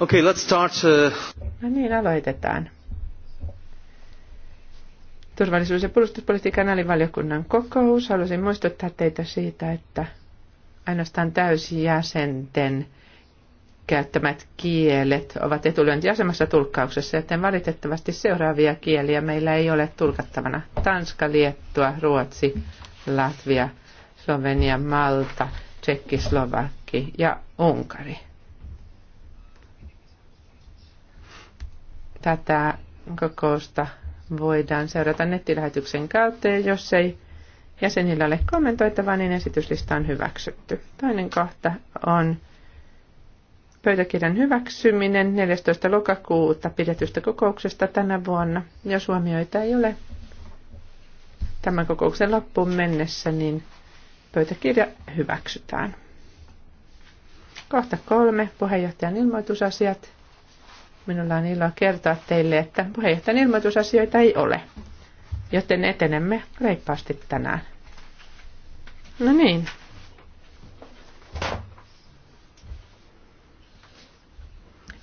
Okay, let's start, uh... No niin, aloitetaan. Turvallisuus- ja puolustuspolitiikan alivaliokunnan kokous. Haluaisin muistuttaa teitä siitä, että ainoastaan täysjäsenten käyttämät kielet ovat etulyöntiasemassa tulkkauksessa, joten valitettavasti seuraavia kieliä meillä ei ole tulkattavana. Tanska, Liettua, Ruotsi, Latvia, Slovenia, Malta, Tsekki, Slovakki ja Unkari. Tätä kokousta voidaan seurata nettilähetyksen kautta ja jos ei jäsenillä ole kommentoitavaa, niin esityslista on hyväksytty. Toinen kohta on pöytäkirjan hyväksyminen 14. lokakuuta pidetystä kokouksesta tänä vuonna. Jos huomioita ei ole tämän kokouksen loppuun mennessä, niin pöytäkirja hyväksytään. Kohta kolme, puheenjohtajan ilmoitusasiat. Minulla on ilo kertoa teille, että puheenjohtajan ilmoitusasioita ei ole, joten etenemme reippaasti tänään. No niin.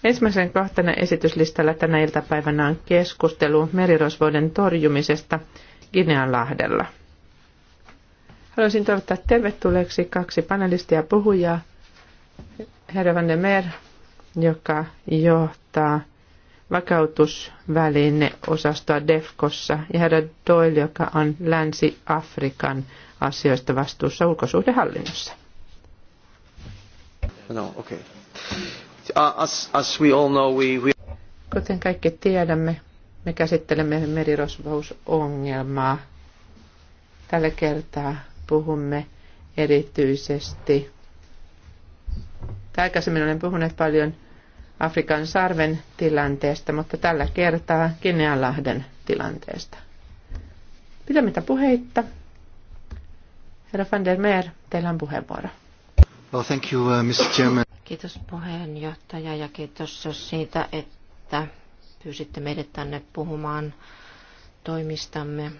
Ensimmäisen kohtana esityslistalla tänä iltapäivänä on keskustelu merirosvoiden torjumisesta Gineanlahdella. Haluaisin toivottaa tervetulleeksi kaksi panelistia ja puhujaa. Herra Van der Meer, joka johtaa johtaa osastoa DEFKossa ja herra Doyle, joka on Länsi-Afrikan asioista vastuussa ulkosuhdehallinnossa. No, okay. Uh, as, as we all know, we, we... Kuten kaikki tiedämme, me käsittelemme merirosvousongelmaa. Tällä kertaa puhumme erityisesti, tai aikaisemmin olen puhunut paljon Afrikan sarven tilanteesta, mutta tällä kertaa Kineanlahden tilanteesta. Pidämme puheitta. Herra van der Meer, teillä on puheenvuoro. Well, thank you, uh, Mr. Chairman. Kiitos puheenjohtaja ja kiitos siitä, että pyysitte meidät tänne puhumaan toimistamme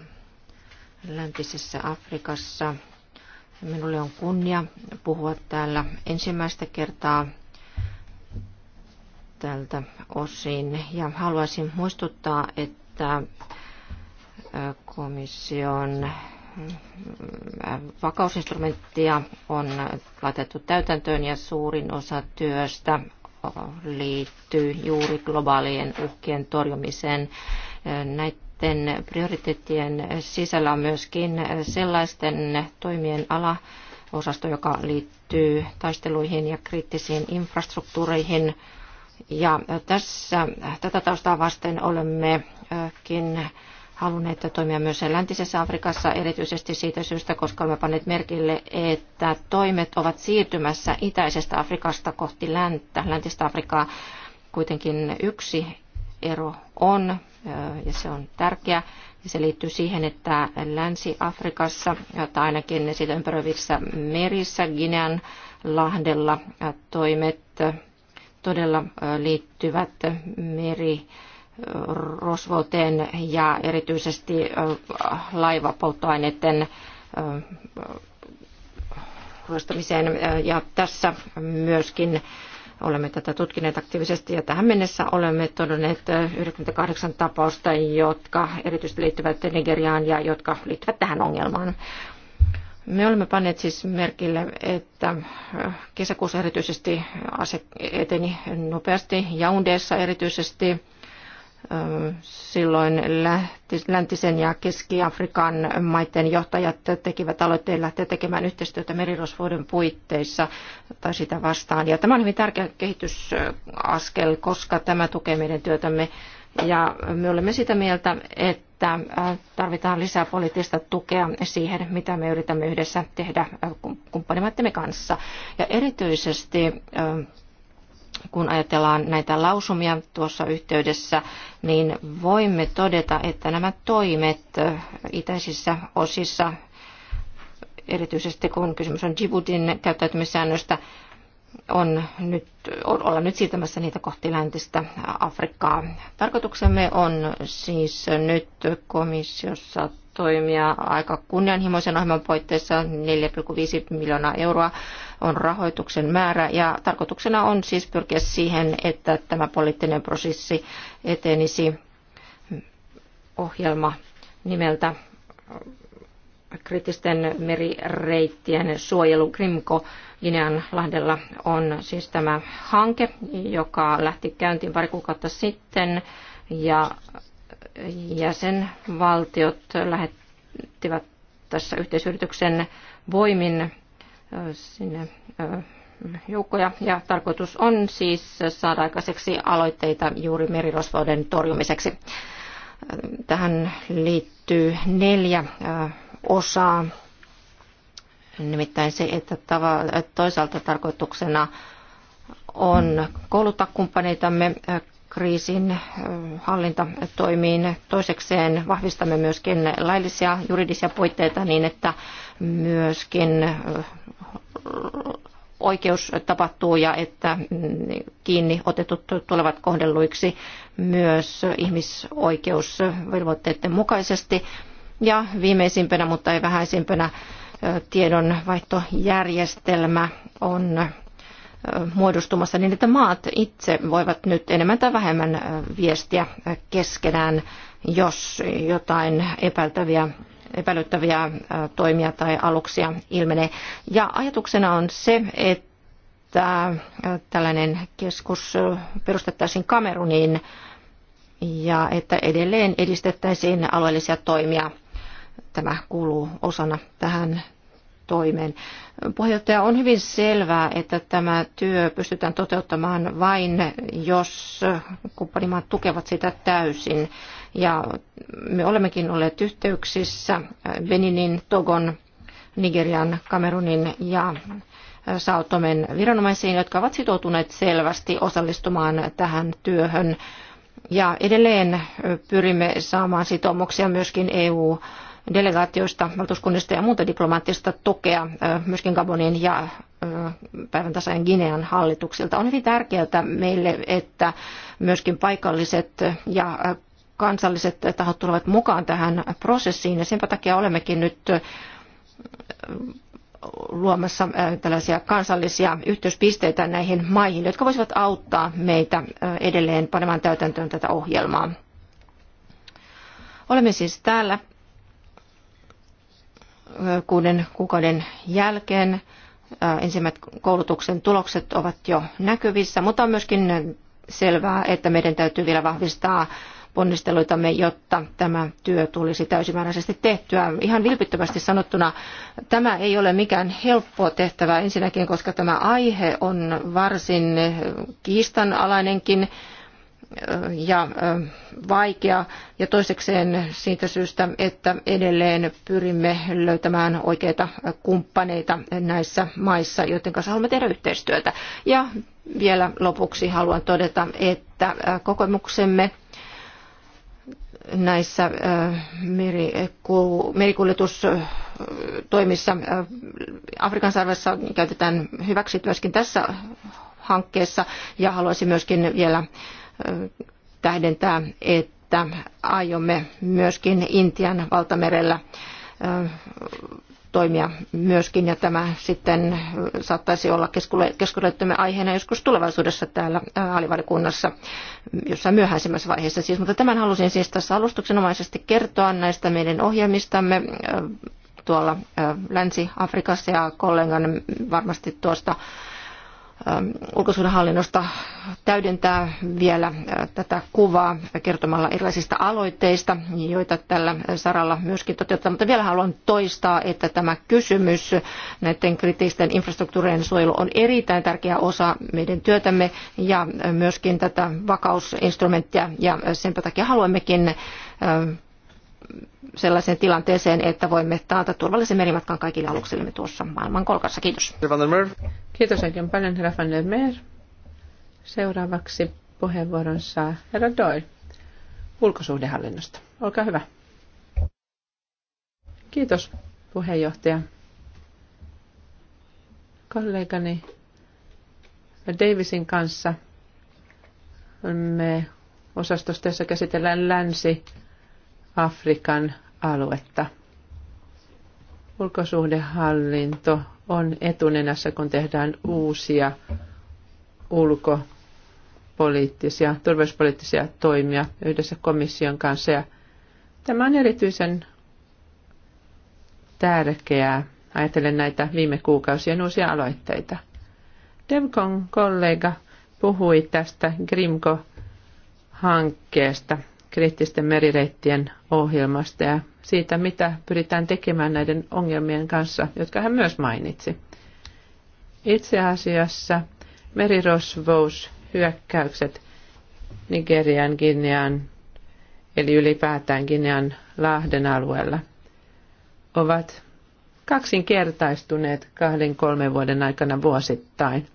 läntisessä Afrikassa. Minulle on kunnia puhua täällä ensimmäistä kertaa tältä osin. Ja haluaisin muistuttaa, että komission mm, vakausinstrumenttia on laitettu täytäntöön ja suurin osa työstä liittyy juuri globaalien uhkien torjumiseen. Näiden prioriteettien sisällä on myöskin sellaisten toimien ala, osasto, joka liittyy taisteluihin ja kriittisiin infrastruktuureihin, ja tässä, tätä taustaa vasten olemmekin halunneet toimia myös läntisessä Afrikassa, erityisesti siitä syystä, koska olemme panneet merkille, että toimet ovat siirtymässä itäisestä Afrikasta kohti länttä, läntistä Afrikaa. Kuitenkin yksi ero on, ja se on tärkeä, ja se liittyy siihen, että Länsi-Afrikassa, tai ainakin siitä ympäröivissä merissä, Ginean lahdella toimet todella liittyvät meri rosvouteen ja erityisesti laivapolttoaineiden ruostamiseen. Ja tässä myöskin olemme tätä tutkineet aktiivisesti ja tähän mennessä olemme todenneet 98 tapausta, jotka erityisesti liittyvät Nigeriaan ja jotka liittyvät tähän ongelmaan. Me olemme panneet siis merkille, että kesäkuussa erityisesti ase eteni nopeasti, Jaundeessa erityisesti. Silloin läntisen ja Keski-Afrikan maiden johtajat tekivät aloitteen lähteä tekemään yhteistyötä merirosvoiden puitteissa tai sitä vastaan. Ja tämä on hyvin tärkeä kehitysaskel, koska tämä tukee meidän työtämme ja me olemme sitä mieltä, että äh, tarvitaan lisää poliittista tukea siihen, mitä me yritämme yhdessä tehdä äh, kumppanimaittemme kanssa. Ja erityisesti äh, kun ajatellaan näitä lausumia tuossa yhteydessä, niin voimme todeta, että nämä toimet itäisissä osissa, erityisesti kun kysymys on Djiboutin käyttäytymissäännöstä, on nyt, olla nyt siirtämässä niitä kohti läntistä Afrikkaa. Tarkoituksemme on siis nyt komissiossa toimia aika kunnianhimoisen ohjelman puitteissa 4,5 miljoonaa euroa on rahoituksen määrä ja tarkoituksena on siis pyrkiä siihen, että tämä poliittinen prosessi etenisi ohjelma nimeltä kriittisten merireittien suojelu Grimko Ginean lahdella on siis tämä hanke, joka lähti käyntiin pari kuukautta sitten ja jäsenvaltiot lähettivät tässä yhteisyrityksen voimin sinne joukkoja ja tarkoitus on siis saada aikaiseksi aloitteita juuri merirosvouden torjumiseksi. Tähän liittyy neljä osaa. Nimittäin se, että toisaalta tarkoituksena on kouluttaa kumppaneitamme äh, kriisin äh, hallintatoimiin. Toisekseen vahvistamme myöskin laillisia juridisia puitteita niin, että myöskin äh, oikeus tapahtuu ja että mm, kiinni otetut tulevat kohdelluiksi myös ihmisoikeusvelvoitteiden mukaisesti. Ja viimeisimpänä, mutta ei vähäisimpänä, tiedonvaihtojärjestelmä on muodostumassa niin, että maat itse voivat nyt enemmän tai vähemmän viestiä keskenään, jos jotain epäiltäviä epäilyttäviä toimia tai aluksia ilmenee. Ja ajatuksena on se, että tällainen keskus perustettaisiin Kameruniin ja että edelleen edistettäisiin alueellisia toimia tämä kuuluu osana tähän toimeen. Puheenjohtaja, on hyvin selvää, että tämä työ pystytään toteuttamaan vain, jos kumppanimaat tukevat sitä täysin. Ja me olemmekin olleet yhteyksissä Beninin, Togon, Nigerian, Kamerunin ja Saotomen viranomaisiin, jotka ovat sitoutuneet selvästi osallistumaan tähän työhön. Ja edelleen pyrimme saamaan sitoumuksia myöskin EU- delegaatioista, valtuuskunnista ja muuta diplomaattista tukea myöskin Gabonin ja päivän tasajan Ginean hallituksilta. On hyvin tärkeää meille, että myöskin paikalliset ja kansalliset tahot tulevat mukaan tähän prosessiin ja sen takia olemmekin nyt luomassa tällaisia kansallisia yhteyspisteitä näihin maihin, jotka voisivat auttaa meitä edelleen panemaan täytäntöön tätä ohjelmaa. Olemme siis täällä kuuden kuukauden jälkeen. Ensimmäiset koulutuksen tulokset ovat jo näkyvissä, mutta on myöskin selvää, että meidän täytyy vielä vahvistaa ponnisteluitamme, jotta tämä työ tulisi täysimääräisesti tehtyä. Ihan vilpittömästi sanottuna tämä ei ole mikään helppo tehtävä ensinnäkin, koska tämä aihe on varsin kiistanalainenkin ja vaikea ja toisekseen siitä syystä, että edelleen pyrimme löytämään oikeita kumppaneita näissä maissa, joiden kanssa haluamme tehdä yhteistyötä. Ja vielä lopuksi haluan todeta, että kokemuksemme näissä merikuljetustoimissa Afrikan sarvessa käytetään hyväksi myöskin tässä hankkeessa ja haluaisin myöskin vielä tähdentää, että aiomme myöskin Intian valtamerellä toimia myöskin, ja tämä sitten saattaisi olla keskustelumme aiheena joskus tulevaisuudessa täällä alivalikunnassa jossain myöhäisemmässä vaiheessa. Siis, mutta tämän halusin siis tässä alustuksenomaisesti kertoa näistä meidän ohjelmistamme tuolla Länsi-Afrikassa ja kollegan varmasti tuosta Ähm, ulkosuhdehallinnosta täydentää vielä äh, tätä kuvaa kertomalla erilaisista aloitteista, joita tällä saralla myöskin toteutetaan. Mutta vielä haluan toistaa, että tämä kysymys näiden kriittisten infrastruktuurien suojelu on erittäin tärkeä osa meidän työtämme ja myöskin tätä vakausinstrumenttia. Ja sen takia haluammekin äh, sellaiseen tilanteeseen, että voimme taata turvallisen merimatkan kaikille aluksillemme tuossa maailmankolkassa. Kiitos. Kiitos oikein paljon, herra Van der Meer. Seuraavaksi puheenvuoron saa herra Doyle ulkosuhdehallinnosta. Olkaa hyvä. Kiitos, puheenjohtaja. Kollegani Davisin kanssa me osastosta, jossa käsitellään länsi Afrikan aluetta. Ulkosuhdehallinto on etunenässä, kun tehdään uusia ulkopoliittisia, turvallisuuspoliittisia toimia yhdessä komission kanssa. Ja tämä on erityisen tärkeää. Ajatellen näitä viime kuukausien uusia aloitteita. Devcon kollega puhui tästä Grimko-hankkeesta kriittisten merireittien ohjelmasta ja siitä, mitä pyritään tekemään näiden ongelmien kanssa, jotka hän myös mainitsi. Itse asiassa merirosvous, hyökkäykset Nigerian, Guinean, eli ylipäätään Guinean lahden alueella, ovat kaksinkertaistuneet kahden kolmen vuoden aikana vuosittain.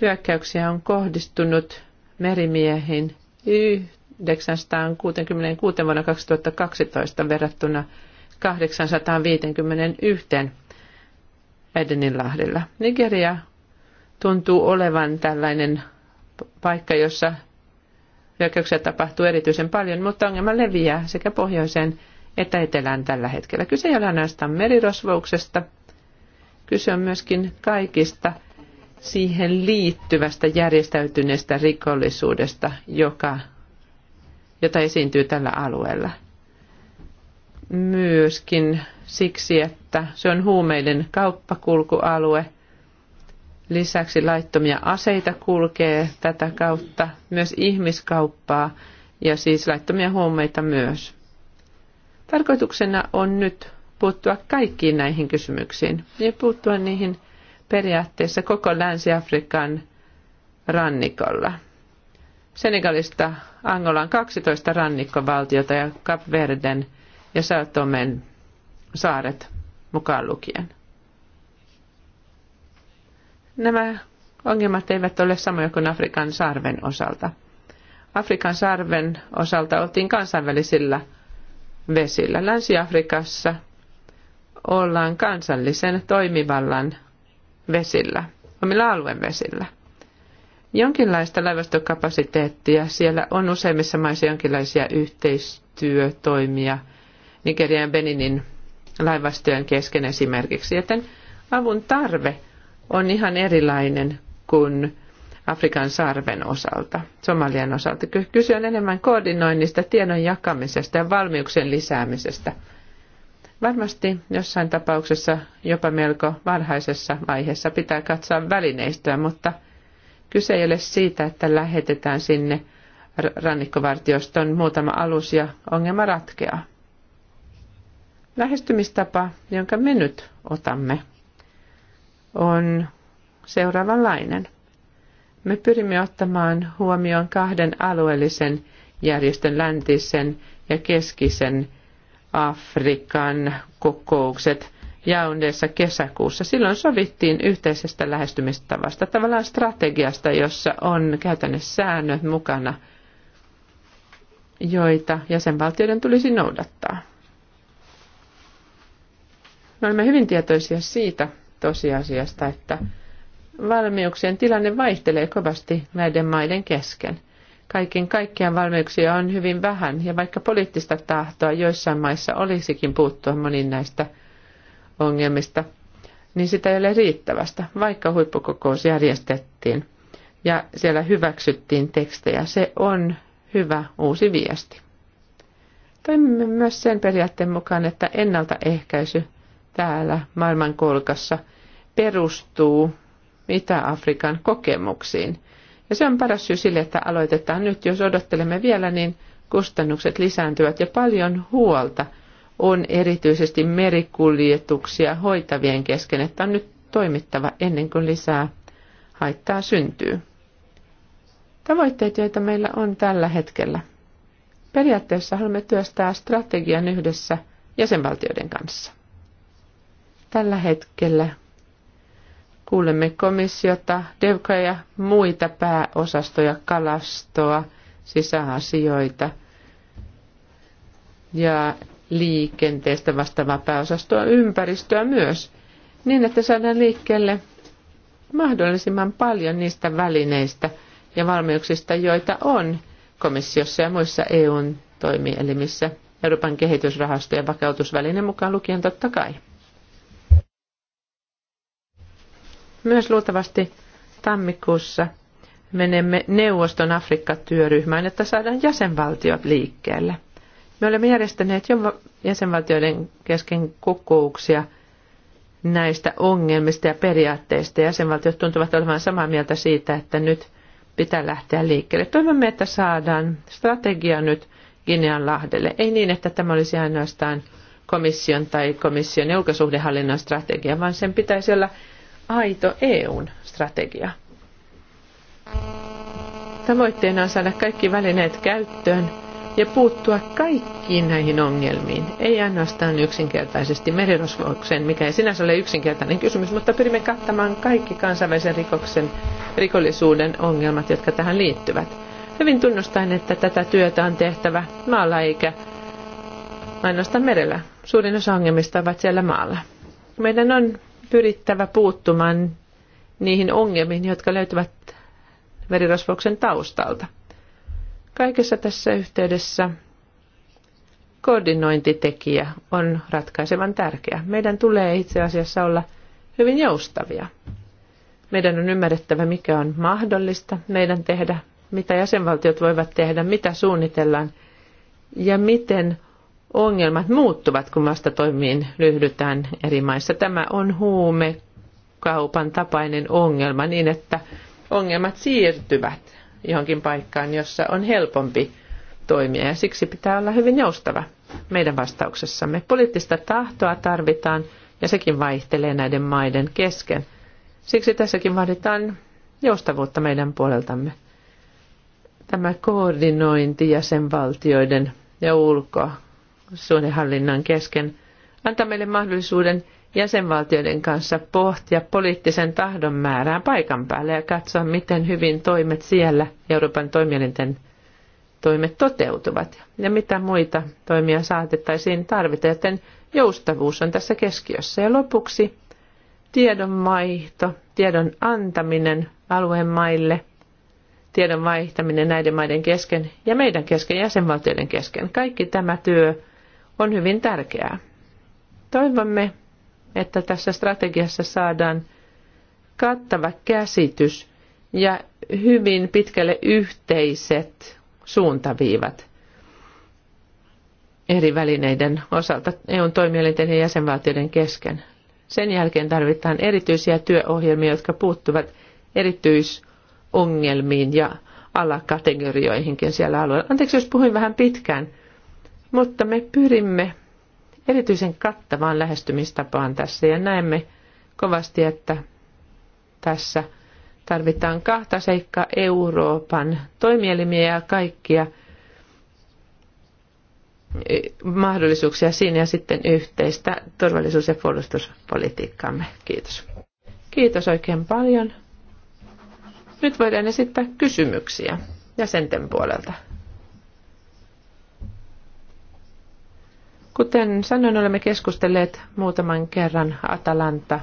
Hyökkäyksiä on kohdistunut merimiehiin yhtä 966 vuonna 2012 verrattuna 851 Edeninlahdella. Nigeria tuntuu olevan tällainen paikka, jossa hyökkäyksiä tapahtuu erityisen paljon, mutta ongelma leviää sekä pohjoiseen että etelään tällä hetkellä. Kyse ei ole ainoastaan merirosvouksesta, kyse on myöskin kaikista siihen liittyvästä järjestäytyneestä rikollisuudesta, joka jota esiintyy tällä alueella. Myöskin siksi, että se on huumeiden kauppakulkualue. Lisäksi laittomia aseita kulkee tätä kautta, myös ihmiskauppaa ja siis laittomia huumeita myös. Tarkoituksena on nyt puuttua kaikkiin näihin kysymyksiin ja puuttua niihin periaatteessa koko Länsi-Afrikan rannikolla. Senegalista Angolan 12 rannikkovaltiota ja Verden ja Saatomen saaret mukaan lukien. Nämä ongelmat eivät ole samoja kuin Afrikan sarven osalta. Afrikan sarven osalta oltiin kansainvälisillä vesillä. Länsi-Afrikassa ollaan kansallisen toimivallan vesillä, omilla alueen vesillä jonkinlaista laivastokapasiteettia. Siellä on useimmissa maissa jonkinlaisia yhteistyötoimia Nigerian ja Beninin laivastojen kesken esimerkiksi. Joten avun tarve on ihan erilainen kuin Afrikan sarven osalta, Somalian osalta. Kyse on enemmän koordinoinnista, tiedon jakamisesta ja valmiuksien lisäämisestä. Varmasti jossain tapauksessa jopa melko varhaisessa vaiheessa pitää katsoa välineistöä, mutta – Kyse ei ole siitä, että lähetetään sinne rannikkovartioston muutama alus ja ongelma ratkeaa. Lähestymistapa, jonka me nyt otamme, on seuraavanlainen. Me pyrimme ottamaan huomioon kahden alueellisen järjestön läntisen ja keskisen Afrikan kokoukset Jaundeessa kesäkuussa. Silloin sovittiin yhteisestä lähestymistavasta, tavallaan strategiasta, jossa on käytännössä säännöt mukana, joita jäsenvaltioiden tulisi noudattaa. Me olemme hyvin tietoisia siitä tosiasiasta, että valmiuksien tilanne vaihtelee kovasti näiden maiden kesken. Kaiken kaikkiaan valmiuksia on hyvin vähän, ja vaikka poliittista tahtoa joissain maissa olisikin puuttua moniin näistä – ongelmista, niin sitä ei ole riittävästä. Vaikka huippukokous järjestettiin ja siellä hyväksyttiin tekstejä, se on hyvä uusi viesti. Toimimme myös sen periaatteen mukaan, että ennaltaehkäisy täällä maailmankolkassa perustuu Itä-Afrikan kokemuksiin. Ja se on paras syy sille, että aloitetaan nyt. Jos odottelemme vielä, niin kustannukset lisääntyvät ja paljon huolta – on erityisesti merikuljetuksia hoitavien kesken, että on nyt toimittava ennen kuin lisää haittaa syntyy. Tavoitteet, joita meillä on tällä hetkellä. Periaatteessa haluamme työstää strategian yhdessä jäsenvaltioiden kanssa. Tällä hetkellä kuulemme komissiota, Devka ja muita pääosastoja, kalastoa, sisäasioita ja liikenteestä vastaavaa pääosastoa ympäristöä myös, niin että saadaan liikkeelle mahdollisimman paljon niistä välineistä ja valmiuksista, joita on komissiossa ja muissa EUn toimielimissä, Euroopan kehitysrahasto ja vakautusväline mukaan lukien totta kai. Myös luultavasti tammikuussa menemme neuvoston Afrikka-työryhmään, että saadaan jäsenvaltiot liikkeelle – me olemme järjestäneet jo jäsenvaltioiden kesken kokouksia näistä ongelmista ja periaatteista. Jäsenvaltiot tuntuvat olevan samaa mieltä siitä, että nyt pitää lähteä liikkeelle. Toivomme, että saadaan strategia nyt Ginean lahdelle. Ei niin, että tämä olisi ainoastaan komission tai komission ja ulkosuhdehallinnon strategia, vaan sen pitäisi olla aito EUn strategia. Tavoitteena on saada kaikki välineet käyttöön ja puuttua kaikkiin näihin ongelmiin. Ei ainoastaan yksinkertaisesti merirosvoukseen, mikä ei sinänsä ole yksinkertainen kysymys, mutta pyrimme kattamaan kaikki kansainvälisen rikoksen, rikollisuuden ongelmat, jotka tähän liittyvät. Hyvin tunnustan, että tätä työtä on tehtävä maalla eikä ainoastaan merellä. Suurin osa ongelmista ovat siellä maalla. Meidän on pyrittävä puuttumaan niihin ongelmiin, jotka löytyvät merirosvouksen taustalta. Kaikessa tässä yhteydessä koordinointitekijä on ratkaisevan tärkeä. Meidän tulee itse asiassa olla hyvin joustavia. Meidän on ymmärrettävä, mikä on mahdollista meidän tehdä, mitä jäsenvaltiot voivat tehdä, mitä suunnitellaan ja miten ongelmat muuttuvat, kun vasta toimiin ryhdytään eri maissa. Tämä on huumekaupan tapainen ongelma niin, että ongelmat siirtyvät johonkin paikkaan, jossa on helpompi toimia ja siksi pitää olla hyvin joustava meidän vastauksessamme. Poliittista tahtoa tarvitaan ja sekin vaihtelee näiden maiden kesken. Siksi tässäkin vaaditaan joustavuutta meidän puoleltamme. Tämä koordinointi jäsenvaltioiden ja ulkosuhdehallinnan kesken antaa meille mahdollisuuden jäsenvaltioiden kanssa pohtia poliittisen tahdon määrää paikan päällä ja katsoa, miten hyvin toimet siellä Euroopan toimielinten toimet toteutuvat ja mitä muita toimia saatettaisiin tarvita, joten joustavuus on tässä keskiössä. Ja lopuksi tiedonvaihto, tiedon antaminen alueen maille, tiedon vaihtaminen näiden maiden kesken ja meidän kesken, jäsenvaltioiden kesken. Kaikki tämä työ on hyvin tärkeää. Toivomme, että tässä strategiassa saadaan kattava käsitys ja hyvin pitkälle yhteiset suuntaviivat eri välineiden osalta EUn toimielinten ja jäsenvaltioiden kesken. Sen jälkeen tarvitaan erityisiä työohjelmia, jotka puuttuvat erityisongelmiin ja alakategorioihinkin siellä alueella. Anteeksi, jos puhuin vähän pitkään, mutta me pyrimme erityisen kattavaan lähestymistapaan tässä ja näemme kovasti, että tässä tarvitaan kahta seikkaa Euroopan toimielimiä ja kaikkia e, mahdollisuuksia siinä ja sitten yhteistä turvallisuus- ja puolustuspolitiikkaamme. Kiitos. Kiitos oikein paljon. Nyt voidaan esittää kysymyksiä jäsenten puolelta. Kuten sanoin, olemme keskustelleet muutaman kerran Atalanta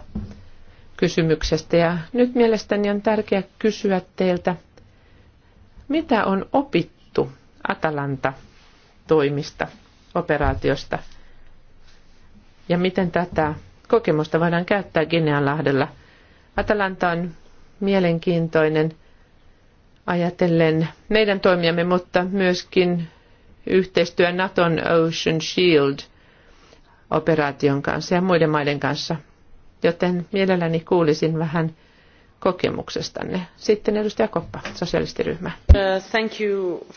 kysymyksestä ja nyt mielestäni on tärkeää kysyä teiltä, mitä on opittu Atalanta toimista, operaatiosta ja miten tätä kokemusta voidaan käyttää Gineanlahdella. Atalanta on mielenkiintoinen ajatellen meidän toimijamme, mutta myöskin yhteistyö Naton Ocean Shield operaation kanssa ja muiden maiden kanssa, joten mielelläni kuulisin vähän kokemuksestanne. Sitten edustaja Koppa, sosialistiryhmä. Uh, thank you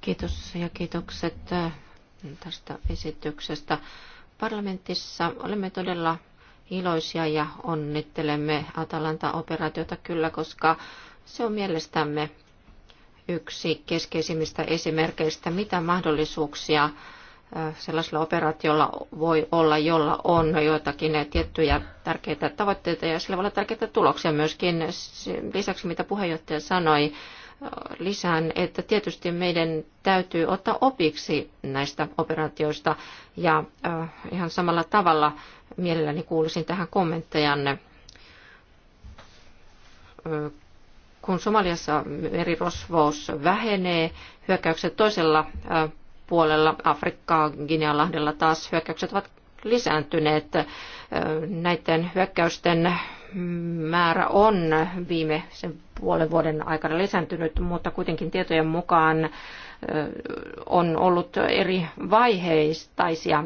Kiitos ja kiitokset uh, tästä esityksestä. Parlamentissa olemme todella iloisia ja onnittelemme Atalanta-operaatiota kyllä, koska se on mielestämme yksi keskeisimmistä esimerkkeistä, mitä mahdollisuuksia sellaisella operaatiolla voi olla, jolla on joitakin tiettyjä tärkeitä tavoitteita ja sillä voi olla tärkeitä tuloksia myöskin. Lisäksi mitä puheenjohtaja sanoi, lisään, että tietysti meidän täytyy ottaa opiksi näistä operaatioista ja ihan samalla tavalla mielelläni kuulisin tähän kommenttejanne kun Somaliassa merirosvous vähenee, hyökkäykset toisella puolella Afrikkaa, Guinealahdella taas hyökkäykset ovat lisääntyneet. Näiden hyökkäysten määrä on viimeisen puolen vuoden aikana lisääntynyt, mutta kuitenkin tietojen mukaan on ollut eri vaiheistaisia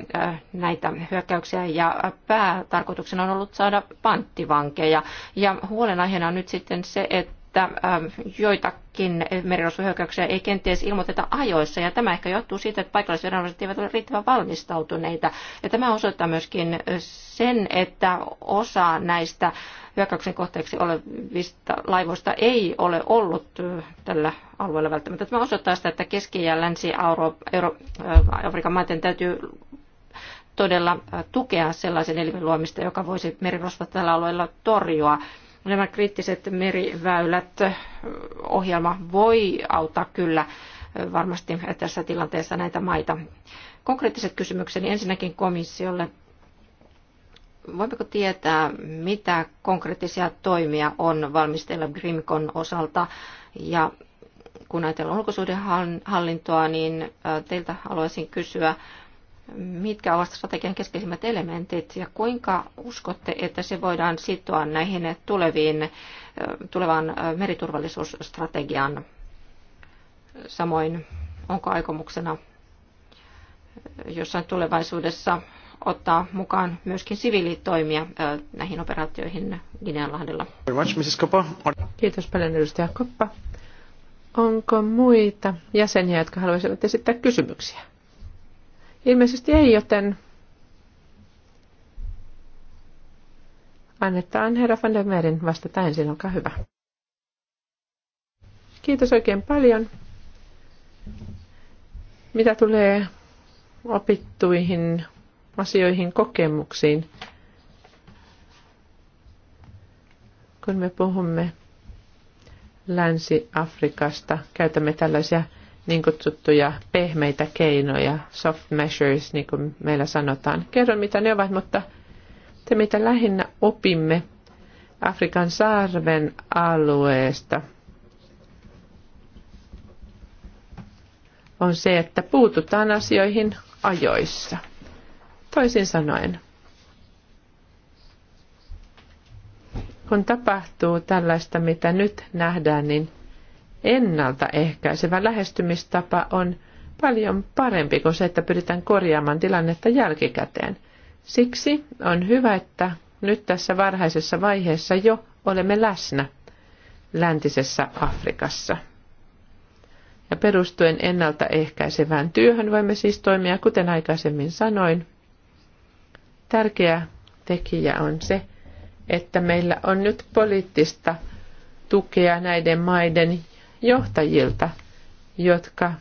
näitä hyökkäyksiä ja päätarkoituksena on ollut saada panttivankeja. Ja huolenaiheena on nyt sitten se, että että ähm, joitakin merirosvohyökkäyksiä ei kenties ilmoiteta ajoissa, ja tämä ehkä johtuu siitä, että paikallisviranomaiset eivät ole riittävän valmistautuneita. Ja tämä osoittaa myöskin sen, että osa näistä hyökkäyksen kohteeksi olevista laivoista ei ole ollut äh, tällä alueella välttämättä. Tämä osoittaa sitä, että Keski- ja Länsi-Afrikan äh, maiden täytyy todella äh, tukea sellaisen elimen luomista, joka voisi merirosvot tällä alueella torjua nämä kriittiset meriväylät ohjelma voi auttaa kyllä varmasti tässä tilanteessa näitä maita. Konkreettiset kysymykseni ensinnäkin komissiolle. Voimmeko tietää, mitä konkreettisia toimia on valmistella Grimcon osalta ja kun ajatellaan ulkosuhdehallintoa, niin teiltä haluaisin kysyä, mitkä ovat strategian keskeisimmät elementit ja kuinka uskotte, että se voidaan sitoa näihin tuleviin, tulevaan meriturvallisuusstrategiaan? Samoin onko aikomuksena jossain tulevaisuudessa ottaa mukaan myöskin siviilitoimia näihin operaatioihin Gineanlahdella? Kiitos paljon edustaja Koppa. Onko muita jäseniä, jotka haluaisivat esittää kysymyksiä? Ilmeisesti ei, joten annetaan herra van der Meerin vastata ensin, olkaa hyvä. Kiitos oikein paljon. Mitä tulee opittuihin asioihin, kokemuksiin, kun me puhumme Länsi-Afrikasta, käytämme tällaisia niin kutsuttuja pehmeitä keinoja, soft measures, niin kuin meillä sanotaan. Kerron, mitä ne ovat, mutta se, mitä lähinnä opimme Afrikan saarven alueesta, on se, että puututaan asioihin ajoissa. Toisin sanoen, kun tapahtuu tällaista, mitä nyt nähdään, niin – ennaltaehkäisevä lähestymistapa on paljon parempi kuin se, että pyritään korjaamaan tilannetta jälkikäteen. Siksi on hyvä, että nyt tässä varhaisessa vaiheessa jo olemme läsnä läntisessä Afrikassa. Ja perustuen ennaltaehkäisevään työhön voimme siis toimia, kuten aikaisemmin sanoin. Tärkeä tekijä on se, että meillä on nyt poliittista tukea näiden maiden johtajilta, jotka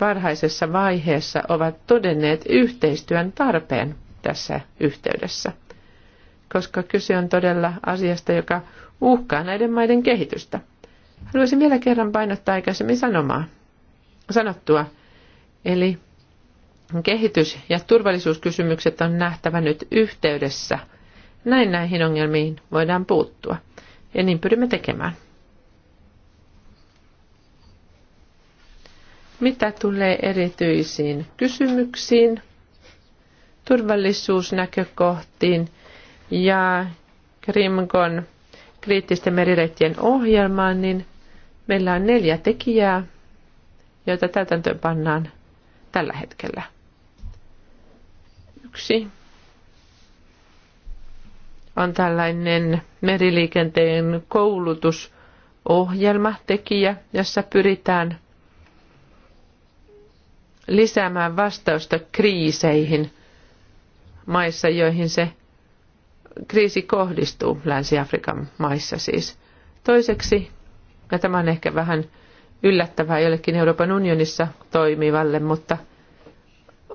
varhaisessa vaiheessa ovat todenneet yhteistyön tarpeen tässä yhteydessä, koska kyse on todella asiasta, joka uhkaa näiden maiden kehitystä. Haluaisin vielä kerran painottaa aikaisemmin sanomaa, sanottua, eli kehitys- ja turvallisuuskysymykset on nähtävä nyt yhteydessä. Näin näihin ongelmiin voidaan puuttua, ja niin pyrimme tekemään. Mitä tulee erityisiin kysymyksiin, turvallisuusnäkökohtiin ja Krimkon kriittisten merireittien ohjelmaan, niin meillä on neljä tekijää, joita täytäntöön pannaan tällä hetkellä. Yksi on tällainen meriliikenteen koulutusohjelmatekijä, jossa pyritään lisäämään vastausta kriiseihin maissa, joihin se kriisi kohdistuu, Länsi-Afrikan maissa siis. Toiseksi, ja tämä on ehkä vähän yllättävää jollekin Euroopan unionissa toimivalle, mutta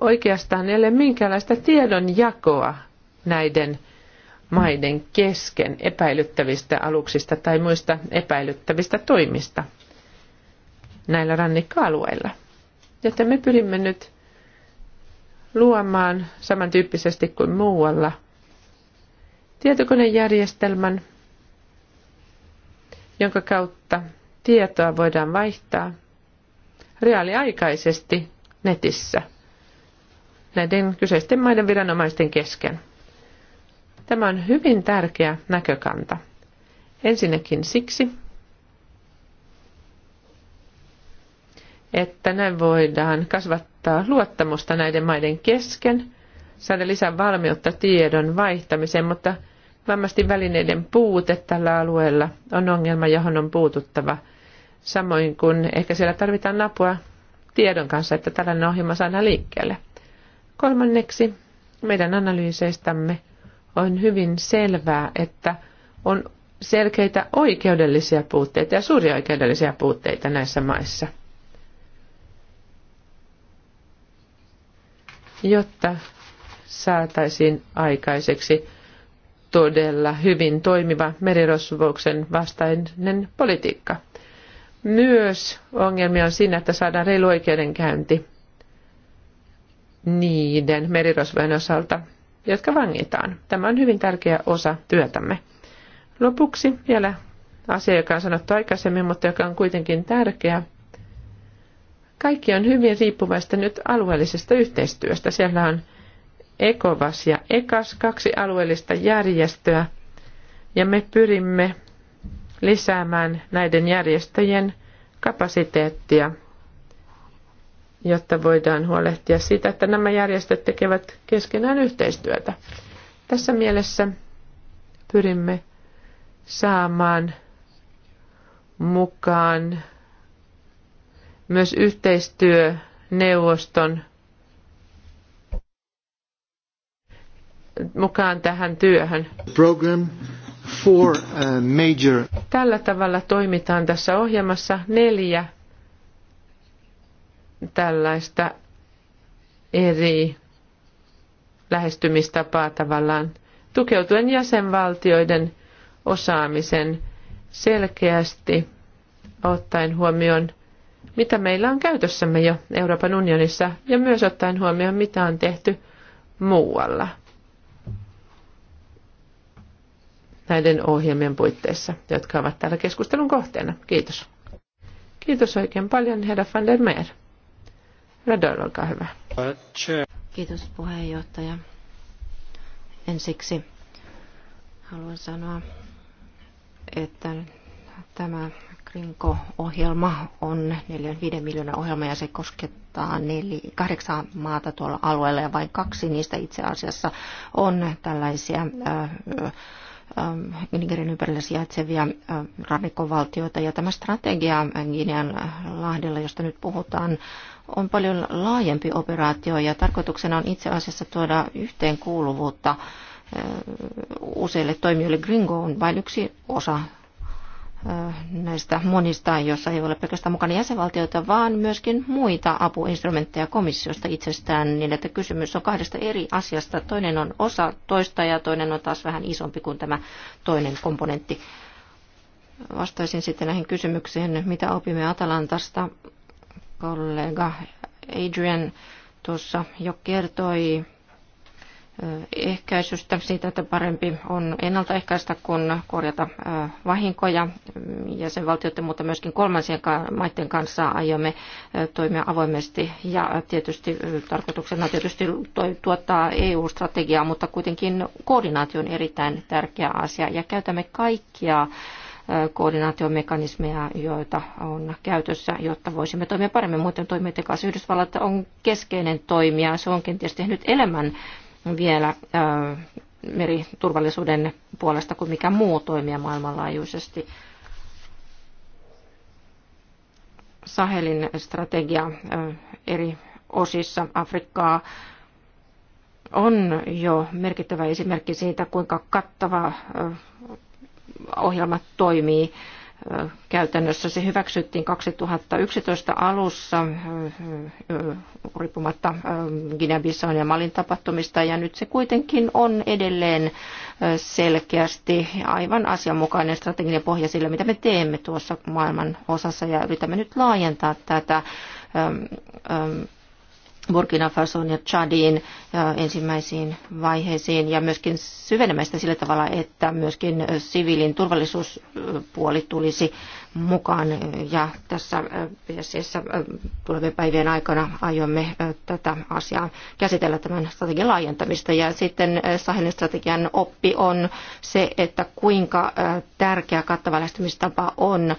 oikeastaan ei ole minkäänlaista tiedonjakoa näiden maiden kesken epäilyttävistä aluksista tai muista epäilyttävistä toimista näillä rannikkoalueilla. Joten me pyrimme nyt luomaan samantyyppisesti kuin muualla tietokonejärjestelmän, jonka kautta tietoa voidaan vaihtaa reaaliaikaisesti netissä näiden kyseisten maiden viranomaisten kesken. Tämä on hyvin tärkeä näkökanta. Ensinnäkin siksi, että näin voidaan kasvattaa luottamusta näiden maiden kesken, saada lisää valmiutta tiedon vaihtamiseen, mutta varmasti välineiden puute tällä alueella on ongelma, johon on puututtava. Samoin kuin ehkä siellä tarvitaan apua tiedon kanssa, että tällainen ohjelma saadaan liikkeelle. Kolmanneksi, meidän analyyseistämme on hyvin selvää, että on selkeitä oikeudellisia puutteita ja suuria oikeudellisia puutteita näissä maissa – jotta saataisiin aikaiseksi todella hyvin toimiva merirosvouksen vastainen politiikka. Myös ongelmia on siinä, että saadaan reilu oikeudenkäynti niiden merirosvojen osalta, jotka vangitaan. Tämä on hyvin tärkeä osa työtämme. Lopuksi vielä asia, joka on sanottu aikaisemmin, mutta joka on kuitenkin tärkeä. Kaikki on hyvin riippuvaista nyt alueellisesta yhteistyöstä. Siellä on ECOVAS ja ECAS, kaksi alueellista järjestöä, ja me pyrimme lisäämään näiden järjestöjen kapasiteettia, jotta voidaan huolehtia siitä, että nämä järjestöt tekevät keskenään yhteistyötä. Tässä mielessä pyrimme saamaan mukaan myös yhteistyö neuvoston mukaan tähän työhön. Program for uh, major. Tällä tavalla toimitaan tässä ohjelmassa neljä tällaista eri lähestymistapaa tavallaan tukeutuen jäsenvaltioiden osaamisen selkeästi ottaen huomioon mitä meillä on käytössämme jo Euroopan unionissa ja myös ottaen huomioon, mitä on tehty muualla näiden ohjelmien puitteissa, jotka ovat täällä keskustelun kohteena. Kiitos. Kiitos oikein paljon, herra van der Meer. Radoil, olkaa hyvä. Kiitos puheenjohtaja. Ensiksi haluan sanoa, että tämä Rinko-ohjelma on 4-5 miljoonan ohjelma ja se koskettaa neli, kahdeksan maata tuolla alueella ja vain kaksi niistä itse asiassa on tällaisia Nigerin ympärillä sijaitsevia rannikkovaltioita. Ja tämä strategia Guinean lahdella, josta nyt puhutaan, on paljon laajempi operaatio ja tarkoituksena on itse asiassa tuoda yhteenkuuluvuutta useille toimijoille. Gringo on vain yksi osa Äh, näistä monista, joissa ei ole pelkästään mukana jäsenvaltioita, vaan myöskin muita apuinstrumentteja komissiosta itsestään, niin että kysymys on kahdesta eri asiasta. Toinen on osa toista ja toinen on taas vähän isompi kuin tämä toinen komponentti. Vastaisin sitten näihin kysymyksiin, mitä opimme Atalantasta. Kollega Adrian tuossa jo kertoi ehkäisystä, siitä, että parempi on ennaltaehkäistä kuin korjata vahinkoja ja sen valtioiden, mutta myöskin kolmansien maiden kanssa aiomme toimia avoimesti ja tietysti tarkoituksena tietysti tuottaa EU-strategiaa, mutta kuitenkin koordinaatio on erittäin tärkeä asia ja käytämme kaikkia koordinaatiomekanismeja, joita on käytössä, jotta voisimme toimia paremmin. Muuten toimijoiden kanssa Yhdysvallat on keskeinen toimija. Se on kenties tehnyt elämän vielä äh, meriturvallisuuden puolesta kuin mikä muu toimija maailmanlaajuisesti. Sahelin strategia äh, eri osissa Afrikkaa on jo merkittävä esimerkki siitä, kuinka kattava äh, ohjelma toimii käytännössä. Se hyväksyttiin 2011 alussa riippumatta Guinea-Bissaun ja Malin tapahtumista ja nyt se kuitenkin on edelleen selkeästi aivan asianmukainen strateginen pohja sille, mitä me teemme tuossa maailman osassa ja yritämme nyt laajentaa tätä Burkina Fasoon ja Chadiin ensimmäisiin vaiheisiin ja myöskin syvenemästä sillä tavalla, että myöskin siviilin turvallisuuspuoli tulisi mukaan. Ja tässä PSCssä tulevien päivien aikana aiomme tätä asiaa käsitellä tämän strategian laajentamista. Ja sitten Sahelin strategian oppi on se, että kuinka tärkeä kattava lähestymistapa on,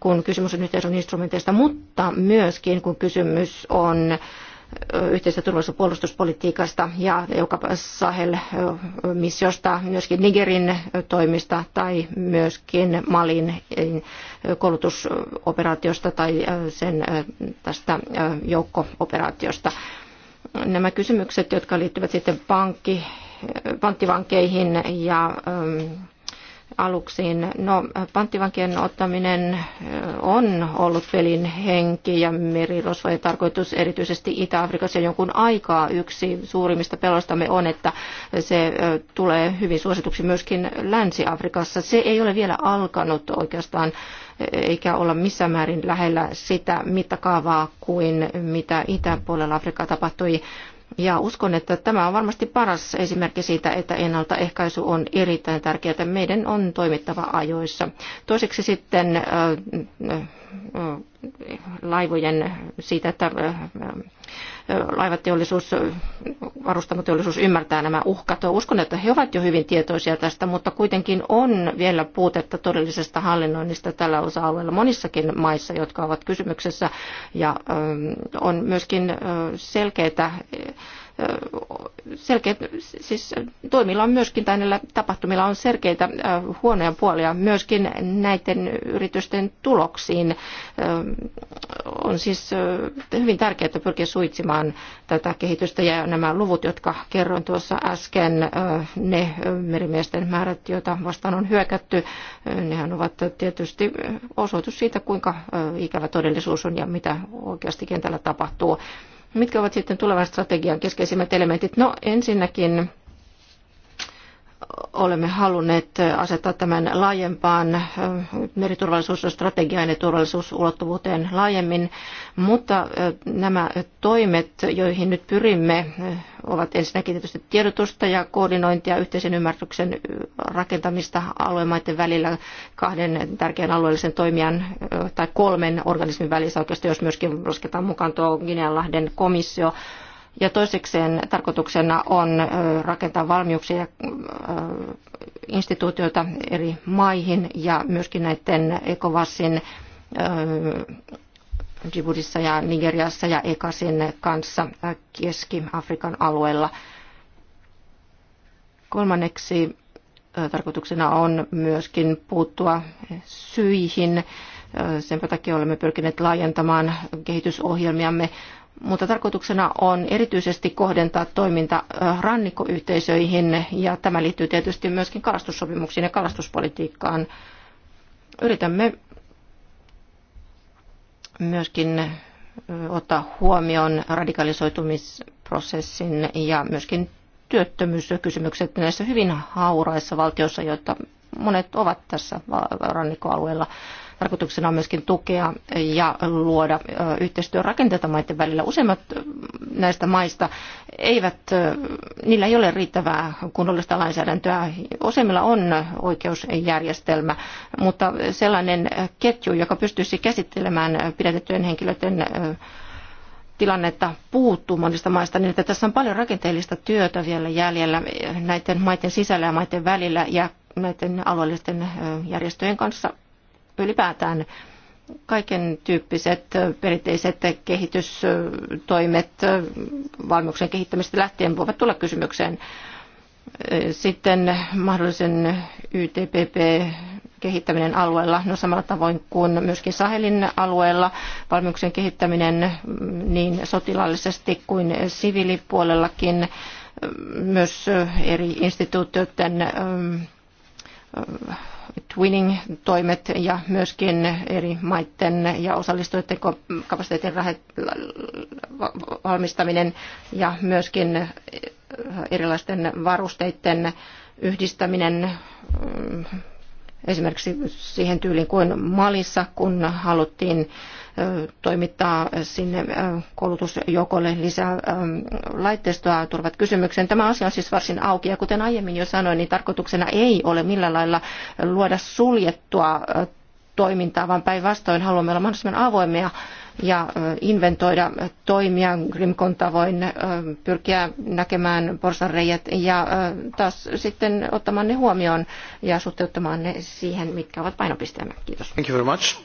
kun kysymys on yhteisön instrumenteista, mutta myöskin kun kysymys on yhteisestä turvallisuus- ja puolustuspolitiikasta ja joka Sahel-missiosta, myöskin Nigerin toimista tai myöskin Malin koulutusoperaatiosta tai sen tästä joukko-operaatiosta. Nämä kysymykset, jotka liittyvät sitten pankki, panttivankeihin ja aluksiin. No, panttivankien ottaminen on ollut pelin henki ja merirosvojen tarkoitus erityisesti Itä-Afrikassa jonkun aikaa. Yksi suurimmista pelostamme on, että se tulee hyvin suosituksi myöskin Länsi-Afrikassa. Se ei ole vielä alkanut oikeastaan e, eikä olla missään määrin lähellä sitä mittakaavaa kuin mitä itäpuolella Afrikkaa tapahtui ja uskon, että tämä on varmasti paras esimerkki siitä, että ennaltaehkäisy on erittäin tärkeää. Meidän on toimittava ajoissa. Toiseksi sitten laivojen siitä, että laivateollisuus, varustamoteollisuus ymmärtää nämä uhkat. Uskon, että he ovat jo hyvin tietoisia tästä, mutta kuitenkin on vielä puutetta todellisesta hallinnoinnista tällä osa-alueella monissakin maissa, jotka ovat kysymyksessä. Ja on myöskin selkeitä selkeät, siis toimilla on myöskin, tai näillä tapahtumilla on selkeitä äh, huonoja puolia myöskin näiden yritysten tuloksiin. Äh, on siis äh, hyvin tärkeää pyrkiä suitsimaan tätä kehitystä ja nämä luvut, jotka kerroin tuossa äsken, ne merimiesten määrät, joita vastaan on hyökätty, nehän ovat tietysti osoitus siitä, kuinka ikävä todellisuus on ja mitä oikeasti kentällä tapahtuu. Mitkä ovat sitten tulevan strategian keskeisimmät elementit? No ensinnäkin olemme halunneet asettaa tämän laajempaan meriturvallisuusstrategiaan ja turvallisuusulottuvuuteen laajemmin, mutta nämä toimet, joihin nyt pyrimme, ovat ensinnäkin tietysti tiedotusta ja koordinointia, yhteisen ymmärryksen rakentamista aluemaiden välillä kahden tärkeän alueellisen toimijan tai kolmen organismin välissä, oikeastaan jos myöskin lasketaan mukaan tuo Gineanlahden komissio, ja toisekseen tarkoituksena on rakentaa valmiuksia instituutioita eri maihin ja myöskin näiden ECOWASin Djiboutissa ja Nigeriassa ja ECASin kanssa Keski-Afrikan alueella. Kolmanneksi tarkoituksena on myöskin puuttua syihin. Sen takia olemme pyrkineet laajentamaan kehitysohjelmiamme mutta tarkoituksena on erityisesti kohdentaa toiminta rannikkoyhteisöihin ja tämä liittyy tietysti myöskin kalastussopimuksiin ja kalastuspolitiikkaan. Yritämme myöskin ottaa huomioon radikalisoitumisprosessin ja myöskin työttömyyskysymykset näissä hyvin hauraissa valtioissa, joita monet ovat tässä rannikkoalueella. Tarkoituksena on myöskin tukea ja luoda yhteistyörakenteita maiden välillä. Useimmat näistä maista eivät, niillä ei ole riittävää kunnollista lainsäädäntöä. Useimmilla on oikeusjärjestelmä, mutta sellainen ketju, joka pystyisi käsittelemään pidätettyjen henkilöiden tilannetta puuttuu monista maista, niin että tässä on paljon rakenteellista työtä vielä jäljellä näiden maiden sisällä ja maiden välillä ja näiden alueellisten järjestöjen kanssa ylipäätään kaiken tyyppiset perinteiset kehitystoimet valmiuksen kehittämistä lähtien voivat tulla kysymykseen. Sitten mahdollisen YTPP kehittäminen alueella, no samalla tavoin kuin myöskin Sahelin alueella, valmiuksien kehittäminen niin sotilaallisesti kuin siviilipuolellakin, myös eri instituutioiden twinning-toimet ja myöskin eri maiden ja osallistujien kapasiteetin valmistaminen ja myöskin eh, erilaisten varusteiden yhdistäminen mm, esimerkiksi siihen tyyliin kuin Malissa, kun haluttiin toimittaa sinne koulutusjoukolle lisää laitteistoa turvat kysymyksen. Tämä asia on siis varsin auki ja kuten aiemmin jo sanoin, niin tarkoituksena ei ole millään lailla luoda suljettua toimintaa, vaan päinvastoin haluamme olla mahdollisimman avoimia ja inventoida toimia Grimkon tavoin, pyrkiä näkemään porsanreijät ja taas sitten ottamaan ne huomioon ja suhteuttamaan ne siihen, mitkä ovat painopisteemme. Kiitos. Thank you very much.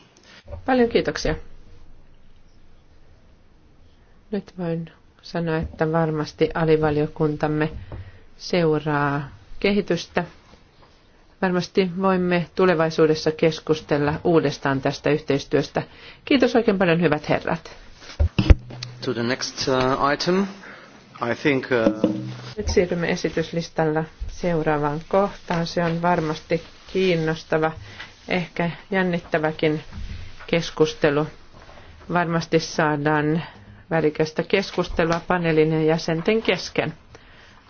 Paljon kiitoksia. Nyt voin sanoa, että varmasti alivaliokuntamme seuraa kehitystä. Varmasti voimme tulevaisuudessa keskustella uudestaan tästä yhteistyöstä. Kiitos oikein paljon, hyvät herrat. To the next uh, item. I think, uh... Nyt siirrymme esityslistalla seuraavaan kohtaan. Se on varmasti kiinnostava, ehkä jännittäväkin keskustelu. Varmasti saadaan värikästä keskustelua paneelin ja jäsenten kesken.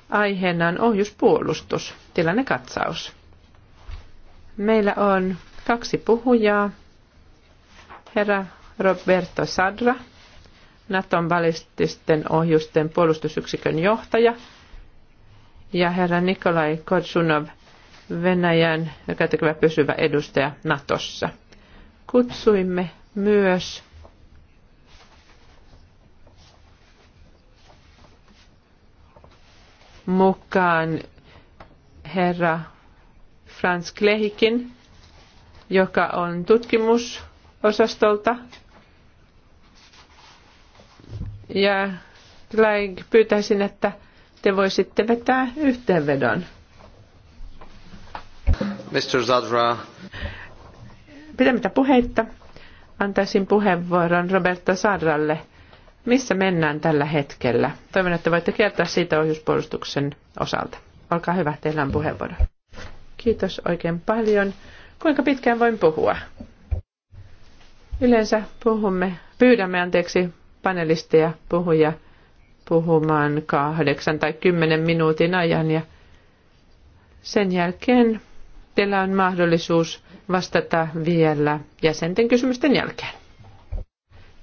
Aiheena on ohjuspuolustus, tilannekatsaus. Meillä on kaksi puhujaa. Herra Roberto Sadra, Naton balististen ohjusten puolustusyksikön johtaja, ja herra Nikolai Kotsunov Venäjän, joka tekevä pysyvä edustaja Natossa. Kutsuimme myös mukaan herra Franz Klehikin, joka on tutkimusosastolta. Ja Clegg, pyytäisin, että te voisitte vetää yhteenvedon. Mr. Zadra. Pidemmittä puheitta antaisin puheenvuoron Roberta Sadralle – missä mennään tällä hetkellä? Toivon, että voitte kertoa siitä ohjuspuolustuksen osalta. Olkaa hyvä, teillä on puheenvuoro. Kiitos oikein paljon. Kuinka pitkään voin puhua? Yleensä puhumme, pyydämme anteeksi panelisteja, puhuja puhumaan kahdeksan tai kymmenen minuutin ajan ja sen jälkeen teillä on mahdollisuus vastata vielä jäsenten kysymysten jälkeen.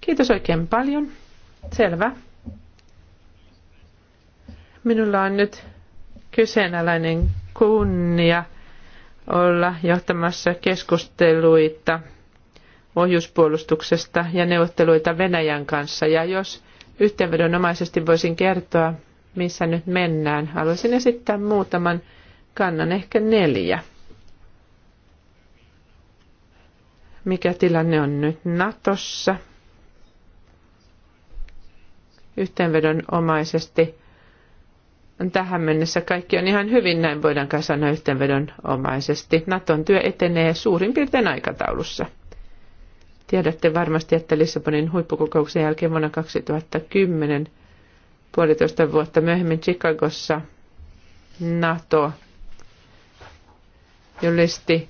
Kiitos oikein paljon. Selvä. Minulla on nyt kyseenalainen kunnia olla johtamassa keskusteluita ohjuspuolustuksesta ja neuvotteluita Venäjän kanssa. Ja jos yhteenvedonomaisesti voisin kertoa, missä nyt mennään, haluaisin esittää muutaman kannan, ehkä neljä. Mikä tilanne on nyt Natossa? yhteenvedonomaisesti. Tähän mennessä kaikki on ihan hyvin, näin voidaan sanoa yhteenvedonomaisesti. Naton työ etenee suurin piirtein aikataulussa. Tiedätte varmasti, että Lissabonin huippukokouksen jälkeen vuonna 2010 puolitoista vuotta myöhemmin Chicagossa NATO julisti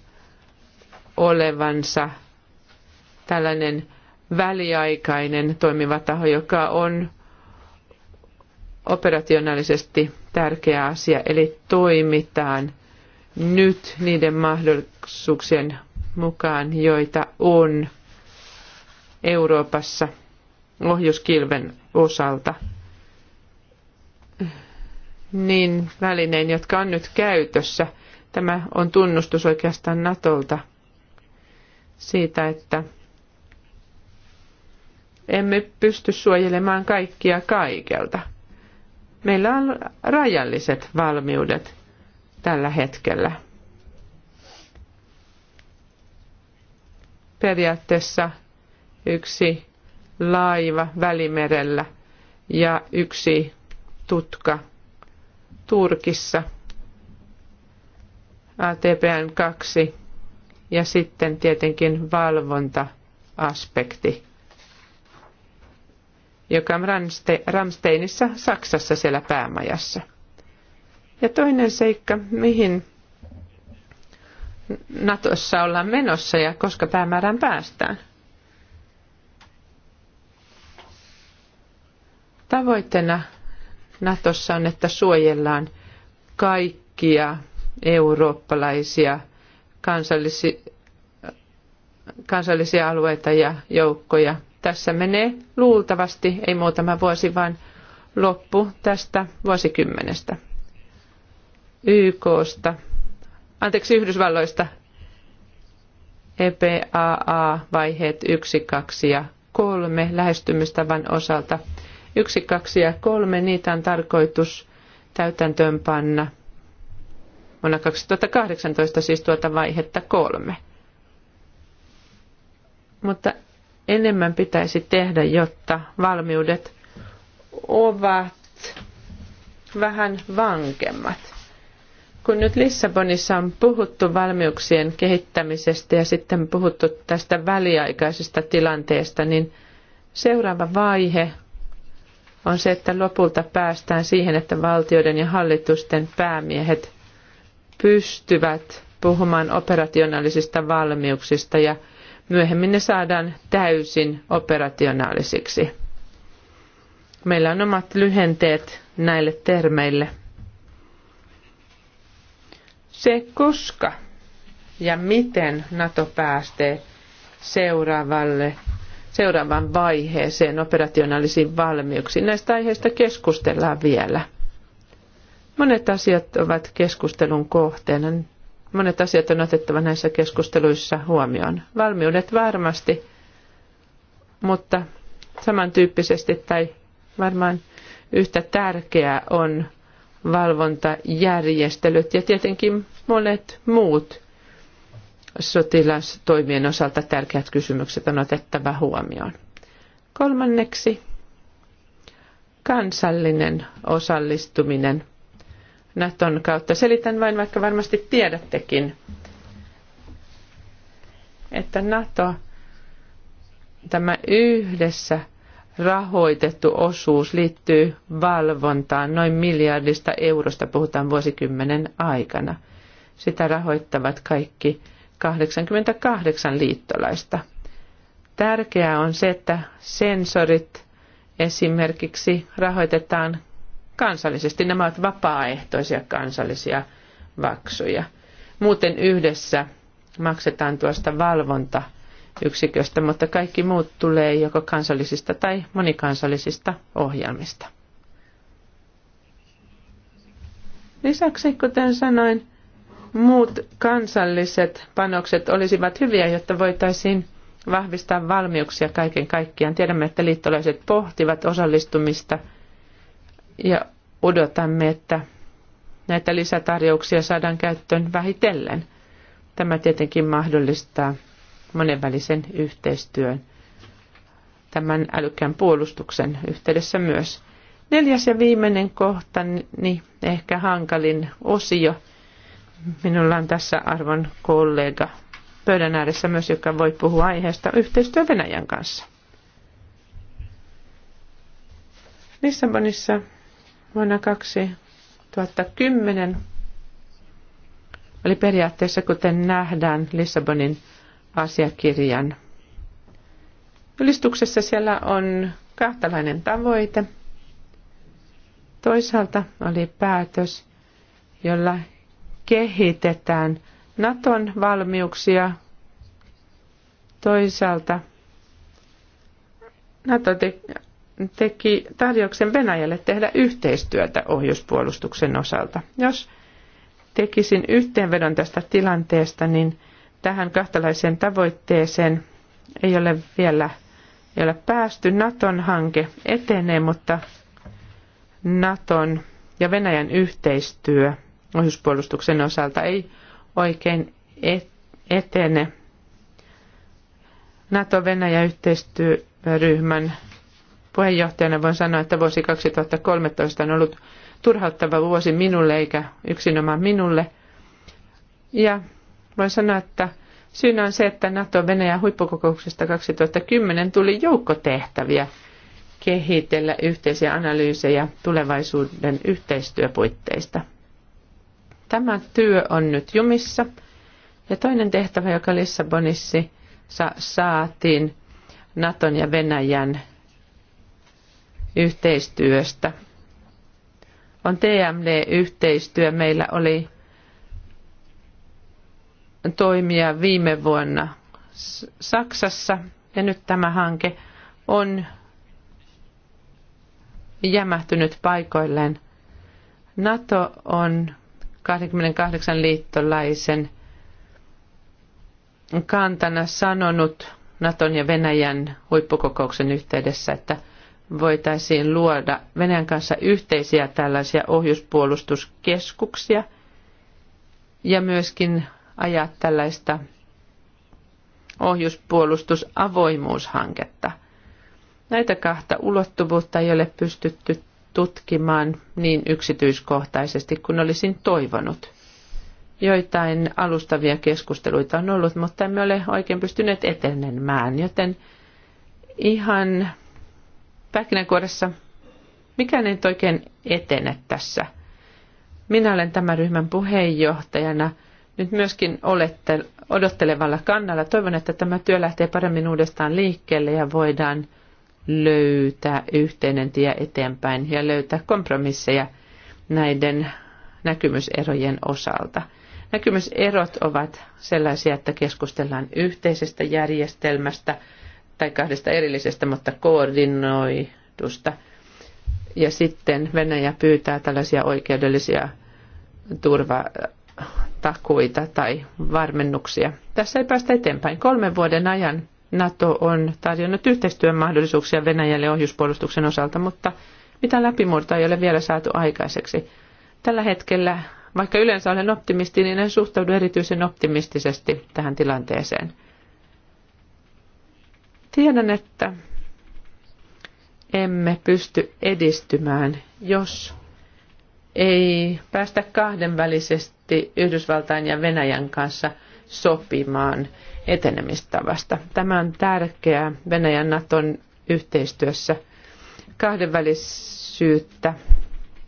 olevansa tällainen väliaikainen toimiva taho, joka on operationaalisesti tärkeä asia, eli toimitaan nyt niiden mahdollisuuksien mukaan, joita on Euroopassa ohjuskilven osalta. Niin välineen, jotka on nyt käytössä. Tämä on tunnustus oikeastaan Natolta siitä, että emme pysty suojelemaan kaikkia kaikelta. Meillä on rajalliset valmiudet tällä hetkellä. Periaatteessa yksi laiva Välimerellä ja yksi tutka Turkissa, ATPN 2 ja sitten tietenkin valvonta-aspekti joka on Ramsteinissa Saksassa siellä päämajassa. Ja toinen seikka, mihin Natossa ollaan menossa ja koska päämäärään päästään. Tavoitteena Natossa on, että suojellaan kaikkia eurooppalaisia kansallisia, kansallisia alueita ja joukkoja – tässä menee luultavasti, ei muutama vuosi, vaan loppu tästä vuosikymmenestä. YKsta, anteeksi Yhdysvalloista, EPAA-vaiheet 1, 2 ja 3 lähestymistavan osalta. 1, 2 ja 3, niitä on tarkoitus täytäntöönpanna vuonna 2018, siis tuota vaihetta kolme. Mutta enemmän pitäisi tehdä, jotta valmiudet ovat vähän vankemmat. Kun nyt Lissabonissa on puhuttu valmiuksien kehittämisestä ja sitten puhuttu tästä väliaikaisesta tilanteesta, niin seuraava vaihe on se, että lopulta päästään siihen, että valtioiden ja hallitusten päämiehet pystyvät puhumaan operationaalisista valmiuksista ja valmiuksista myöhemmin ne saadaan täysin operationaalisiksi. Meillä on omat lyhenteet näille termeille. Se koska ja miten NATO päästee seuraavalle, seuraavan vaiheeseen operationaalisiin valmiuksiin. Näistä aiheista keskustellaan vielä. Monet asiat ovat keskustelun kohteena. Monet asiat on otettava näissä keskusteluissa huomioon. Valmiudet varmasti, mutta samantyyppisesti tai varmaan yhtä tärkeää on valvontajärjestelyt ja tietenkin monet muut sotilastoimien osalta tärkeät kysymykset on otettava huomioon. Kolmanneksi kansallinen osallistuminen – Naton kautta. Selitän vain, vaikka varmasti tiedättekin, että Nato, tämä yhdessä rahoitettu osuus liittyy valvontaan. Noin miljardista eurosta puhutaan vuosikymmenen aikana. Sitä rahoittavat kaikki 88 liittolaista. Tärkeää on se, että sensorit esimerkiksi rahoitetaan kansallisesti. Nämä ovat vapaaehtoisia kansallisia maksuja. Muuten yhdessä maksetaan tuosta valvontayksiköstä, mutta kaikki muut tulee joko kansallisista tai monikansallisista ohjelmista. Lisäksi, kuten sanoin, muut kansalliset panokset olisivat hyviä, jotta voitaisiin vahvistaa valmiuksia kaiken kaikkiaan. Tiedämme, että liittolaiset pohtivat osallistumista – ja odotamme, että näitä lisätarjouksia saadaan käyttöön vähitellen. Tämä tietenkin mahdollistaa monenvälisen yhteistyön tämän älykkään puolustuksen yhteydessä myös. Neljäs ja viimeinen kohta, niin ehkä hankalin osio. Minulla on tässä arvon kollega pöydän ääressä myös, joka voi puhua aiheesta yhteistyö Venäjän kanssa. Lissabonissa Vuonna 2010 oli periaatteessa, kuten nähdään Lissabonin asiakirjan ylistuksessa, siellä on kahtalainen tavoite. Toisaalta oli päätös, jolla kehitetään Naton valmiuksia. Toisaalta NATO teki tarjouksen Venäjälle tehdä yhteistyötä ohjuspuolustuksen osalta. Jos tekisin yhteenvedon tästä tilanteesta, niin tähän kahtalaiseen tavoitteeseen ei ole vielä ei ole päästy. Naton hanke etenee, mutta Naton ja Venäjän yhteistyö ohjuspuolustuksen osalta ei oikein etene. Nato-Venäjä-yhteistyöryhmän puheenjohtajana voin sanoa, että vuosi 2013 on ollut turhauttava vuosi minulle eikä yksinomaan minulle. Ja voin sanoa, että syynä on se, että NATO-Venäjän huippukokouksesta 2010 tuli joukkotehtäviä kehitellä yhteisiä analyysejä tulevaisuuden yhteistyöpuitteista. Tämä työ on nyt jumissa. Ja toinen tehtävä, joka Lissabonissa saatiin Naton ja Venäjän yhteistyöstä. On TMD-yhteistyö. Meillä oli toimia viime vuonna Saksassa ja nyt tämä hanke on jämähtynyt paikoilleen. NATO on 28 liittolaisen kantana sanonut Naton ja Venäjän huippukokouksen yhteydessä, että – voitaisiin luoda Venäjän kanssa yhteisiä tällaisia ohjuspuolustuskeskuksia ja myöskin ajaa tällaista ohjuspuolustusavoimuushanketta. Näitä kahta ulottuvuutta ei ole pystytty tutkimaan niin yksityiskohtaisesti kuin olisin toivonut. Joitain alustavia keskusteluita on ollut, mutta emme ole oikein pystyneet etenemään, joten ihan pähkinänkuoressa mikään ei oikein etene tässä. Minä olen tämän ryhmän puheenjohtajana nyt myöskin olette odottelevalla kannalla. Toivon, että tämä työ lähtee paremmin uudestaan liikkeelle ja voidaan löytää yhteinen tie eteenpäin ja löytää kompromisseja näiden näkymyserojen osalta. Näkymyserot ovat sellaisia, että keskustellaan yhteisestä järjestelmästä – tai kahdesta erillisestä, mutta koordinoidusta. Ja sitten Venäjä pyytää tällaisia oikeudellisia turvatakuita tai varmennuksia. Tässä ei päästä eteenpäin. Kolmen vuoden ajan NATO on tarjonnut yhteistyön mahdollisuuksia Venäjälle ohjuspuolustuksen osalta, mutta mitä läpimurta ei ole vielä saatu aikaiseksi. Tällä hetkellä, vaikka yleensä olen optimisti, niin en suhtaudu erityisen optimistisesti tähän tilanteeseen – Tiedän, että emme pysty edistymään, jos ei päästä kahdenvälisesti Yhdysvaltain ja Venäjän kanssa sopimaan etenemistavasta. Tämä on tärkeää Venäjän Naton yhteistyössä. Kahdenvälisyyttä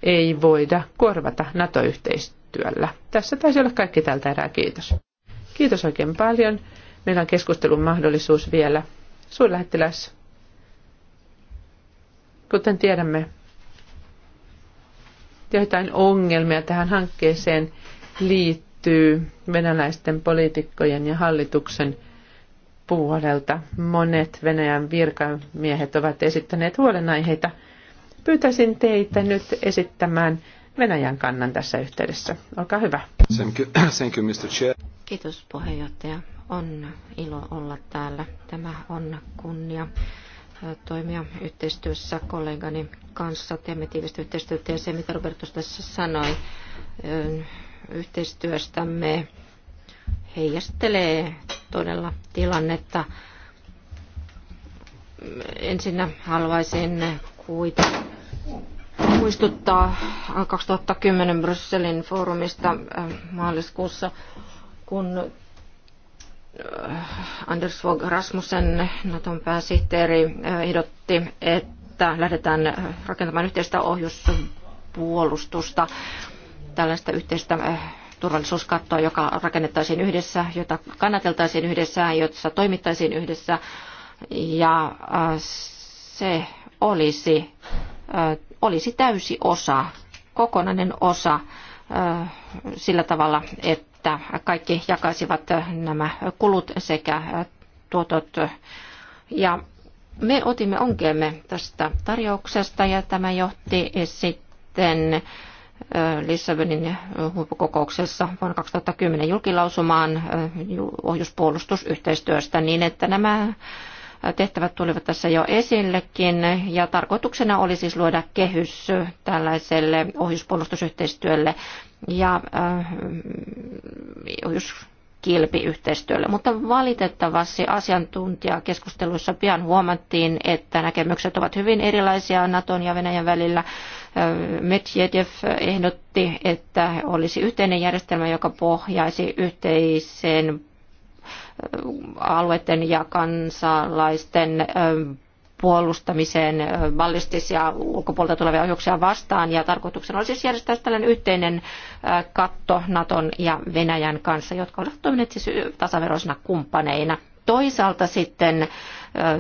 ei voida korvata NATO-yhteistyöllä. Tässä taisi olla kaikki tältä erää. Kiitos. Kiitos oikein paljon. Meillä on keskustelun mahdollisuus vielä Suurlähettiläs, kuten tiedämme, joitain ongelmia tähän hankkeeseen liittyy venäläisten poliitikkojen ja hallituksen puolelta. Monet Venäjän virkamiehet ovat esittäneet huolenaiheita. Pyytäisin teitä nyt esittämään Venäjän kannan tässä yhteydessä. Olkaa hyvä. Thank you, Mr. Chair. Kiitos puheenjohtaja. On ilo olla täällä. Tämä on kunnia toimia yhteistyössä kollegani kanssa. Teemme tiivistä yhteistyötä ja se, mitä Robertus tässä sanoi yhteistyöstämme, heijastelee todella tilannetta. Ensinnä haluaisin kuitenkin muistuttaa 2010 Brysselin foorumista maaliskuussa, kun Anders Fogh Rasmussen, Naton pääsihteeri, eh, ehdotti, että lähdetään eh, rakentamaan yhteistä ohjuspuolustusta, tällaista yhteistä eh, turvallisuuskattoa, joka rakennettaisiin yhdessä, jota kannateltaisiin yhdessä, jossa toimittaisiin yhdessä. Ja se olisi, olisi täysi osa, kokonainen osa sillä tavalla, että että kaikki jakaisivat nämä kulut sekä tuotot. Ja me otimme onkeemme tästä tarjouksesta ja tämä johti sitten äh, Lissabonin huippukokouksessa vuonna 2010 julkilausumaan äh, ohjuspuolustusyhteistyöstä niin, että nämä tehtävät tulivat tässä jo esillekin ja tarkoituksena oli siis luoda kehys tällaiselle ohjuspuolustusyhteistyölle ja äh, just kilpiyhteistyölle. Mutta valitettavasti asiantuntijakeskusteluissa pian huomattiin, että näkemykset ovat hyvin erilaisia Naton ja Venäjän välillä. Äh, Medvedev ehdotti, että olisi yhteinen järjestelmä, joka pohjaisi yhteiseen äh, alueiden ja kansalaisten puolustamiseen ballistisia ulkopuolelta tulevia ohjuksia vastaan. Ja tarkoituksena oli siis järjestää siis tällainen yhteinen katto Naton ja Venäjän kanssa, jotka ovat toimineet siis tasaveroisina kumppaneina. Toisaalta sitten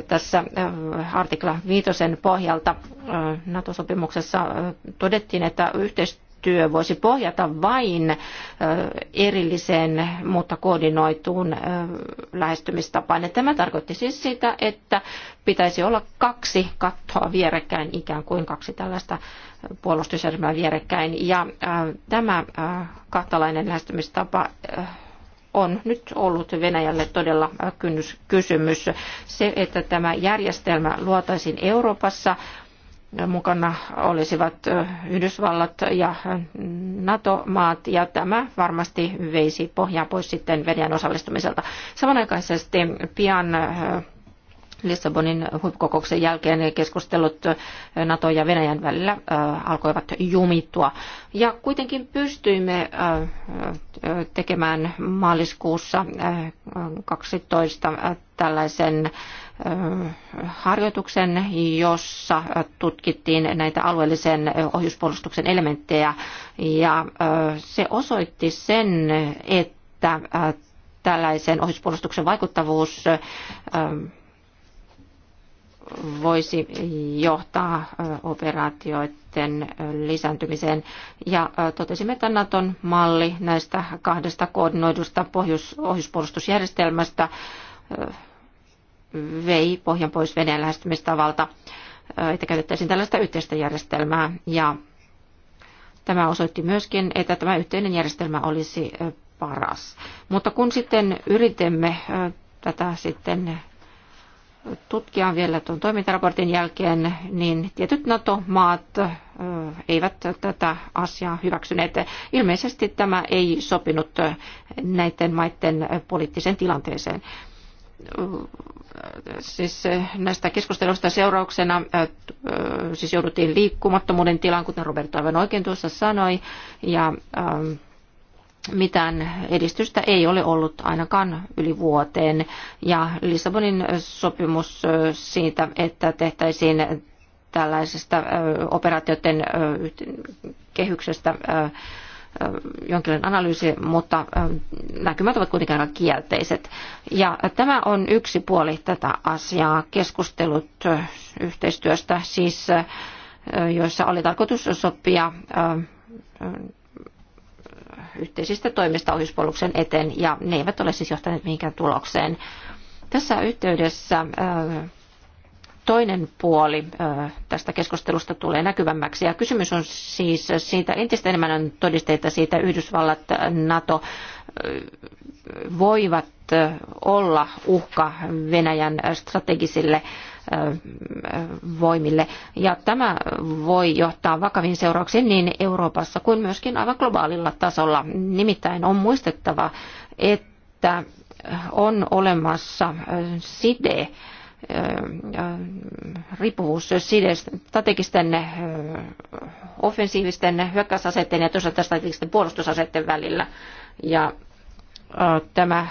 tässä artikla viitosen pohjalta NATO-sopimuksessa todettiin, että yhteistyö työ voisi pohjata vain erilliseen, mutta koordinoituun lähestymistapaan. Ja tämä tarkoitti siis sitä, että pitäisi olla kaksi kattoa vierekkäin, ikään kuin kaksi tällaista puolustusjärjestelmää vierekkäin. Ja tämä kahtalainen lähestymistapa on nyt ollut Venäjälle todella kynnyskysymys. Se, että tämä järjestelmä luotaisiin Euroopassa, mukana olisivat Yhdysvallat ja NATO-maat, ja tämä varmasti veisi pohjaa pois sitten Venäjän osallistumiselta. Samanaikaisesti pian Lissabonin huippukokouksen jälkeen keskustelut NATO ja Venäjän välillä alkoivat jumittua. Ja kuitenkin pystyimme tekemään maaliskuussa 12 tällaisen harjoituksen, jossa tutkittiin näitä alueellisen ohjuspuolustuksen elementtejä ja se osoitti sen, että tällaisen ohjuspuolustuksen vaikuttavuus voisi johtaa operaatioiden lisääntymiseen. Ja totesimme, että Naton malli näistä kahdesta koordinoidusta pohjois- ohjuspuolustusjärjestelmästä vei pohjan pois Venäjän lähestymistavalta, että käytettäisiin tällaista yhteistä järjestelmää. Ja tämä osoitti myöskin, että tämä yhteinen järjestelmä olisi paras. Mutta kun sitten yritimme tätä sitten tutkia vielä tuon toimintaraportin jälkeen, niin tietyt NATO-maat eivät tätä asiaa hyväksyneet. Ilmeisesti tämä ei sopinut näiden maiden poliittiseen tilanteeseen siis eh, näistä keskustelusta seurauksena eh, eh, siis jouduttiin liikkumattomuuden tilaan, kuten Roberto aivan oikein tuossa sanoi, ja ähm, mitään edistystä ei ole ollut ainakaan yli vuoteen. Ja Lissabonin sopimus siitä, että tehtäisiin tällaisesta operaatioiden kehyksestä jonkinlainen analyysi, mutta näkymät ovat kuitenkin aika kielteiset. Ja tämä on yksi puoli tätä asiaa, keskustelut yhteistyöstä, siis joissa oli tarkoitus sopia yhteisistä toimista ohjuspoluksen eteen, ja ne eivät ole siis johtaneet mihinkään tulokseen. Tässä yhteydessä toinen puoli tästä keskustelusta tulee näkyvämmäksi. Ja kysymys on siis siitä, entistä enemmän on todisteita siitä, Yhdysvallat, NATO voivat olla uhka Venäjän strategisille voimille. Ja tämä voi johtaa vakaviin seurauksiin niin Euroopassa kuin myöskin aivan globaalilla tasolla. Nimittäin on muistettava, että on olemassa side riippuvuus strategisten offensiivisten hyökkäysaseiden ja toisaalta strategisten puolustusaseiden välillä. Ja tämä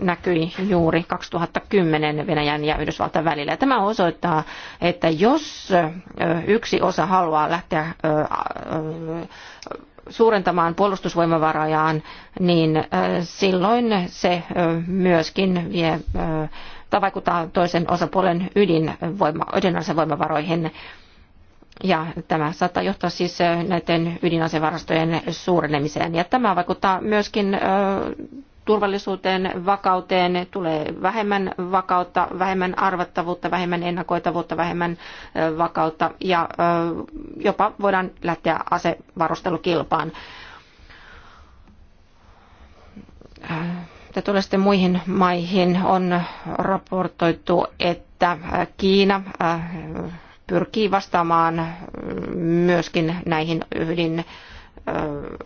näkyi juuri 2010 Venäjän ja Yhdysvaltain välillä. tämä osoittaa, että jos yksi osa haluaa lähteä suurentamaan puolustusvoimavarojaan, niin silloin se myöskin vie tai vaikuttaa toisen osapuolen ydinvoima, ydinasevoimavaroihin. Ja tämä saattaa johtaa siis näiden ydinasevarastojen suurenemiseen. Ja tämä vaikuttaa myöskin turvallisuuteen, vakauteen, tulee vähemmän vakautta, vähemmän arvattavuutta, vähemmän ennakoitavuutta, vähemmän vakautta ja jopa voidaan lähteä asevarustelukilpaan mitä tulee sitten muihin maihin, on raportoitu, että Kiina äh, pyrkii vastaamaan äh, myöskin näihin yhdin äh,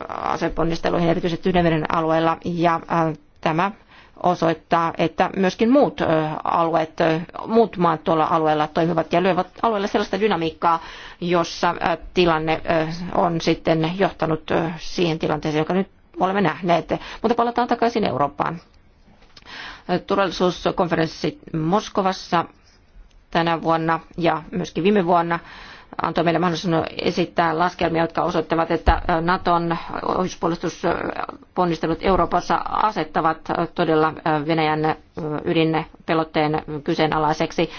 aseponnisteluihin, erityisesti Yhdemeren alueella, ja tämä osoittaa, että myöskin muut alueet, muut maat tuolla alueella toimivat ja lyövät alueella sellaista dynamiikkaa, jossa tilanne on sitten johtanut siihen tilanteeseen, joka nyt olemme nähneet. Mutta palataan takaisin Eurooppaan. Turvallisuuskonferenssi Moskovassa tänä vuonna ja myöskin viime vuonna antoi meille mahdollisuuden esittää laskelmia, jotka osoittavat, että Naton ohjuspuolustusponnistelut Euroopassa asettavat todella Venäjän ydinpelotteen kyseenalaiseksi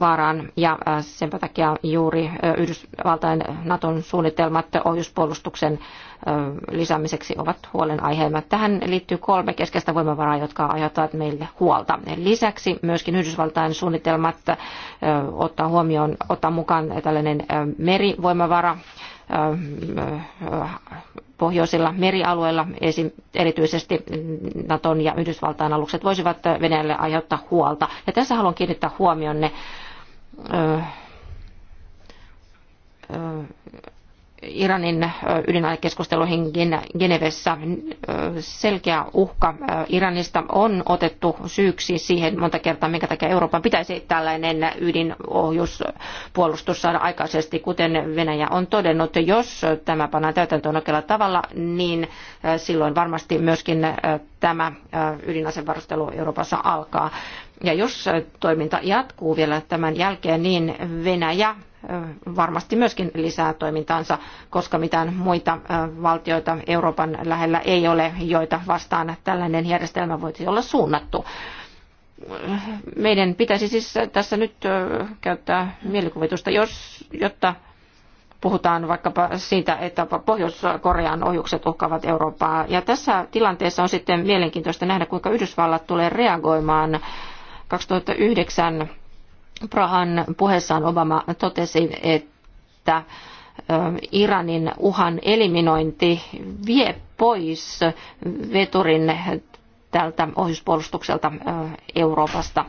vaaraan ja sen takia juuri Yhdysvaltain Naton suunnitelmat ohjuspuolustuksen lisäämiseksi ovat huolenaiheemme. Tähän liittyy kolme keskeistä voimavaraa, jotka aiheuttavat meille huolta. Lisäksi myöskin Yhdysvaltain suunnitelmat ottaa huomioon, ottaa mukaan tällainen merivoimavara, pohjoisilla merialueilla, erityisesti Naton ja Yhdysvaltain alukset voisivat Venäjälle aiheuttaa huolta. Ja tässä haluan kiinnittää huomionne Iranin ydinainekeskusteluihin Genevessä. Selkeä uhka Iranista on otettu syyksi siihen monta kertaa, minkä takia Euroopan pitäisi tällainen ydinohjuspuolustus saada aikaisesti, kuten Venäjä on todennut. Jos tämä pannaan täytäntöön oikealla tavalla, niin silloin varmasti myöskin tämä ydinasevarustelu Euroopassa alkaa. Ja jos toiminta jatkuu vielä tämän jälkeen, niin Venäjä varmasti myöskin lisää toimintaansa, koska mitään muita valtioita Euroopan lähellä ei ole, joita vastaan tällainen järjestelmä voisi olla suunnattu. Meidän pitäisi siis tässä nyt käyttää mielikuvitusta, jos, jotta puhutaan vaikkapa siitä, että Pohjois-Korean ohjukset uhkaavat Eurooppaa. Ja tässä tilanteessa on sitten mielenkiintoista nähdä, kuinka Yhdysvallat tulee reagoimaan 2009 Prahan puheessaan Obama totesi, että Iranin uhan eliminointi vie pois veturin tältä ohjuspuolustukselta Euroopasta.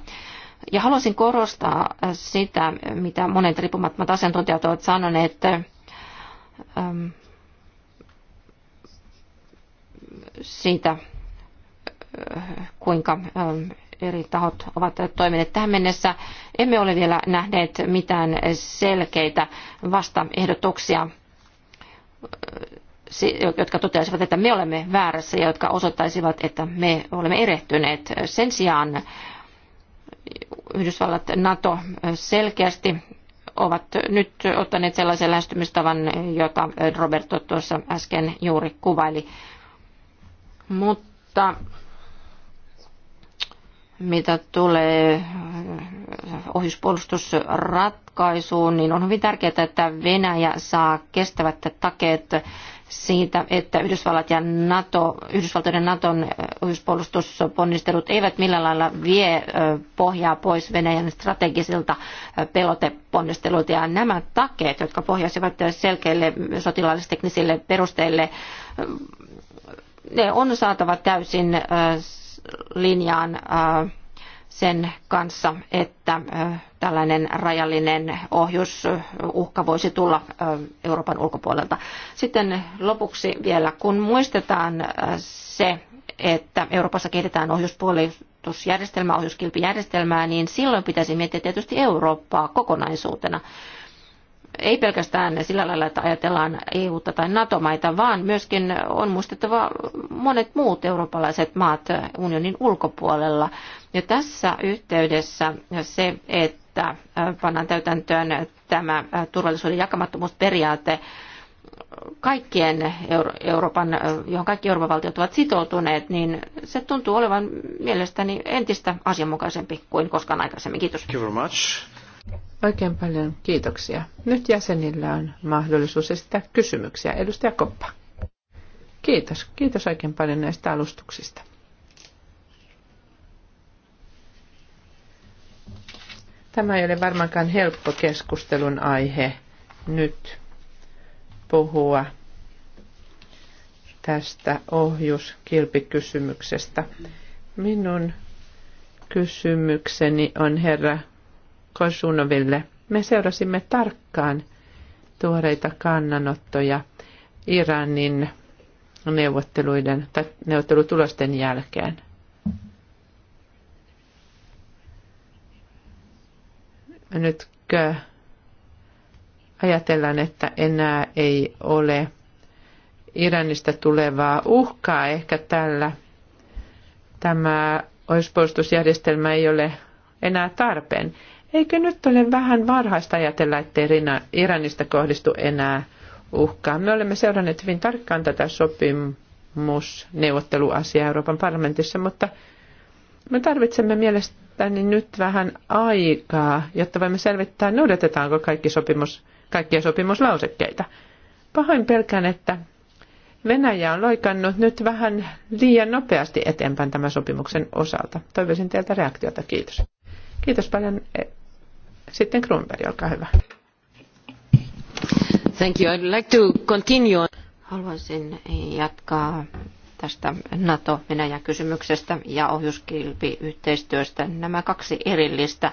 Ja haluaisin korostaa sitä, mitä monet riippumattomat asiantuntijat ovat sanoneet, että siitä, kuinka eri tahot ovat toimineet tähän mennessä. Emme ole vielä nähneet mitään selkeitä vastaehdotuksia jotka toteaisivat, että me olemme väärässä ja jotka osoittaisivat, että me olemme erehtyneet. Sen sijaan Yhdysvallat, NATO selkeästi ovat nyt ottaneet sellaisen lähestymistavan, jota Roberto tuossa äsken juuri kuvaili. Mutta mitä tulee äh, ohjuspuolustusratkaisuun, niin on hyvin tärkeää, että Venäjä saa kestävät takeet siitä, että Yhdysvallat ja NATO, Yhdysvaltojen Naton äh, ohjuspuolustusponnistelut eivät millään lailla vie äh, pohjaa pois Venäjän strategisilta peloteponnisteluilta. Ja nämä takeet, jotka pohjaisivat selkeille sotilaallisteknisille perusteille, ne on saatava täysin linjaan äh, sen kanssa, että äh, tällainen rajallinen ohjusuhka äh, voisi tulla Euroopan ulkopuolelta. Sitten lopuksi vielä, kun muistetaan se, että Euroopassa kehitetään ohjuspuolustusjärjestelmää, ohjuskilpijärjestelmää, niin silloin pitäisi miettiä tietysti Eurooppaa kokonaisuutena ei pelkästään sillä lailla, että ajatellaan EUta tai NATO-maita, vaan myöskin on muistettava monet muut eurooppalaiset maat unionin ulkopuolella. Ja tässä yhteydessä se, että pannaan täytäntöön tämä turvallisuuden jakamattomuusperiaate, kaikkien Euro- Euroopan, johon kaikki Euroopan valtiot ovat sitoutuneet, niin se tuntuu olevan mielestäni entistä asianmukaisempi kuin koskaan aikaisemmin. Kiitos. Thank you very much. Oikein paljon kiitoksia. Nyt jäsenillä on mahdollisuus esittää kysymyksiä. Edustaja Koppa. Kiitos. Kiitos oikein paljon näistä alustuksista. Tämä ei ole varmaankaan helppo keskustelun aihe nyt puhua tästä ohjuskilpikysymyksestä. Minun kysymykseni on herra Kosunoville. Me seurasimme tarkkaan tuoreita kannanottoja Iranin neuvotteluiden tai neuvottelutulosten jälkeen. Nytkö ajatellaan, että enää ei ole Iranista tulevaa uhkaa ehkä tällä. Tämä oispuolustusjärjestelmä ei ole enää tarpeen. Eikö nyt ole vähän varhaista ajatella, ettei Iranista kohdistu enää uhkaa? Me olemme seuranneet hyvin tarkkaan tätä sopimusneuvotteluasiaa Euroopan parlamentissa, mutta me tarvitsemme mielestäni nyt vähän aikaa, jotta voimme selvittää, noudatetaanko kaikki sopimus, kaikkia sopimuslausekkeita. Pahoin pelkään, että Venäjä on loikannut nyt vähän liian nopeasti eteenpäin tämän sopimuksen osalta. Toivoisin teiltä reaktiota. Kiitos. Kiitos paljon sitten Grunberg, olkaa hyvä. Thank you. I'd like to continue. Haluaisin jatkaa tästä NATO-Venäjä-kysymyksestä ja ohjuskilpiyhteistyöstä. Nämä kaksi erillistä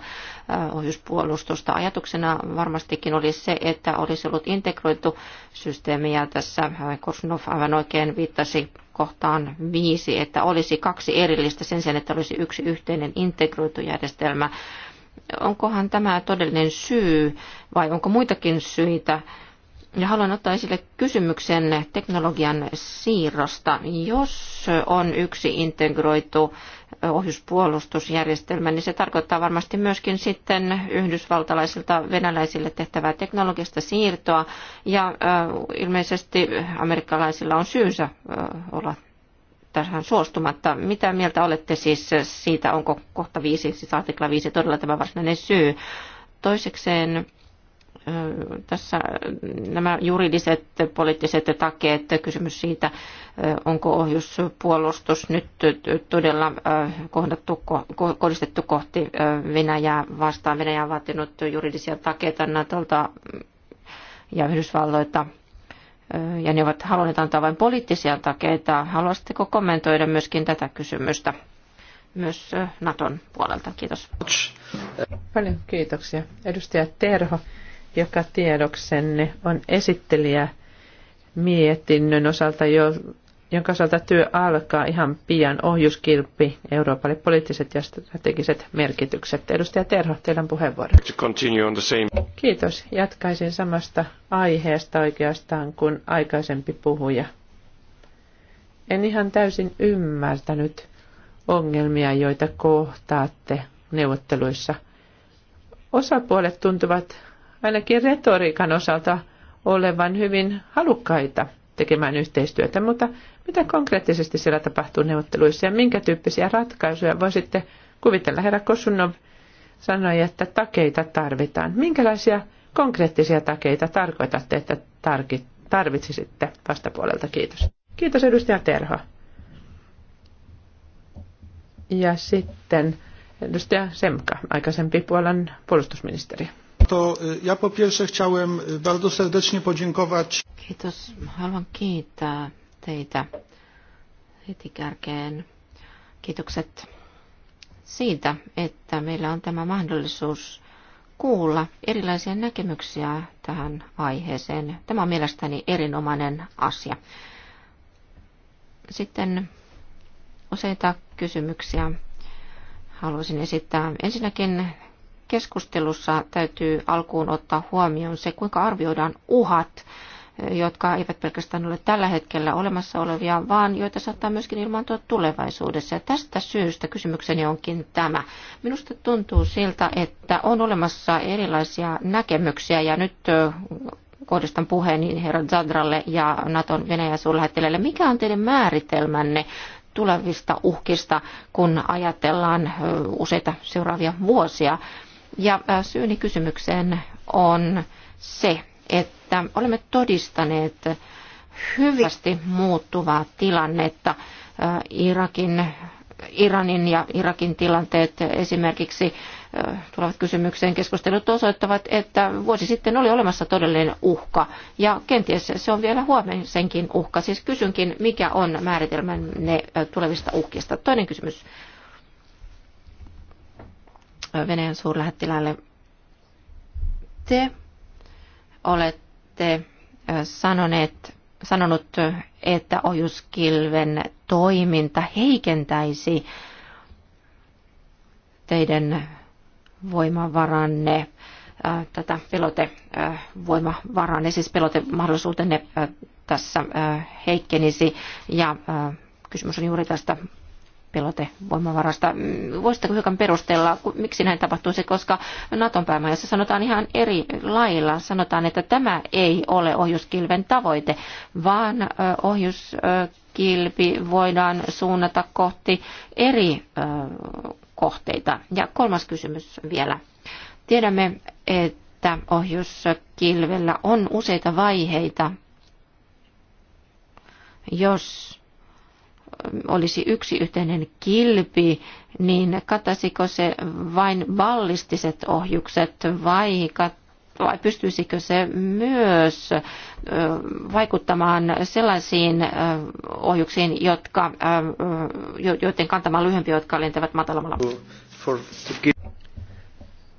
äh, ohjuspuolustusta. Ajatuksena varmastikin oli se, että olisi ollut integroitu systeemi ja tässä Korsunov aivan oikein viittasi kohtaan viisi, että olisi kaksi erillistä sen sijaan, että olisi yksi yhteinen integroitu järjestelmä onkohan tämä todellinen syy vai onko muitakin syitä? Ja haluan ottaa esille kysymyksen teknologian siirrosta. Jos on yksi integroitu ohjuspuolustusjärjestelmä, niin se tarkoittaa varmasti myöskin sitten yhdysvaltalaisilta venäläisille tehtävää teknologista siirtoa. Ja ilmeisesti amerikkalaisilla on syynsä olla tähän suostumatta. Mitä mieltä olette siis siitä, onko kohta viisi, siis artikla viisi todella tämä varsinainen syy? Toisekseen tässä nämä juridiset poliittiset takeet, kysymys siitä, onko ohjuspuolustus nyt todella kohdattu, kohdistettu kohti Venäjää vastaan. Venäjä on vaatinut juridisia takeita Natolta ja Yhdysvalloilta ja ne ovat halunneet antaa vain poliittisia takeita. Haluaisitteko kommentoida myöskin tätä kysymystä myös Naton puolelta? Kiitos. Paljon kiitoksia. Edustaja Terho, joka tiedoksenne on esittelijä mietinnön osalta, jonka osalta työ alkaa ihan pian ohjuskilpi Euroopalle poliittiset ja strategiset merkitykset. Edustaja Terho, teidän puheenvuoro. Kiitos. Jatkaisin samasta aiheesta oikeastaan kuin aikaisempi puhuja. En ihan täysin ymmärtänyt ongelmia, joita kohtaatte neuvotteluissa. Osapuolet tuntuvat ainakin retoriikan osalta olevan hyvin halukkaita tekemään yhteistyötä, mutta mitä konkreettisesti siellä tapahtuu neuvotteluissa ja minkä tyyppisiä ratkaisuja voisitte kuvitella? Herra Kosunov sanoi, että takeita tarvitaan. Minkälaisia konkreettisia takeita tarkoitatte, että tarvitsisitte vastapuolelta? Kiitos. Kiitos edustaja Terho. Ja sitten edustaja Semka, aikaisempi Puolan puolustusministeri. To ja po pierwsze chciałem bardzo serdecznie podziękować. Kiitos. Haluan kiittää teitä heti kärkeen. Kiitokset siitä, että meillä on tämä mahdollisuus kuulla erilaisia näkemyksiä tähän aiheeseen. Tämä on mielestäni erinomainen asia. Sitten useita kysymyksiä haluaisin esittää. Ensinnäkin keskustelussa täytyy alkuun ottaa huomioon se, kuinka arvioidaan uhat jotka eivät pelkästään ole tällä hetkellä olemassa olevia, vaan joita saattaa myöskin ilmaantua tulevaisuudessa. Ja tästä syystä kysymykseni onkin tämä. Minusta tuntuu siltä, että on olemassa erilaisia näkemyksiä ja nyt kohdistan puheeni herra Zadralle ja Naton Venäjän suurlähettilälle. Mikä on teidän määritelmänne tulevista uhkista, kun ajatellaan useita seuraavia vuosia? Ja syyni kysymykseen on se, että olemme todistaneet hyvästi muuttuvaa tilannetta Irakin Iranin ja Irakin tilanteet esimerkiksi tulevat kysymykseen. Keskustelut osoittavat, että vuosi sitten oli olemassa todellinen uhka ja kenties se on vielä huomisenkin uhka. Siis kysynkin, mikä on määritelmänne tulevista uhkista. Toinen kysymys Venäjän suurlähettiläälle. Te olette sanoneet, sanonut, että ojuskilven toiminta heikentäisi teidän voimavaranne, tätä pelotevoimavaranne, siis pelotemahdollisuutenne tässä heikkenisi. Ja kysymys on juuri tästä pelotevoimavaroista. Mm, voisitteko hiukan perustella, miksi näin tapahtuisi, koska Naton päämajassa sanotaan ihan eri lailla. Sanotaan, että tämä ei ole ohjuskilven tavoite, vaan ohjuskilpi voidaan suunnata kohti eri kohteita. Ja kolmas kysymys vielä. Tiedämme, että ohjuskilvellä on useita vaiheita. Jos olisi yksi yhteinen kilpi, niin katasiko se vain ballistiset ohjukset vai kat- vai pystyisikö se myös vaikuttamaan sellaisiin ohjuksiin, jotka, joiden kantama on lyhyempi, jotka lentävät matalammalla?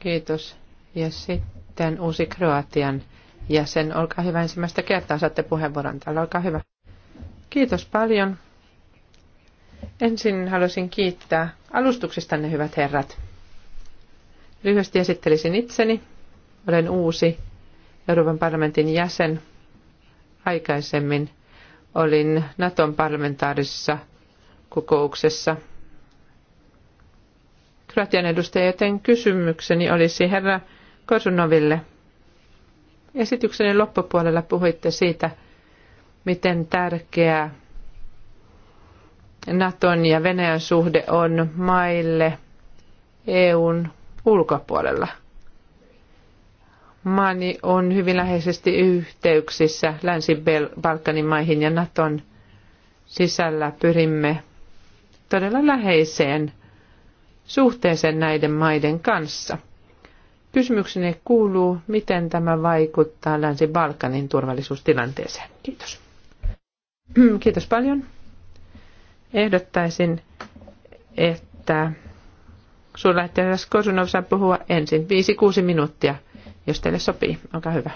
Kiitos. Ja sitten uusi Kroatian jäsen. Olkaa hyvä ensimmäistä kertaa, saatte puheenvuoron täällä. Olkaa hyvä. Kiitos paljon. Ensin haluaisin kiittää alustuksistanne, hyvät herrat. Lyhyesti esittelisin itseni. Olen uusi Euroopan parlamentin jäsen. Aikaisemmin olin Naton parlamentaarisessa kokouksessa Kroatian edustaja, joten kysymykseni olisi herra Kosunoville. Esitykseni loppupuolella puhuitte siitä, miten tärkeää Naton ja Venäjän suhde on maille EUn ulkopuolella. Maani on hyvin läheisesti yhteyksissä Länsi-Balkanin maihin ja Naton sisällä pyrimme todella läheiseen suhteeseen näiden maiden kanssa. Kysymykseni kuuluu, miten tämä vaikuttaa Länsi-Balkanin turvallisuustilanteeseen. Kiitos. Kiitos paljon. Ehdottaisin, että suurlähettiläs Kosunov saa puhua ensin 5-6 minuuttia, jos teille sopii. Olkaa hyvä.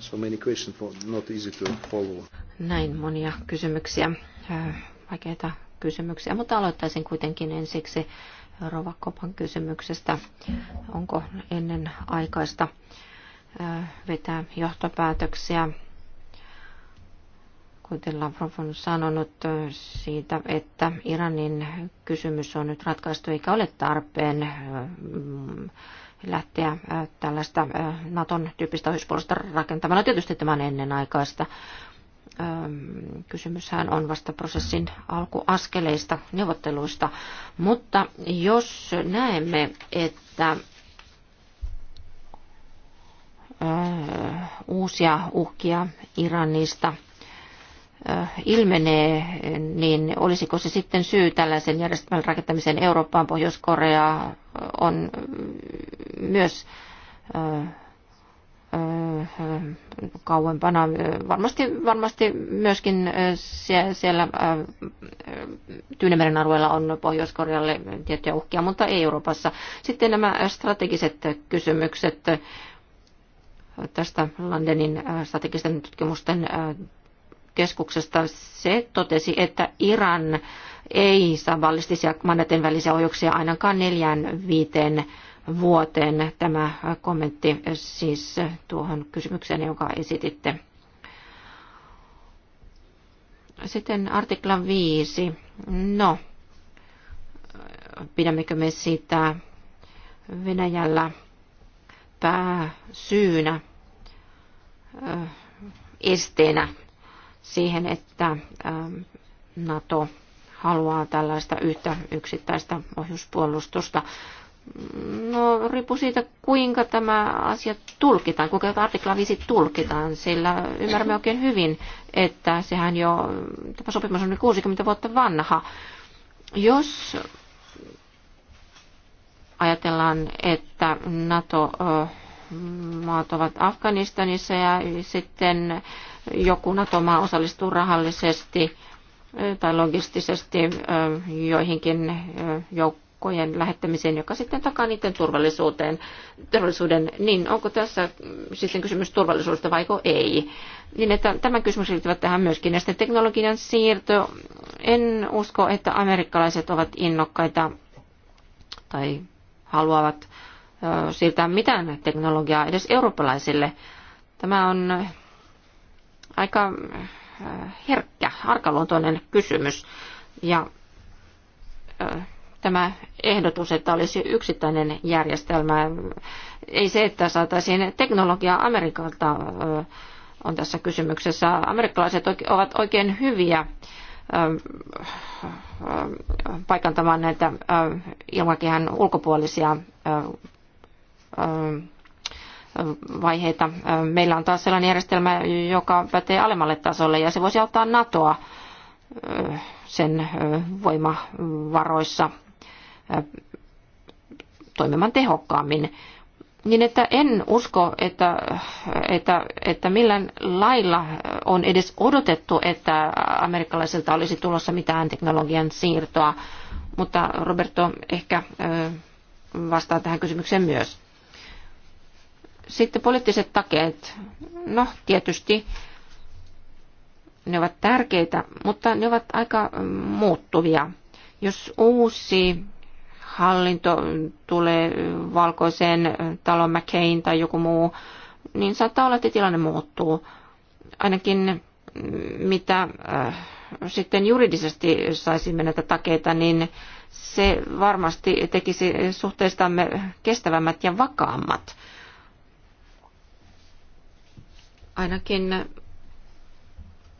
So many questions, not easy to follow. Näin monia kysymyksiä, äh, vaikeita kysymyksiä, mutta aloittaisin kuitenkin ensiksi Rovakopan kysymyksestä. Onko ennen aikaista äh, vetää johtopäätöksiä kuten Lavrov on sanonut siitä, että Iranin kysymys on nyt ratkaistu eikä ole tarpeen mm, lähteä tällaista Naton tyyppistä ohjuspuolusta rakentamaan. No tietysti tämä on ennenaikaista. Kysymyshän on vasta prosessin alkuaskeleista, neuvotteluista. Mutta jos näemme, että uusia uhkia Iranista – ilmenee, niin olisiko se sitten syy tällaisen järjestelmän rakentamiseen Eurooppaan? Pohjois-Korea on myös kauempana. Varmasti, varmasti myöskin siellä Tyynemeren alueella on Pohjois-Korealle tiettyjä uhkia, mutta ei Euroopassa. Sitten nämä strategiset kysymykset tästä Landenin strategisten tutkimusten keskuksesta. Se totesi, että Iran ei saa ballistisia mannaten välisiä ohjuksia ainakaan neljään viiteen vuoteen. Tämä kommentti siis tuohon kysymykseen, jonka esititte. Sitten artikla 5. No, pidämmekö me sitä Venäjällä pääsyynä, esteenä siihen, että ähm, NATO haluaa tällaista yhtä yksittäistä ohjuspuolustusta. No, riippuu siitä, kuinka tämä asia tulkitaan, kuinka artikla 5 tulkitaan, sillä ymmärrämme oikein hyvin, että sehän jo, tämä sopimus on nyt 60 vuotta vanha. Jos ajatellaan, että NATO-maat ovat Afganistanissa ja sitten joku NATO-maa osallistuu rahallisesti tai logistisesti joihinkin joukkojen lähettämiseen, joka sitten takaa niiden turvallisuuteen, turvallisuuden, niin onko tässä sitten kysymys turvallisuudesta vai ei? Niin että tämän kysymys liittyvät tähän myöskin. Ja sitten teknologian siirto. En usko, että amerikkalaiset ovat innokkaita tai haluavat siirtää mitään teknologiaa edes eurooppalaisille. Tämä on aika äh, herkkä, arkaluontoinen kysymys. Ja äh, tämä ehdotus, että olisi yksittäinen järjestelmä, ei se, että saataisiin teknologia Amerikalta äh, on tässä kysymyksessä. Amerikkalaiset ovat oikein hyviä paikantamaan näitä ilmakehän ulkopuolisia vaiheita. Meillä on taas sellainen järjestelmä, joka pätee alemmalle tasolle ja se voisi auttaa NATOa sen voimavaroissa toimimaan tehokkaammin. Niin että en usko, että, että, että millään lailla on edes odotettu, että amerikkalaisilta olisi tulossa mitään teknologian siirtoa. Mutta Roberto ehkä vastaa tähän kysymykseen myös. Sitten poliittiset takeet. No, tietysti ne ovat tärkeitä, mutta ne ovat aika mm, muuttuvia. Jos uusi hallinto tulee valkoiseen talon McCain tai joku muu, niin saattaa olla, että tilanne muuttuu. Ainakin mm, mitä äh, sitten juridisesti saisimme näitä takeita, niin se varmasti tekisi suhteistamme kestävämmät ja vakaammat ainakin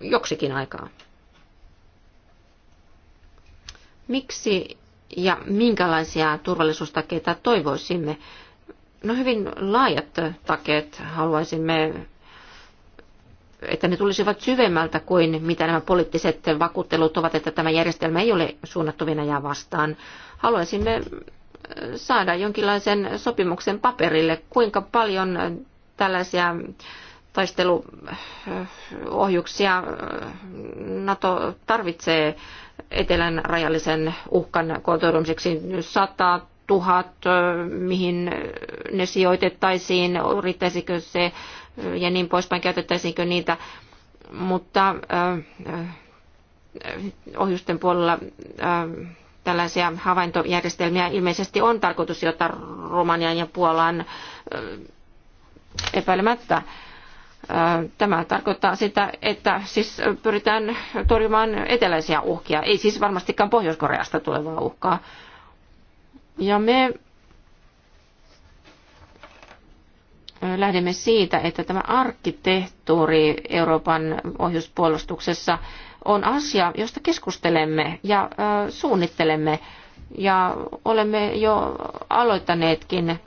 joksikin aikaa. Miksi ja minkälaisia turvallisuustakeita toivoisimme? No hyvin laajat takeet haluaisimme, että ne tulisivat syvemmältä kuin mitä nämä poliittiset vakuuttelut ovat, että tämä järjestelmä ei ole suunnattu Venäjää vastaan. Haluaisimme äh, saada jonkinlaisen sopimuksen paperille, kuinka paljon tällaisia taisteluohjuksia NATO tarvitsee etelän rajallisen uhkan kontoudumiseksi 100 tuhat, mihin ne sijoitettaisiin, riittäisikö se ja niin poispäin, käytettäisiinkö niitä. Mutta äh, äh, ohjusten puolella äh, tällaisia havaintojärjestelmiä ilmeisesti on tarkoitus sijoittaa Romaniaan ja Puolaan epäilemättä. Tämä tarkoittaa sitä, että siis pyritään torjumaan eteläisiä uhkia, ei siis varmastikaan Pohjois-Koreasta tulevaa uhkaa. Ja me lähdemme siitä, että tämä arkkitehtuuri Euroopan ohjuspuolustuksessa on asia, josta keskustelemme ja suunnittelemme ja olemme jo aloittaneetkin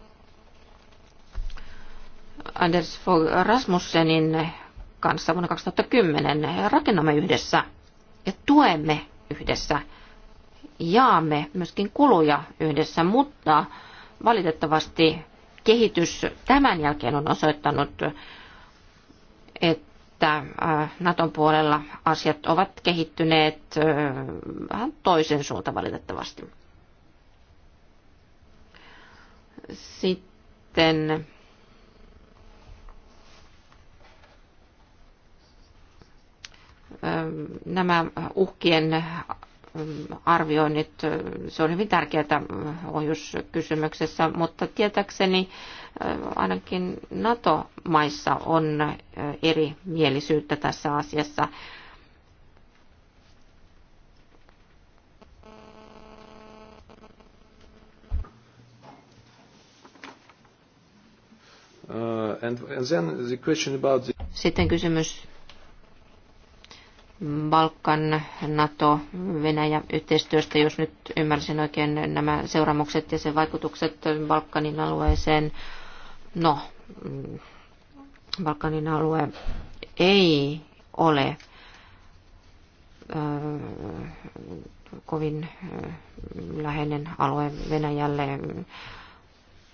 Anders Fogh Rasmussenin kanssa vuonna 2010. Rakennamme yhdessä ja tuemme yhdessä, jaamme myöskin kuluja yhdessä, mutta valitettavasti kehitys tämän jälkeen on osoittanut, että äh, Naton puolella asiat ovat kehittyneet äh, vähän toisen suuntaan valitettavasti. Sitten nämä uhkien arvioinnit, se on hyvin tärkeää ohjuskysymyksessä, mutta tietääkseni ainakin NATO-maissa on eri mielisyyttä tässä asiassa. Uh, Sitten kysymys Balkan, NATO, Venäjä yhteistyöstä, jos nyt ymmärsin oikein nämä seuraamukset ja sen vaikutukset Balkanin alueeseen. No, mm, Balkanin alue ei ole kovin läheinen alue Venäjälle.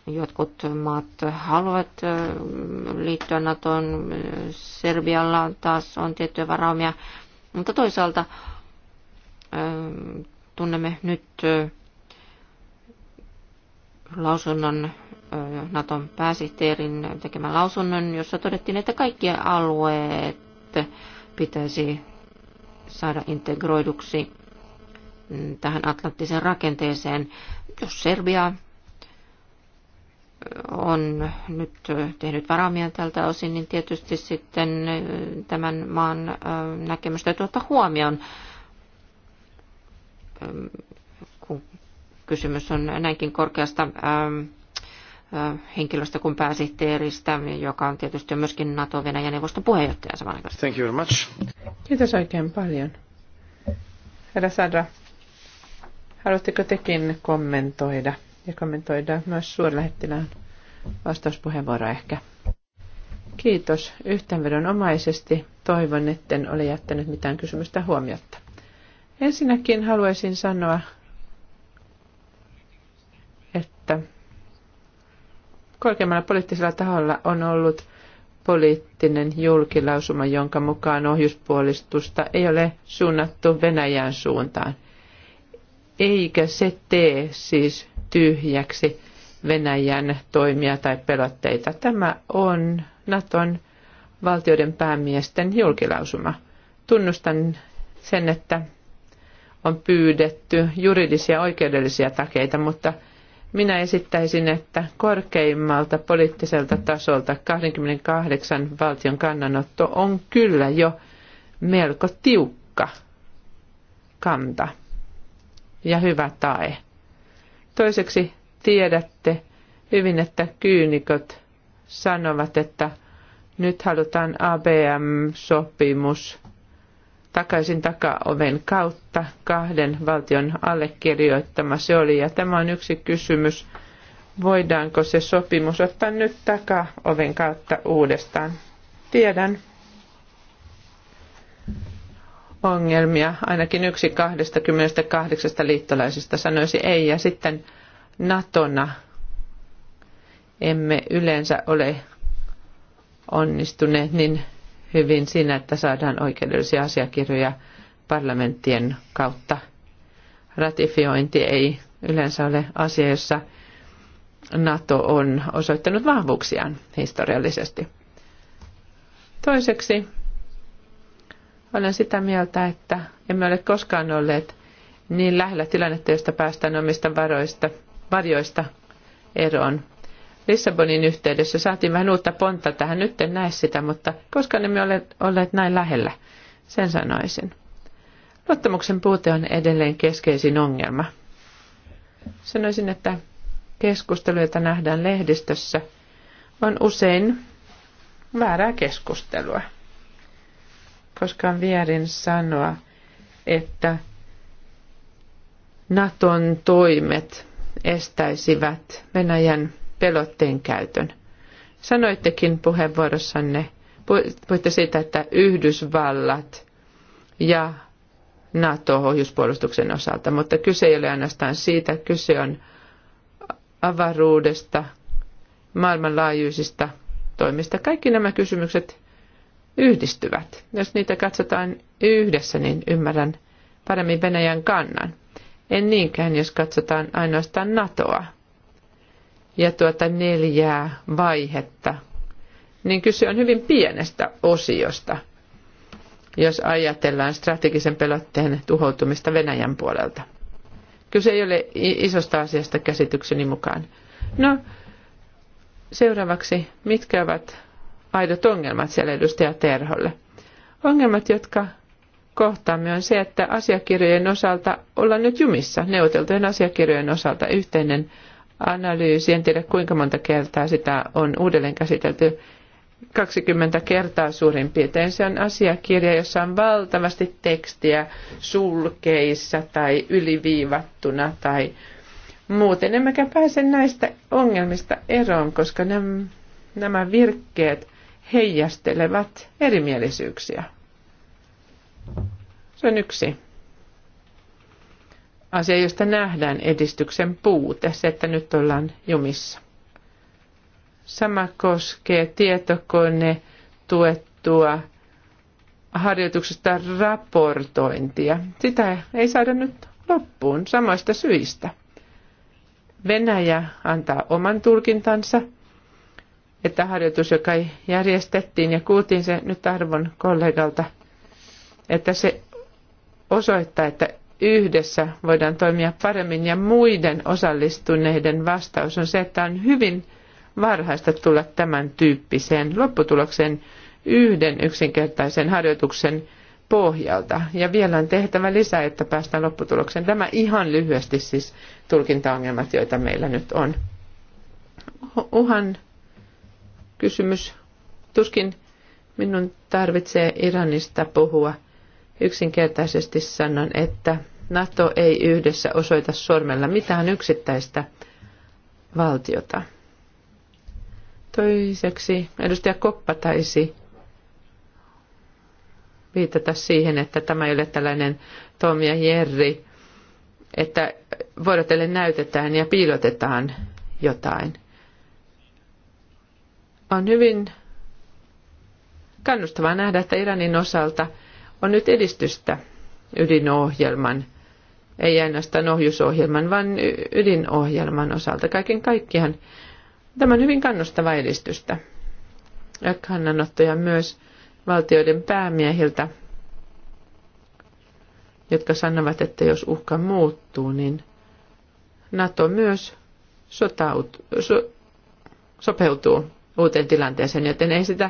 Jotkut maat haluavat liittyä NATOon. Serbialla taas on tiettyjä varaumia mutta toisaalta tunnemme nyt lausunnon Naton pääsihteerin tekemän lausunnon, jossa todettiin, että kaikki alueet pitäisi saada integroiduksi tähän atlanttiseen rakenteeseen. Jos Serbia on nyt tehnyt varamia tältä osin, niin tietysti sitten äh, tämän maan äh, näkemystä tuota huomioon, ähm, kun kysymys on näinkin korkeasta ähm, äh, henkilöstä kuin pääsihteeristä, joka on tietysti myöskin NATO-Venäjän neuvoston puheenjohtaja samanaikaisesti. Thank you very much. Kiitos oikein paljon. Herra Sadra, haluatteko tekin kommentoida? ja kommentoida myös suurlähettilään vastauspuheenvuoro ehkä. Kiitos yhteenvedonomaisesti. Toivon, etten ole jättänyt mitään kysymystä huomiotta. Ensinnäkin haluaisin sanoa, että korkeammalla poliittisella taholla on ollut poliittinen julkilausuma, jonka mukaan ohjuspuolistusta ei ole suunnattu Venäjän suuntaan. Eikä se tee siis tyhjäksi Venäjän toimia tai pelotteita. Tämä on Naton valtioiden päämiesten julkilausuma. Tunnustan sen, että on pyydetty juridisia oikeudellisia takeita, mutta minä esittäisin, että korkeimmalta poliittiselta tasolta 28 valtion kannanotto on kyllä jo melko tiukka kanta ja hyvä tae. Toiseksi tiedätte hyvin, että kyynikot sanovat, että nyt halutaan ABM-sopimus takaisin takaoven kautta kahden valtion allekirjoittama se oli. Ja tämä on yksi kysymys, voidaanko se sopimus ottaa nyt takaoven kautta uudestaan. Tiedän, ongelmia. Ainakin yksi 28 liittolaisista sanoisi ei. Ja sitten Natona emme yleensä ole onnistuneet niin hyvin siinä, että saadaan oikeudellisia asiakirjoja parlamenttien kautta. Ratifiointi ei yleensä ole asia, jossa NATO on osoittanut vahvuuksiaan historiallisesti. Toiseksi olen sitä mieltä, että emme ole koskaan olleet niin lähellä tilannetta, josta päästään omista varoista, varjoista eroon. Lissabonin yhteydessä saatiin vähän uutta pontta tähän. Nyt en näe sitä, mutta koska emme ole olleet näin lähellä, sen sanoisin. Luottamuksen puute on edelleen keskeisin ongelma. Sanoisin, että keskustelu, jota nähdään lehdistössä, on usein väärää keskustelua koskaan väärin sanoa, että Naton toimet estäisivät Venäjän pelotteen käytön. Sanoittekin puheenvuorossanne, puhuitte siitä, että Yhdysvallat ja NATO ohjuspuolustuksen osalta, mutta kyse ei ole ainoastaan siitä, kyse on avaruudesta, maailmanlaajuisista toimista. Kaikki nämä kysymykset yhdistyvät. Jos niitä katsotaan yhdessä, niin ymmärrän paremmin Venäjän kannan. En niinkään, jos katsotaan ainoastaan NATOa ja tuota neljää vaihetta, niin kyse on hyvin pienestä osiosta, jos ajatellaan strategisen pelotteen tuhoutumista Venäjän puolelta. Kyse ei ole isosta asiasta käsitykseni mukaan. No, seuraavaksi, mitkä ovat aidot ongelmat siellä edustaja Terholle. Ongelmat, jotka kohtaamme on se, että asiakirjojen osalta ollaan nyt jumissa, neuvoteltujen asiakirjojen osalta yhteinen analyysi. En tiedä kuinka monta kertaa sitä on uudelleen käsitelty. 20 kertaa suurin piirtein. Se on asiakirja, jossa on valtavasti tekstiä sulkeissa tai yliviivattuna tai muuten. Emmekä pääse näistä ongelmista eroon, koska nämä, nämä virkkeet heijastelevat erimielisyyksiä. Se on yksi asia, josta nähdään edistyksen puute, se, että nyt ollaan jumissa. Sama koskee tietokone tuettua harjoituksesta raportointia. Sitä ei saada nyt loppuun samoista syistä. Venäjä antaa oman tulkintansa – että harjoitus, joka järjestettiin ja kuultiin se nyt arvon kollegalta, että se osoittaa, että yhdessä voidaan toimia paremmin ja muiden osallistuneiden vastaus on se, että on hyvin varhaista tulla tämän tyyppiseen lopputulokseen yhden yksinkertaisen harjoituksen pohjalta. Ja vielä on tehtävä lisää, että päästään lopputulokseen. Tämä ihan lyhyesti siis tulkintaongelmat, joita meillä nyt on. Uhan kysymys. Tuskin minun tarvitsee Iranista puhua. Yksinkertaisesti sanon, että NATO ei yhdessä osoita sormella mitään yksittäistä valtiota. Toiseksi edustaja Koppa taisi viitata siihen, että tämä ei ole tällainen Tom ja Jerry, että vuorotellen näytetään ja piilotetaan jotain. On hyvin kannustavaa nähdä, että Iranin osalta on nyt edistystä ydinohjelman, ei ainoastaan ohjusohjelman, vaan ydinohjelman osalta. Kaiken kaikkiaan tämä on hyvin kannustava edistystä. Ja kannanottoja myös valtioiden päämiehiltä, jotka sanovat, että jos uhka muuttuu, niin NATO myös sotaut, so, sopeutuu uuteen tilanteeseen, joten ei sitä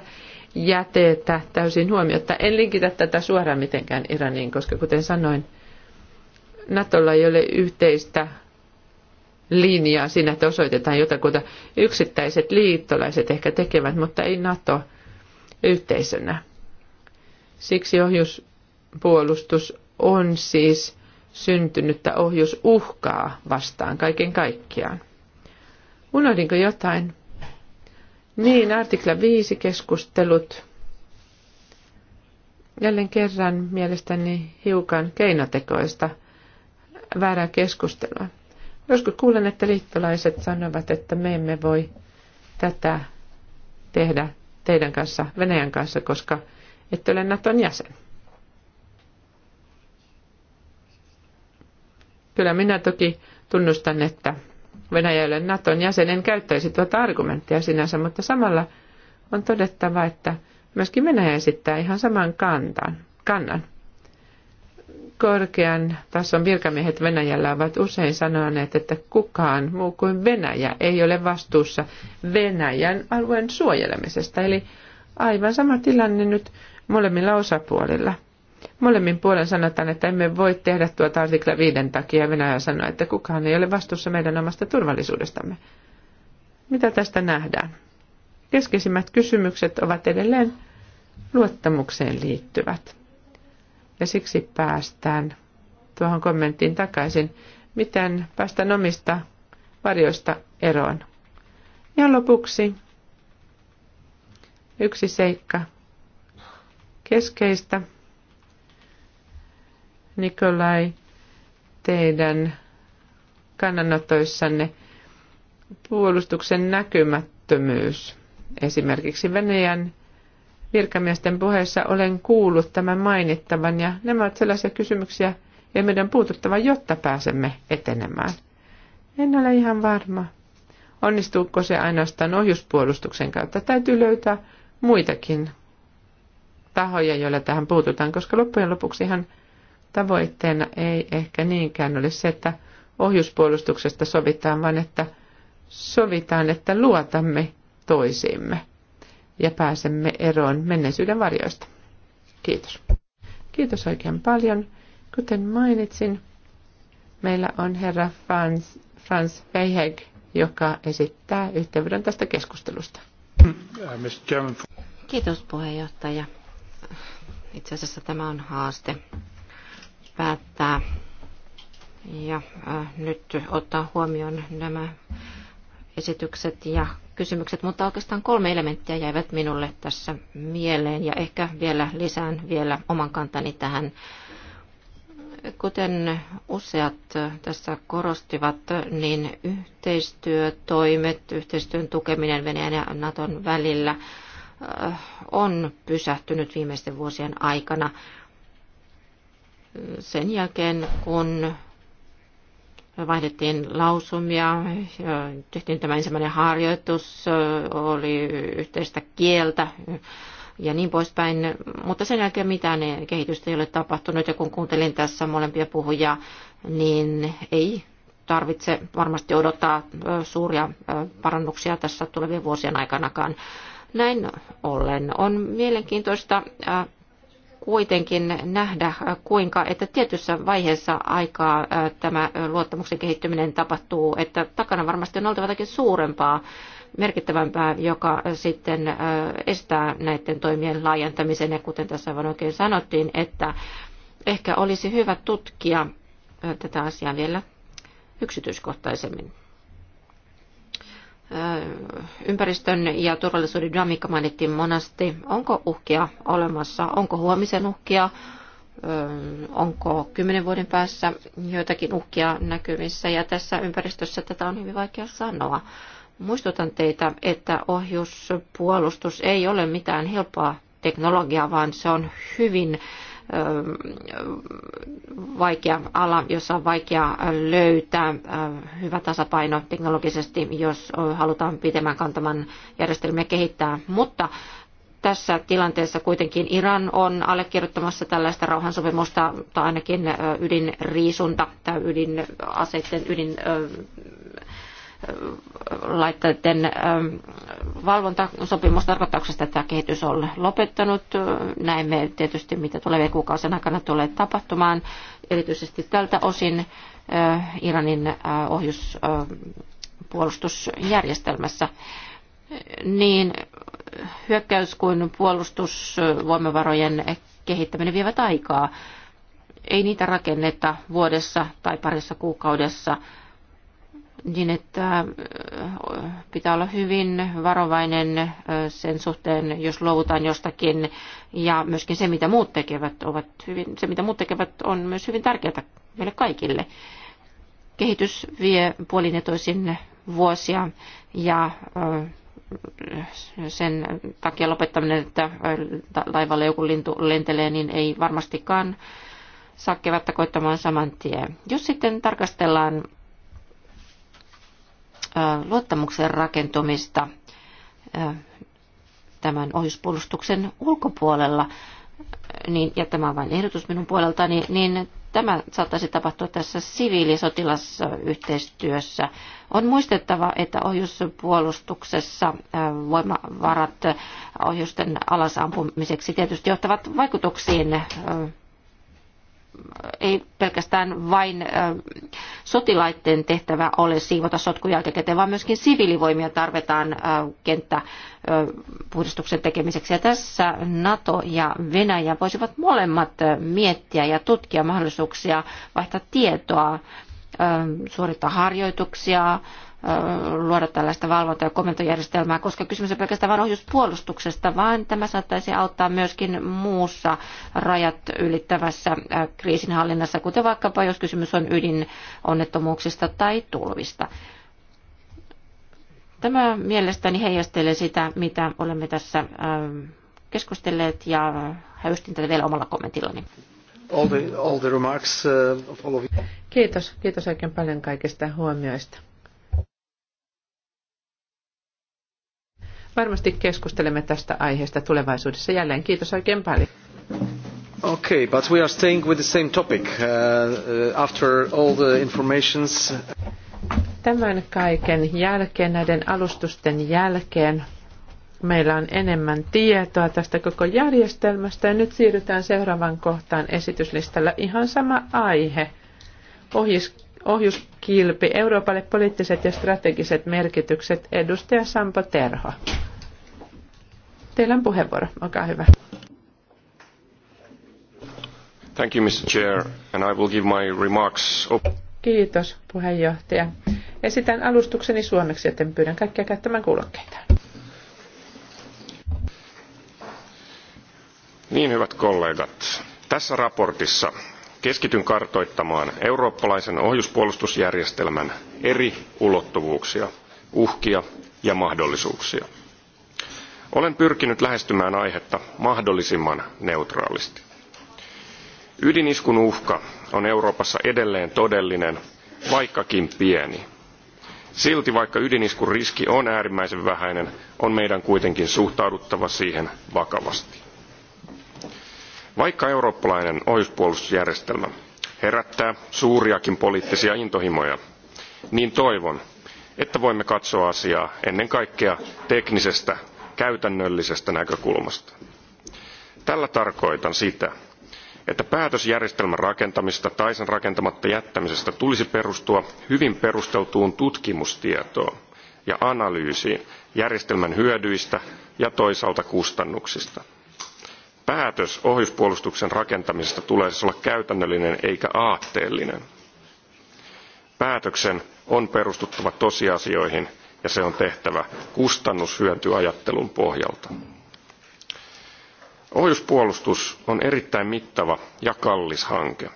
jätetä täysin huomiota. En linkitä tätä suoraan mitenkään Iraniin, koska kuten sanoin, Natolla ei ole yhteistä linjaa siinä, että osoitetaan jotakuta. Yksittäiset liittolaiset ehkä tekevät, mutta ei Nato yhteisönä. Siksi ohjuspuolustus on siis syntynyttä ohjusuhkaa vastaan kaiken kaikkiaan. Unohdinko jotain? Niin, artikla 5 keskustelut. Jälleen kerran mielestäni hiukan keinotekoista väärää keskustelua. Joskus kuulen, että liittolaiset sanovat, että me emme voi tätä tehdä teidän kanssa, Venäjän kanssa, koska ette ole Naton jäsen. Kyllä minä toki tunnustan, että Venäjälle Naton jäsenen käyttäisi tuota argumenttia sinänsä, mutta samalla on todettava, että myöskin Venäjä esittää ihan saman kantan, kannan. Korkean tason virkamiehet Venäjällä ovat usein sanoneet, että kukaan muu kuin Venäjä ei ole vastuussa Venäjän alueen suojelemisesta. Eli aivan sama tilanne nyt molemmilla osapuolilla molemmin puolen sanotaan, että emme voi tehdä tuota artikla viiden takia. Venäjä sanoo, että kukaan ei ole vastuussa meidän omasta turvallisuudestamme. Mitä tästä nähdään? Keskeisimmät kysymykset ovat edelleen luottamukseen liittyvät. Ja siksi päästään tuohon kommenttiin takaisin, miten päästään omista varjoista eroon. Ja lopuksi yksi seikka keskeistä Nikolai, teidän kannanotoissanne puolustuksen näkymättömyys. Esimerkiksi Venäjän virkamiesten puheessa olen kuullut tämän mainittavan ja nämä ovat sellaisia kysymyksiä, ja meidän puututtava, jotta pääsemme etenemään. En ole ihan varma. Onnistuuko se ainoastaan ohjuspuolustuksen kautta? Täytyy löytää muitakin tahoja, joilla tähän puututaan, koska loppujen lopuksi ihan Tavoitteena ei ehkä niinkään ole se, että ohjuspuolustuksesta sovitaan, vaan että sovitaan, että luotamme toisiimme ja pääsemme eroon menneisyyden varjoista. Kiitos. Kiitos oikein paljon. Kuten mainitsin, meillä on herra Franz, Franz Feiheg, joka esittää yhteyden tästä keskustelusta. Kiitos puheenjohtaja. Itse asiassa tämä on haaste päättää ja nyt ottaa huomioon nämä esitykset ja kysymykset, mutta oikeastaan kolme elementtiä jäivät minulle tässä mieleen ja ehkä vielä lisään vielä oman kantani tähän. Kuten useat tässä korostivat, niin yhteistyötoimet, yhteistyön tukeminen Venäjän ja Naton välillä on pysähtynyt viimeisten vuosien aikana sen jälkeen, kun vaihdettiin lausumia, tehtiin tämä ensimmäinen harjoitus, oli yhteistä kieltä ja niin poispäin, mutta sen jälkeen mitään kehitystä ei ole tapahtunut ja kun kuuntelin tässä molempia puhujia, niin ei tarvitse varmasti odottaa suuria parannuksia tässä tulevien vuosien aikanakaan. Näin ollen on mielenkiintoista kuitenkin nähdä, kuinka, että tietyssä vaiheessa aikaa tämä luottamuksen kehittyminen tapahtuu, että takana varmasti on oltava jotakin suurempaa, merkittävämpää, joka sitten estää näiden toimien laajentamisen. Ja kuten tässä vaan oikein sanottiin, että ehkä olisi hyvä tutkia tätä asiaa vielä yksityiskohtaisemmin. Ympäristön ja turvallisuuden dynamiikka mainittiin monasti. Onko uhkia olemassa? Onko huomisen uhkia? Onko kymmenen vuoden päässä joitakin uhkia näkyvissä? Ja tässä ympäristössä tätä on hyvin vaikea sanoa. Muistutan teitä, että ohjuspuolustus ei ole mitään helppoa teknologiaa, vaan se on hyvin vaikea ala, jossa on vaikea löytää hyvä tasapaino teknologisesti, jos halutaan pitemmän kantaman järjestelmiä kehittää. Mutta tässä tilanteessa kuitenkin Iran on allekirjoittamassa tällaista rauhansopimusta tai ainakin ydinriisunta tai ydinaseiden ydin laitteiden valvontasopimus tarkoittaako että kehitys on lopettanut. Näemme tietysti, mitä tulevien kuukausien aikana tulee tapahtumaan. Erityisesti tältä osin Iranin ohjuspuolustusjärjestelmässä. Niin hyökkäys kuin puolustusvoimavarojen kehittäminen vievät aikaa. Ei niitä rakenneta vuodessa tai parissa kuukaudessa niin, että äh, pitää olla hyvin varovainen äh, sen suhteen, jos luovutaan jostakin. Ja myöskin se, mitä muut tekevät, ovat hyvin, se, mitä muut tekevät, on myös hyvin tärkeää meille kaikille. Kehitys vie puolin ja toisin vuosia ja äh, sen takia lopettaminen, että laivalle joku lintu lentelee, niin ei varmastikaan saa kevättä koittamaan saman tien. Jos sitten tarkastellaan luottamuksen rakentumista tämän ohjuspuolustuksen ulkopuolella, niin, ja tämä on vain ehdotus minun puoleltani, niin tämä saattaisi tapahtua tässä siviilisotilasyhteistyössä. On muistettava, että ohjuspuolustuksessa voimavarat ohjusten alasampumiseksi tietysti johtavat vaikutuksiin ei pelkästään vain sotilaiden tehtävä ole siivota sotkun jälkikäteen, vaan myöskin siviilivoimia tarvitaan kenttäpuhdistuksen tekemiseksi. Ja tässä NATO ja Venäjä voisivat molemmat miettiä ja tutkia mahdollisuuksia vaihtaa tietoa, suorittaa harjoituksia, luoda tällaista valvonta- ja komentojärjestelmää, koska kysymys on pelkästään vain ohjuspuolustuksesta, vaan tämä saattaisi auttaa myöskin muussa rajat ylittävässä kriisinhallinnassa, kuten vaikkapa jos kysymys on ydinonnettomuuksista tai tulvista. Tämä mielestäni heijastelee sitä, mitä olemme tässä keskustelleet ja häystin tätä vielä omalla kommentillani. All the, all the remarks, uh, of all of... Kiitos, kiitos oikein paljon kaikista huomioista. Varmasti keskustelemme tästä aiheesta tulevaisuudessa jälleen. Kiitos oikein paljon. Okay, but we are staying with the same topic uh, uh, after all the informations. Tämän kaiken jälkeen, näiden alustusten jälkeen, meillä on enemmän tietoa tästä koko järjestelmästä ja nyt siirrytään seuraavan kohtaan esityslistalla ihan sama aihe. Ohjis ohjuskilpi Euroopalle poliittiset ja strategiset merkitykset. Edustaja Sampo Terho. Teillä on puheenvuoro, olkaa hyvä. Thank you, Mr. Chair, and I will give my remarks. Kiitos, puheenjohtaja. Esitän alustukseni suomeksi, joten pyydän kaikkia käyttämään kuulokkeita. Niin, hyvät kollegat. Tässä raportissa keskityn kartoittamaan eurooppalaisen ohjuspuolustusjärjestelmän eri ulottuvuuksia uhkia ja mahdollisuuksia. Olen pyrkinyt lähestymään aihetta mahdollisimman neutraalisti. Ydiniskun uhka on Euroopassa edelleen todellinen, vaikkakin pieni. Silti vaikka ydiniskun riski on äärimmäisen vähäinen, on meidän kuitenkin suhtauduttava siihen vakavasti vaikka eurooppalainen ohjuspuolustusjärjestelmä herättää suuriakin poliittisia intohimoja niin toivon että voimme katsoa asiaa ennen kaikkea teknisestä käytännöllisestä näkökulmasta. tällä tarkoitan sitä että päätös järjestelmän rakentamisesta tai sen rakentamatta jättämisestä tulisi perustua hyvin perusteltuun tutkimustietoon ja analyysiin järjestelmän hyödyistä ja toisaalta kustannuksista päätös ohjuspuolustuksen rakentamisesta tulee siis olla käytännöllinen eikä aatteellinen. Päätöksen on perustuttava tosiasioihin ja se on tehtävä kustannushyöntyajattelun pohjalta. Ohjuspuolustus on erittäin mittava ja kallis hanke.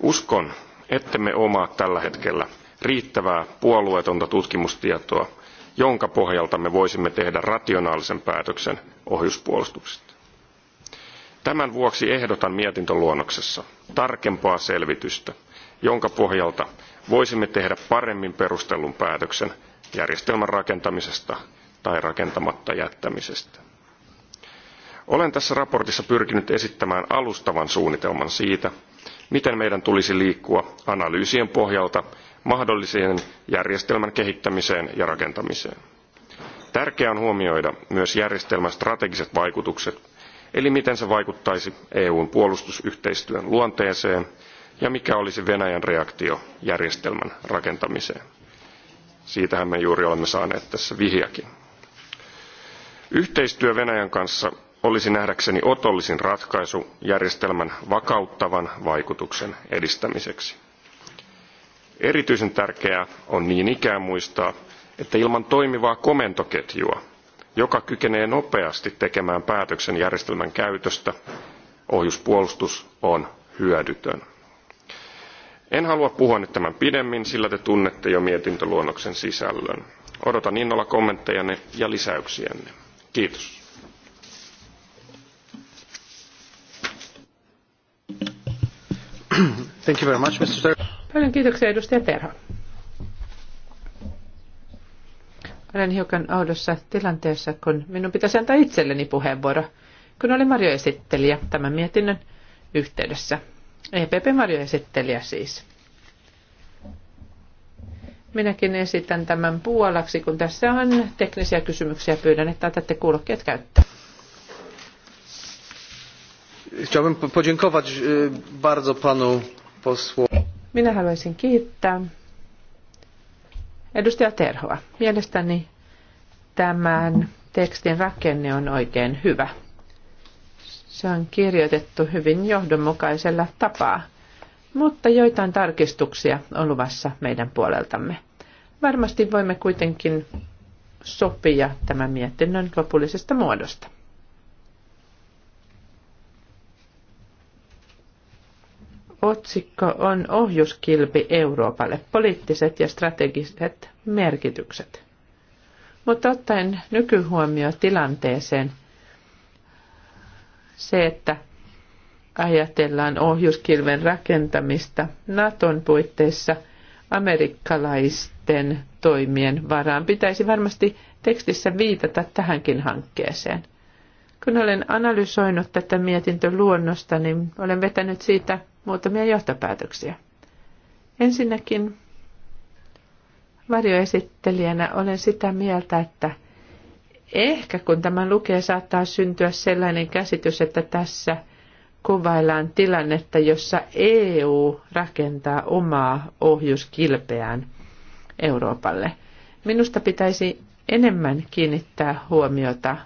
Uskon, ettemme omaa tällä hetkellä riittävää puolueetonta tutkimustietoa, jonka pohjalta me voisimme tehdä rationaalisen päätöksen ohjuspuolustuksesta tämän vuoksi ehdotan mietintöluonnoksessa tarkempaa selvitystä jonka pohjalta voisimme tehdä paremmin perustellun päätöksen järjestelmän rakentamisesta tai rakentamatta jättämisestä. Olen tässä raportissa pyrkinyt esittämään alustavan suunnitelman siitä, miten meidän tulisi liikkua analyysien pohjalta mahdolliseen järjestelmän kehittämiseen ja rakentamiseen. Tärkeää on huomioida myös järjestelmän strategiset vaikutukset eli miten se vaikuttaisi eun puolustusyhteistyön luonteeseen ja mikä olisi venäjän reaktio järjestelmän rakentamiseen. siitähän me juuri olemme saaneet tässä vihjakin. yhteistyö venäjän kanssa olisi nähdäkseni otollisin ratkaisu järjestelmän vakauttavan vaikutuksen edistämiseksi. erityisen tärkeää on niin ikään muistaa että ilman toimivaa komentoketjua joka kykenee nopeasti tekemään päätöksen järjestelmän käytöstä, ohjuspuolustus on hyödytön. En halua puhua nyt tämän pidemmin, sillä te tunnette jo mietintöluonnoksen sisällön. Odotan innolla kommenttejanne ja lisäyksiänne. Kiitos. Thank you very much, Mr. Paljon kiitoksia edustaja terha. Olen hiukan oudossa tilanteessa, kun minun pitäisi antaa itselleni puheenvuoro, kun Marjo esittelijä tämän mietinnön yhteydessä. epp esittelijä siis. Minäkin esitän tämän puolaksi, kun tässä on teknisiä kysymyksiä. Pyydän, että otatte kuulokkeet käyttöön. Chciałbym podziękować bardzo panu posłowi. Minä haluaisin kiittää Edustaja Terhoa, mielestäni tämän tekstin rakenne on oikein hyvä. Se on kirjoitettu hyvin johdonmukaisella tapaa, mutta joitain tarkistuksia on luvassa meidän puoleltamme. Varmasti voimme kuitenkin sopia tämän mietinnön lopullisesta muodosta. otsikko on Ohjuskilpi Euroopalle, poliittiset ja strategiset merkitykset. Mutta ottaen nykyhuomio tilanteeseen, se, että ajatellaan ohjuskilven rakentamista Naton puitteissa amerikkalaisten toimien varaan, pitäisi varmasti tekstissä viitata tähänkin hankkeeseen. Kun olen analysoinut tätä mietintöluonnosta, niin olen vetänyt siitä muutamia johtopäätöksiä. Ensinnäkin varjoesittelijänä olen sitä mieltä, että ehkä kun tämän lukee, saattaa syntyä sellainen käsitys, että tässä kuvaillaan tilannetta, jossa EU rakentaa omaa ohjuskilpeään Euroopalle. Minusta pitäisi enemmän kiinnittää huomiota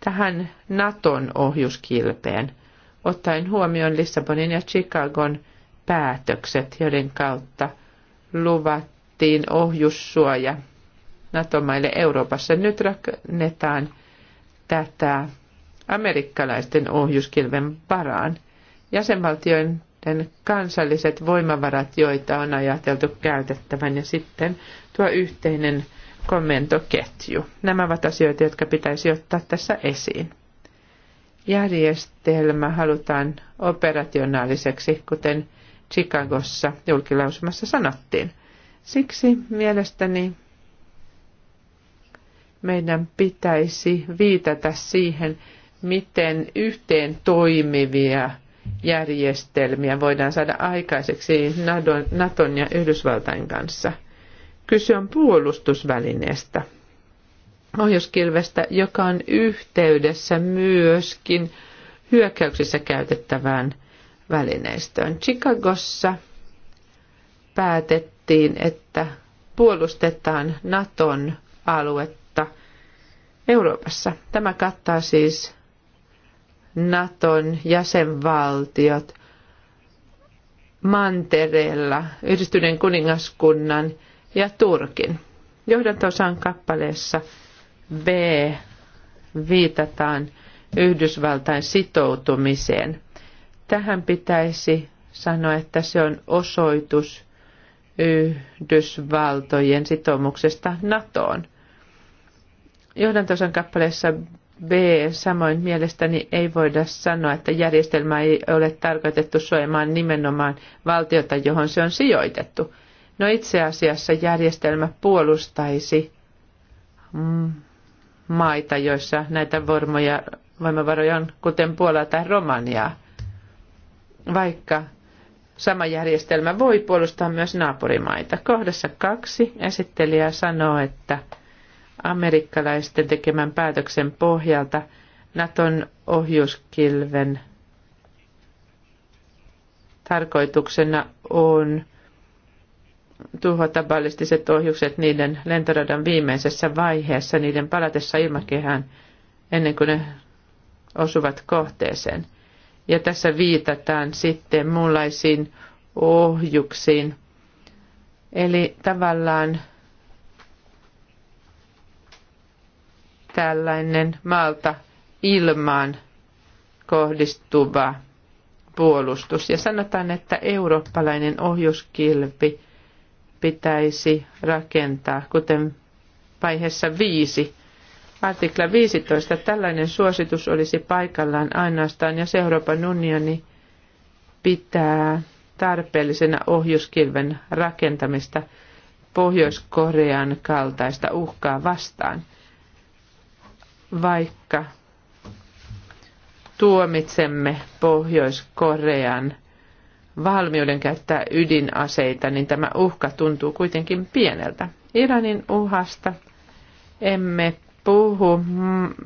tähän Naton ohjuskilpeen – ottaen huomioon Lissabonin ja Chicagon päätökset, joiden kautta luvattiin ohjussuoja NATO-maille Euroopassa. Nyt rakennetaan tätä amerikkalaisten ohjuskilven varaan. Jäsenvaltioiden kansalliset voimavarat, joita on ajateltu käytettävän, ja sitten tuo yhteinen komentoketju. Nämä ovat asioita, jotka pitäisi ottaa tässä esiin järjestelmä halutaan operationaaliseksi, kuten Chicagossa julkilausumassa sanottiin. Siksi mielestäni meidän pitäisi viitata siihen, miten yhteen toimivia järjestelmiä voidaan saada aikaiseksi Naton ja Yhdysvaltain kanssa. Kyse on puolustusvälineestä, ohjuskilvestä, joka on yhteydessä myöskin hyökkäyksissä käytettävään välineistöön. Chicagossa päätettiin, että puolustetaan Naton aluetta Euroopassa. Tämä kattaa siis Naton jäsenvaltiot mantereella, Yhdistyneen kuningaskunnan ja Turkin. Johdantosan kappaleessa – B viitataan Yhdysvaltain sitoutumiseen. Tähän pitäisi sanoa, että se on osoitus Yhdysvaltojen sitoumuksesta NATOon. Johdantosan kappaleessa B samoin mielestäni ei voida sanoa, että järjestelmä ei ole tarkoitettu suojamaan nimenomaan valtiota, johon se on sijoitettu. No itse asiassa järjestelmä puolustaisi mm, maita, joissa näitä vormoja, voimavaroja on, kuten Puola tai Romaniaa. Vaikka sama järjestelmä voi puolustaa myös naapurimaita. Kohdassa kaksi esittelijä sanoo, että amerikkalaisten tekemän päätöksen pohjalta Naton ohjuskilven tarkoituksena on tuhota ballistiset ohjukset niiden lentoradan viimeisessä vaiheessa, niiden palatessa ilmakehään ennen kuin ne osuvat kohteeseen. Ja tässä viitataan sitten muunlaisiin ohjuksiin. Eli tavallaan tällainen maalta ilmaan kohdistuva puolustus. Ja sanotaan, että eurooppalainen ohjuskilpi – pitäisi rakentaa, kuten vaiheessa viisi. Artikla 15. Tällainen suositus olisi paikallaan ainoastaan, jos Euroopan unioni pitää tarpeellisena ohjuskilven rakentamista Pohjois-Korean kaltaista uhkaa vastaan, vaikka tuomitsemme Pohjois-Korean valmiuden käyttää ydinaseita, niin tämä uhka tuntuu kuitenkin pieneltä. Iranin uhasta emme puhu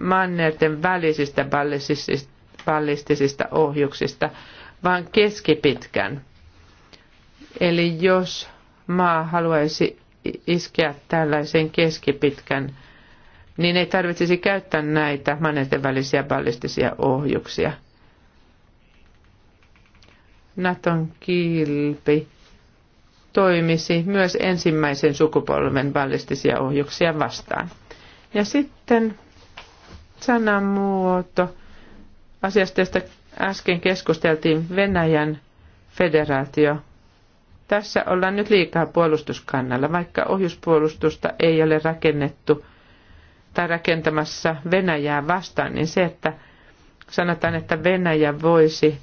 mannerten välisistä ballistisista ohjuksista, vaan keskipitkän. Eli jos maa haluaisi iskeä tällaisen keskipitkän, niin ei tarvitsisi käyttää näitä mannerten välisiä ballistisia ohjuksia – Naton kilpi toimisi myös ensimmäisen sukupolven ballistisia ohjuksia vastaan. Ja sitten sanamuoto. Asiasta, josta äsken keskusteltiin, Venäjän federaatio. Tässä ollaan nyt liikaa puolustuskannalla, vaikka ohjuspuolustusta ei ole rakennettu tai rakentamassa Venäjää vastaan, niin se, että sanotaan, että Venäjä voisi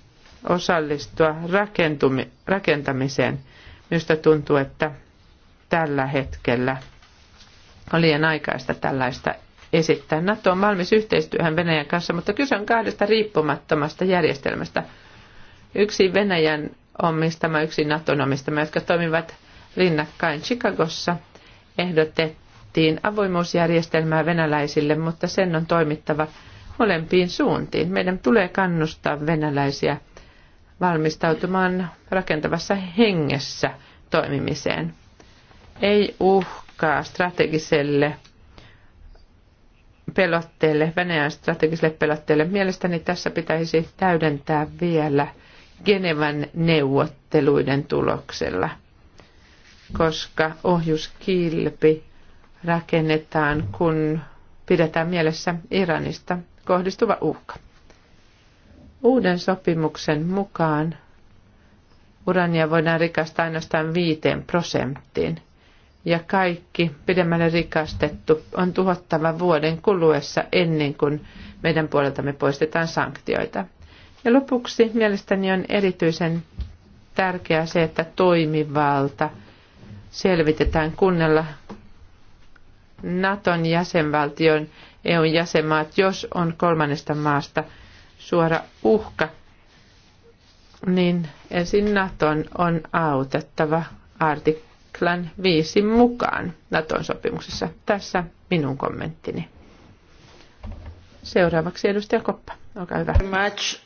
osallistua rakentamiseen. Minusta tuntuu, että tällä hetkellä on liian aikaista tällaista esittää. NATO on valmis yhteistyöhön Venäjän kanssa, mutta kyse on kahdesta riippumattomasta järjestelmästä. Yksi Venäjän omistama, yksi Naton omistama, jotka toimivat rinnakkain Chicagossa, ehdotettiin avoimuusjärjestelmää venäläisille, mutta sen on toimittava molempiin suuntiin. Meidän tulee kannustaa venäläisiä valmistautumaan rakentavassa hengessä toimimiseen. Ei uhkaa strategiselle pelotteelle, Venäjän strategiselle pelotteelle. Mielestäni tässä pitäisi täydentää vielä Genevan neuvotteluiden tuloksella, koska ohjuskilpi rakennetaan, kun pidetään mielessä Iranista kohdistuva uhka. Uuden sopimuksen mukaan urania voidaan rikastaa ainoastaan 5 prosenttiin ja kaikki pidemmälle rikastettu on tuhottava vuoden kuluessa ennen kuin meidän puoleltamme poistetaan sanktioita. Ja lopuksi mielestäni on erityisen tärkeää se, että toimivalta selvitetään kunnella Naton jäsenvaltion eu jäsenmaat, jos on kolmannesta maasta – suora uhka, niin ensin Naton on autettava artiklan 5 mukaan Naton sopimuksessa. Tässä minun kommenttini. Seuraavaksi edustaja Koppa, olkaa hyvä. Much,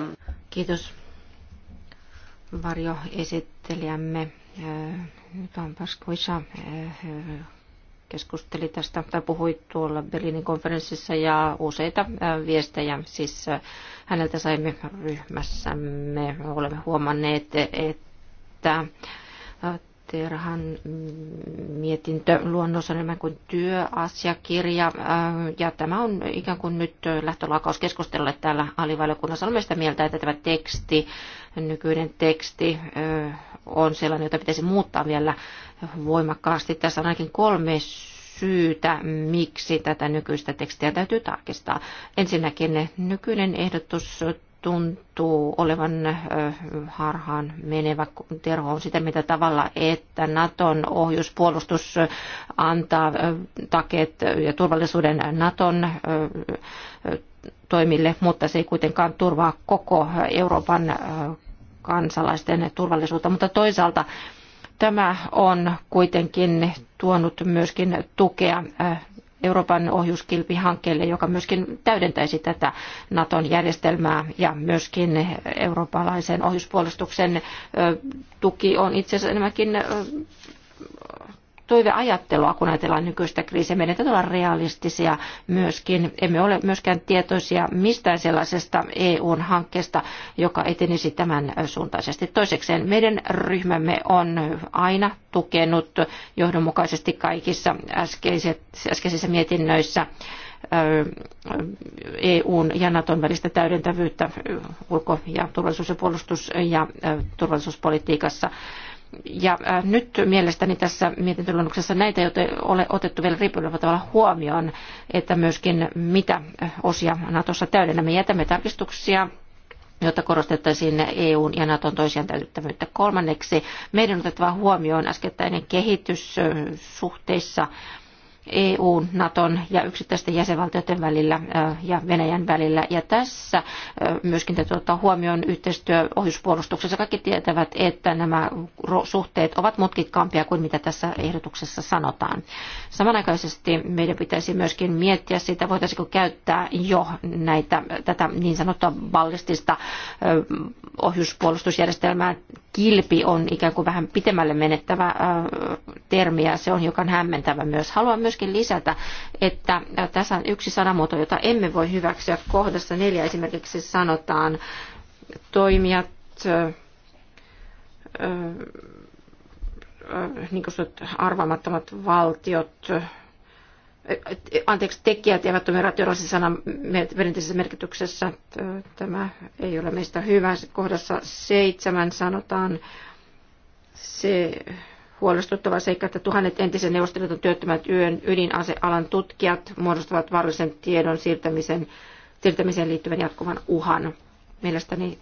um... Kiitos varjoesittelijämme Nyt uh, on Paskuisa uh, keskusteli tästä tai puhui tuolla Berliinin konferenssissa ja useita viestejä siis häneltä saimme ryhmässämme. Olemme huomanneet, että Terhan mietintö luonnossa on enemmän kuin työasiakirja, äh, ja tämä on ikään kuin nyt lähtölaukaus keskustelulle täällä alivaliokunnassa. Olemme sitä mieltä, että tämä teksti, nykyinen teksti, äh, on sellainen, jota pitäisi muuttaa vielä voimakkaasti. Tässä on ainakin kolme syytä, miksi tätä nykyistä tekstiä täytyy tarkistaa. Ensinnäkin nykyinen ehdotus tuntuu olevan harhaan menevä. Terho on sitä mitä tavalla, että Naton ohjuspuolustus antaa takeet ja turvallisuuden Naton toimille, mutta se ei kuitenkaan turvaa koko Euroopan kansalaisten turvallisuutta. Mutta toisaalta tämä on kuitenkin tuonut myöskin tukea Euroopan ohjuskilpihankkeelle, joka myöskin täydentäisi tätä Naton järjestelmää ja myöskin eurooppalaisen ohjuspuolustuksen tuki on itse asiassa enemmänkin toiveajattelua, kun ajatellaan nykyistä kriisiä. Meidän täytyy olla realistisia myöskin. Emme ole myöskään tietoisia mistään sellaisesta EU-hankkeesta, joka etenisi tämän suuntaisesti. Toisekseen meidän ryhmämme on aina tukenut johdonmukaisesti kaikissa äskeisissä mietinnöissä EUn ja Naton välistä täydentävyyttä ulko- ja turvallisuus- ja puolustus- ja turvallisuuspolitiikassa ja äh, nyt mielestäni tässä mietintöluonnoksessa näitä ei ole otettu vielä riippuvaisella tavalla huomioon, että myöskin mitä äh, osia Natossa täydennämme. Jätämme tarkistuksia jotta korostettaisiin EUn ja Naton toisiaan täytettävyyttä. Kolmanneksi meidän on otettava huomioon äskettäinen kehitys äh, suhteissa EUn, Naton ja yksittäisten jäsenvaltioiden välillä ja Venäjän välillä. Ja tässä myöskin täytyy ottaa huomioon yhteistyö ohjuspuolustuksessa. Kaikki tietävät, että nämä suhteet ovat mutkikkaampia kuin mitä tässä ehdotuksessa sanotaan. Samanaikaisesti meidän pitäisi myöskin miettiä sitä, voitaisiinko käyttää jo näitä, tätä niin sanottua ballistista ohjuspuolustusjärjestelmää kilpi on ikään kuin vähän pitemmälle menettävä äh, termi ja se on hiukan hämmentävä myös. Haluan myöskin lisätä, että äh, tässä on yksi sanamuoto, jota emme voi hyväksyä. Kohdassa neljä esimerkiksi sanotaan toimijat äh, niin kuin sanot, arvaamattomat valtiot, anteeksi, tekijät eivät ole rationaalisen sanan perinteisessä merkityksessä. Tämä ei ole meistä hyvä. Kohdassa seitsemän sanotaan se huolestuttava seikka, että tuhannet entisen neuvostoliiton työttömät yön ydinasealan tutkijat muodostavat vaarallisen tiedon siirtämisen, siirtämiseen liittyvän jatkuvan uhan. Mielestäni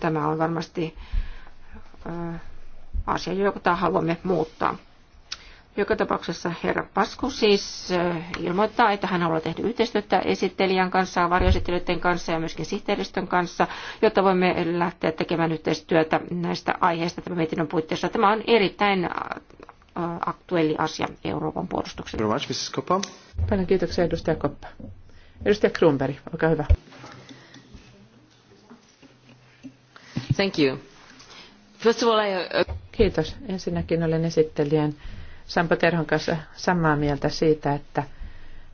tämä on varmasti asia, jota haluamme muuttaa. Joka tapauksessa herra Pasku siis äh, ilmoittaa, että hän haluaa tehdä yhteistyötä esittelijän kanssa, varjoesittelijöiden kanssa ja myöskin sihteeristön kanssa, jotta voimme lähteä tekemään yhteistyötä näistä aiheista tämän mietinnön puitteissa. Tämä on erittäin äh, äh, aktuelli asia Euroopan puolustukselle. Paljon kiitoksia edustaja Koppa. Edustaja Kronberg, olkaa hyvä. Thank you. First of all, I... Uh, Kiitos. Ensinnäkin olen esittelijän Sampo Terhon kanssa samaa mieltä siitä, että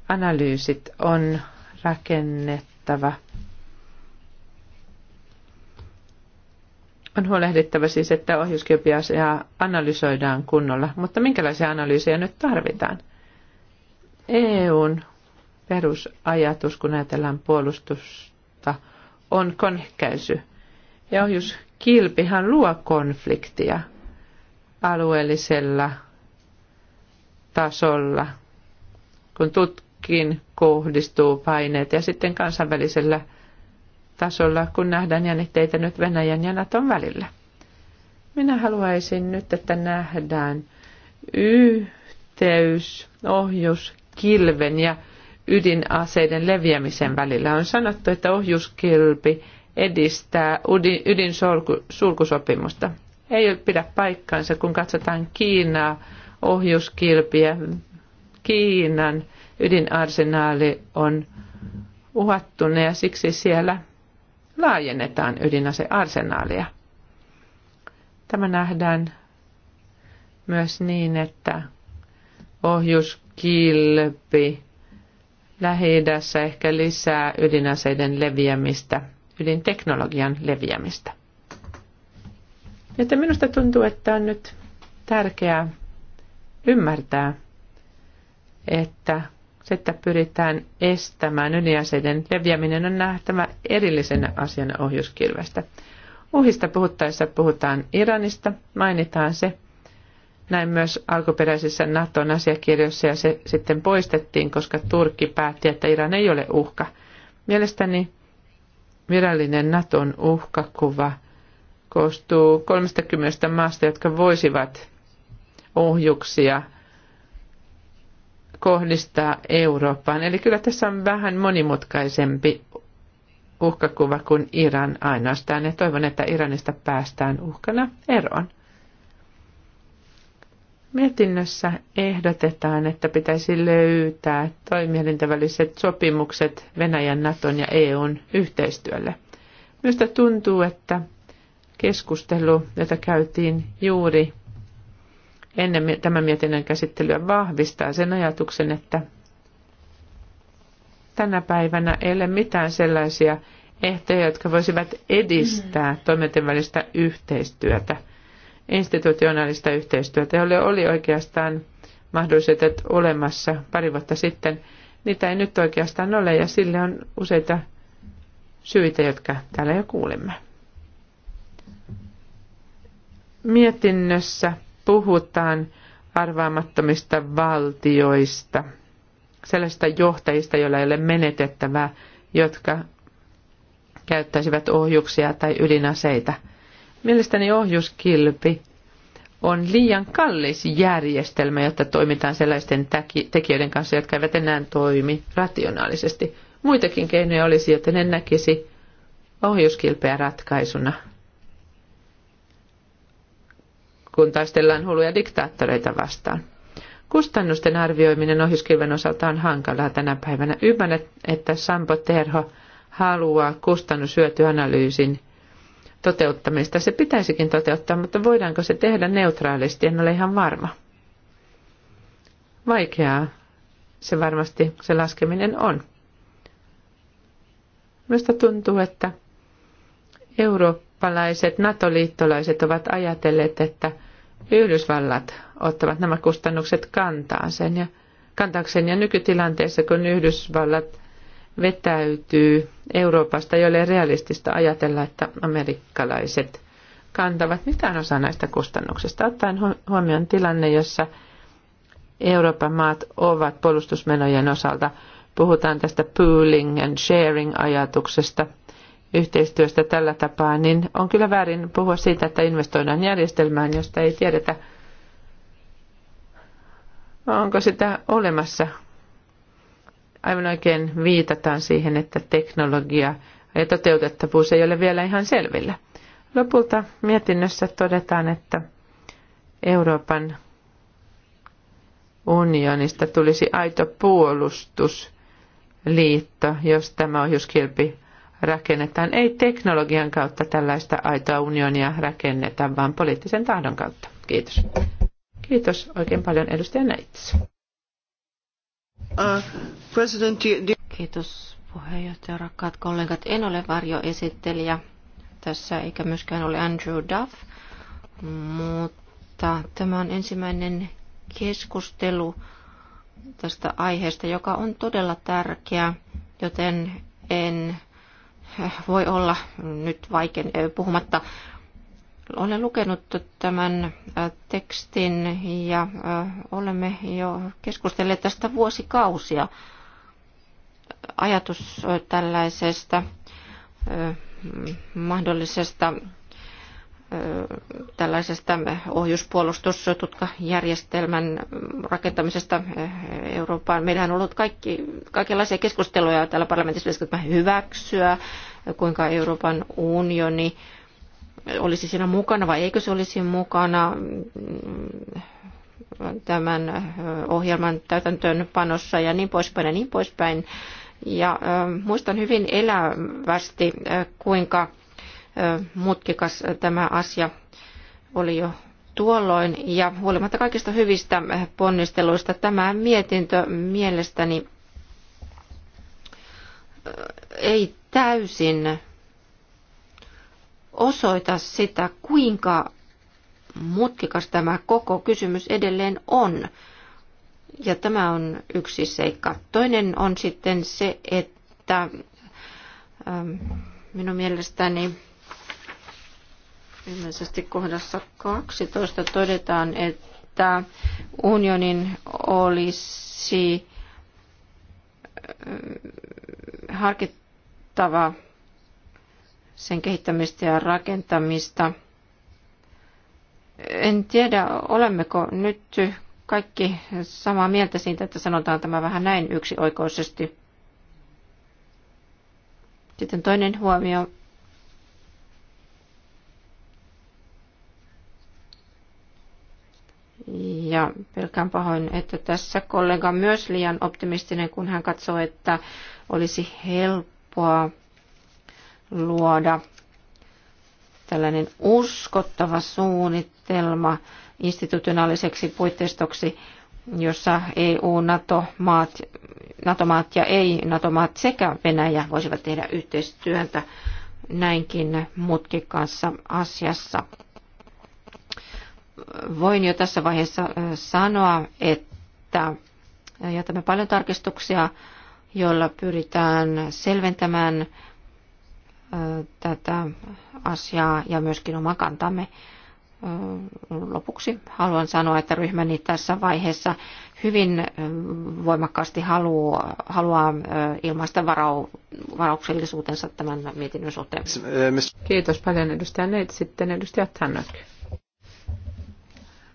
analyysit on rakennettava. On huolehdittava siis, että ohjuskiopiasiaa analysoidaan kunnolla, mutta minkälaisia analyysejä nyt tarvitaan? EUn perusajatus, kun ajatellaan puolustusta, on konehkäisy. Ja ohjuskilpihan luo konfliktia alueellisella tasolla, kun tutkin kohdistuu paineet ja sitten kansainvälisellä tasolla, kun nähdään jännitteitä nyt Venäjän ja Naton välillä. Minä haluaisin nyt, että nähdään yhteys, ohjus, kilven ja ydinaseiden leviämisen välillä. On sanottu, että ohjuskilpi edistää ydinsulkusopimusta. Ei pidä paikkaansa, kun katsotaan Kiinaa, ohjuskilpiä. Kiinan ydinarsenaali on uhattuna ja siksi siellä laajennetaan ydinasearsenaalia. Tämä nähdään myös niin, että ohjuskilpi lähi ehkä lisää ydinaseiden leviämistä, ydinteknologian leviämistä. Joten minusta tuntuu, että on nyt tärkeää ymmärtää, että se, että pyritään estämään yliaseiden leviäminen, on nähtävä erillisenä asiana ohjuskilvestä. Uhista puhuttaessa puhutaan Iranista, mainitaan se. Näin myös alkuperäisissä Naton asiakirjoissa ja se sitten poistettiin, koska Turkki päätti, että Iran ei ole uhka. Mielestäni virallinen Naton uhkakuva koostuu 30 maasta, jotka voisivat ohjuksia kohdistaa Eurooppaan. Eli kyllä tässä on vähän monimutkaisempi uhkakuva kuin Iran ainoastaan, ja toivon, että Iranista päästään uhkana eroon. Mietinnössä ehdotetaan, että pitäisi löytää toimielintäväliset sopimukset Venäjän, Naton ja EUn yhteistyölle. Minusta tuntuu, että keskustelu, jota käytiin juuri ennen tämän mietinnön käsittelyä vahvistaa sen ajatuksen, että tänä päivänä ei ole mitään sellaisia ehtoja, jotka voisivat edistää mm. toimijoiden välistä yhteistyötä, institutionaalista yhteistyötä, jolle oli oikeastaan mahdollisuudet olemassa pari vuotta sitten. Niitä ei nyt oikeastaan ole ja sille on useita syitä, jotka täällä jo kuulemme. Mietinnössä puhutaan arvaamattomista valtioista, sellaisista johtajista, joilla ei ole menetettävää, jotka käyttäisivät ohjuksia tai ydinaseita. Mielestäni ohjuskilpi on liian kallis järjestelmä, jotta toimitaan sellaisten tekijöiden kanssa, jotka eivät enää toimi rationaalisesti. Muitakin keinoja olisi, joten en näkisi ohjuskilpeä ratkaisuna kun taistellaan hulluja diktaattoreita vastaan. Kustannusten arvioiminen ohjuskilven osalta on hankalaa tänä päivänä. Ymmärrän, että Sampo Terho haluaa kustannushyötyanalyysin toteuttamista. Se pitäisikin toteuttaa, mutta voidaanko se tehdä neutraalisti, en ole ihan varma. Vaikeaa se varmasti se laskeminen on. Minusta tuntuu, että eurooppalaiset NATO-liittolaiset ovat ajatelleet, että Yhdysvallat ottavat nämä kustannukset sen ja, kantaakseen ja nykytilanteessa, kun Yhdysvallat vetäytyy Euroopasta, jolle realistista ajatella, että amerikkalaiset kantavat mitään osaa näistä kustannuksista, ottaen huomioon tilanne, jossa Euroopan maat ovat puolustusmenojen osalta. Puhutaan tästä pooling and sharing ajatuksesta – yhteistyöstä tällä tapaa, niin on kyllä väärin puhua siitä, että investoidaan järjestelmään, josta ei tiedetä, onko sitä olemassa. Aivan oikein viitataan siihen, että teknologia ja toteutettavuus ei ole vielä ihan selvillä. Lopulta mietinnössä todetaan, että Euroopan unionista tulisi aito puolustusliitto, jos tämä ohjuskilpi rakennetaan. Ei teknologian kautta tällaista aitoa unionia rakenneta, vaan poliittisen tahdon kautta. Kiitos. Kiitos oikein paljon edustaja Neitz. Uh, Kiitos puheenjohtaja, rakkaat kollegat. En ole varjoesittelijä tässä, eikä myöskään ole Andrew Duff, mutta tämä on ensimmäinen keskustelu tästä aiheesta, joka on todella tärkeä, joten en Eh, voi olla nyt vaikein eh, puhumatta. Olen lukenut tämän eh, tekstin ja olemme jo keskustelleet tästä vuosikausia. Ajatus tällaisesta mahdollisesta tällaisesta ohjuspuolustustutkajärjestelmän rakentamisesta Eurooppaan. Meillähän on ollut kaikki, kaikenlaisia keskusteluja täällä parlamentissa, pitäisikö hyväksyä, kuinka Euroopan unioni olisi siinä mukana vai eikö se olisi mukana tämän ohjelman täytäntöönpanossa ja niin poispäin ja niin poispäin. Ja äh, muistan hyvin elävästi, äh, kuinka mutkikas tämä asia oli jo tuolloin. Ja huolimatta kaikista hyvistä ponnisteluista tämä mietintö mielestäni ei täysin osoita sitä, kuinka mutkikas tämä koko kysymys edelleen on. Ja tämä on yksi seikka. Toinen on sitten se, että minun mielestäni Ilmeisesti kohdassa 12 todetaan, että unionin olisi äh, harkittava sen kehittämistä ja rakentamista. En tiedä, olemmeko nyt kaikki samaa mieltä siitä, että sanotaan tämä vähän näin yksioikoisesti. Sitten toinen huomio Ja pelkään pahoin, että tässä kollega on myös liian optimistinen, kun hän katsoo, että olisi helppoa luoda tällainen uskottava suunnitelma institutionaaliseksi puitteistoksi, jossa EU, NATO-maat, NATO-maat ja ei-NATO-maat sekä Venäjä voisivat tehdä yhteistyötä näinkin mutkikkaassa asiassa voin jo tässä vaiheessa sanoa, että jätämme paljon tarkistuksia, joilla pyritään selventämään tätä asiaa ja myöskin oma kantamme. Lopuksi haluan sanoa, että ryhmäni tässä vaiheessa hyvin voimakkaasti haluaa, haluaa ilmaista varau, varauksellisuutensa tämän mietinnön suhteen. Kiitos paljon edustaja Neit. Sitten edustaja Tänök.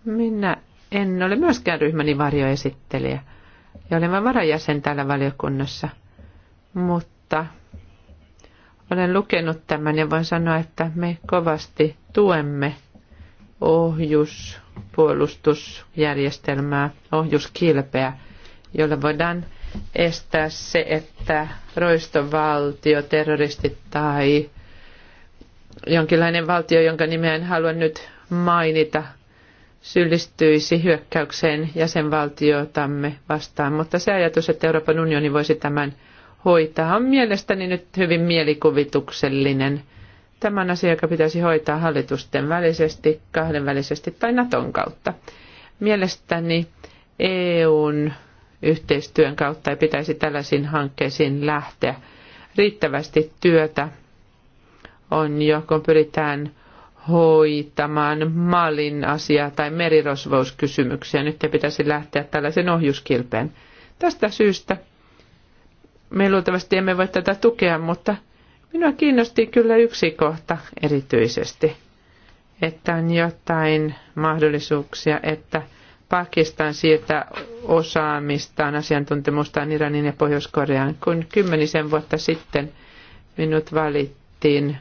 Minä en ole myöskään ryhmäni varjoesittelijä ja olen vain varajäsen täällä valiokunnassa, mutta olen lukenut tämän ja voin sanoa, että me kovasti tuemme ohjuspuolustusjärjestelmää, ohjuskilpeä, jolla voidaan estää se, että roistovaltio, terroristit tai jonkinlainen valtio, jonka nimeä en halua nyt mainita, syyllistyisi hyökkäykseen jäsenvaltiotamme vastaan, mutta se ajatus, että Euroopan unioni voisi tämän hoitaa, on mielestäni nyt hyvin mielikuvituksellinen. Tämän asian, joka pitäisi hoitaa hallitusten välisesti, kahdenvälisesti tai Naton kautta. Mielestäni EUn yhteistyön kautta ei pitäisi tällaisiin hankkeisiin lähteä. Riittävästi työtä on jo, kun pyritään hoitamaan Malin asiaa tai merirosvouskysymyksiä. Nyt te pitäisi lähteä tällaisen ohjuskilpeen. Tästä syystä me luultavasti emme voi tätä tukea, mutta minua kiinnosti kyllä yksi kohta erityisesti, että on jotain mahdollisuuksia, että Pakistan siirtää osaamistaan, asiantuntemustaan Iranin ja Pohjois-Koreaan, kun kymmenisen vuotta sitten minut valittiin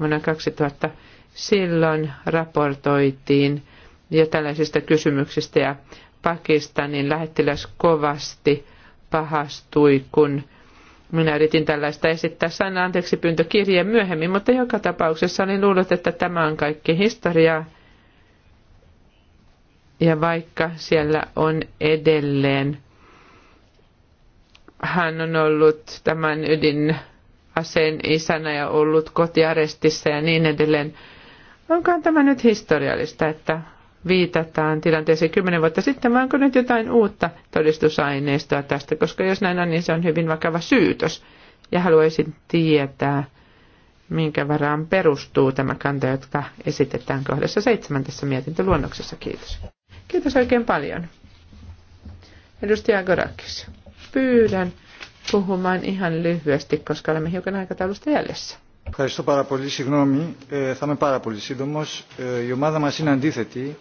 vuonna 2000 Silloin raportoitiin jo tällaisista kysymyksistä ja Pakistanin lähettiläs kovasti pahastui, kun minä yritin tällaista esittää sana anteeksi pyyntö kirjeen myöhemmin, mutta joka tapauksessa olin luullut, että tämä on kaikki historiaa. Ja vaikka siellä on edelleen, hän on ollut tämän ydinaseen isänä ja ollut kotiarestissa ja niin edelleen, onkohan tämä nyt historiallista, että viitataan tilanteeseen kymmenen vuotta sitten, vai onko nyt jotain uutta todistusaineistoa tästä, koska jos näin on, niin se on hyvin vakava syytös. Ja haluaisin tietää, minkä varaan perustuu tämä kanta, jotka esitetään kohdassa seitsemän tässä mietintöluonnoksessa. Kiitos. Kiitos oikein paljon. Edustaja Gorakis, pyydän puhumaan ihan lyhyesti, koska olemme hiukan aikataulusta jäljessä. Ευχαριστώ πάρα πολύ. Συγγνώμη, ε, θα είμαι πάρα πολύ σύντομο. Ε, η ομάδα μα είναι αντίθετη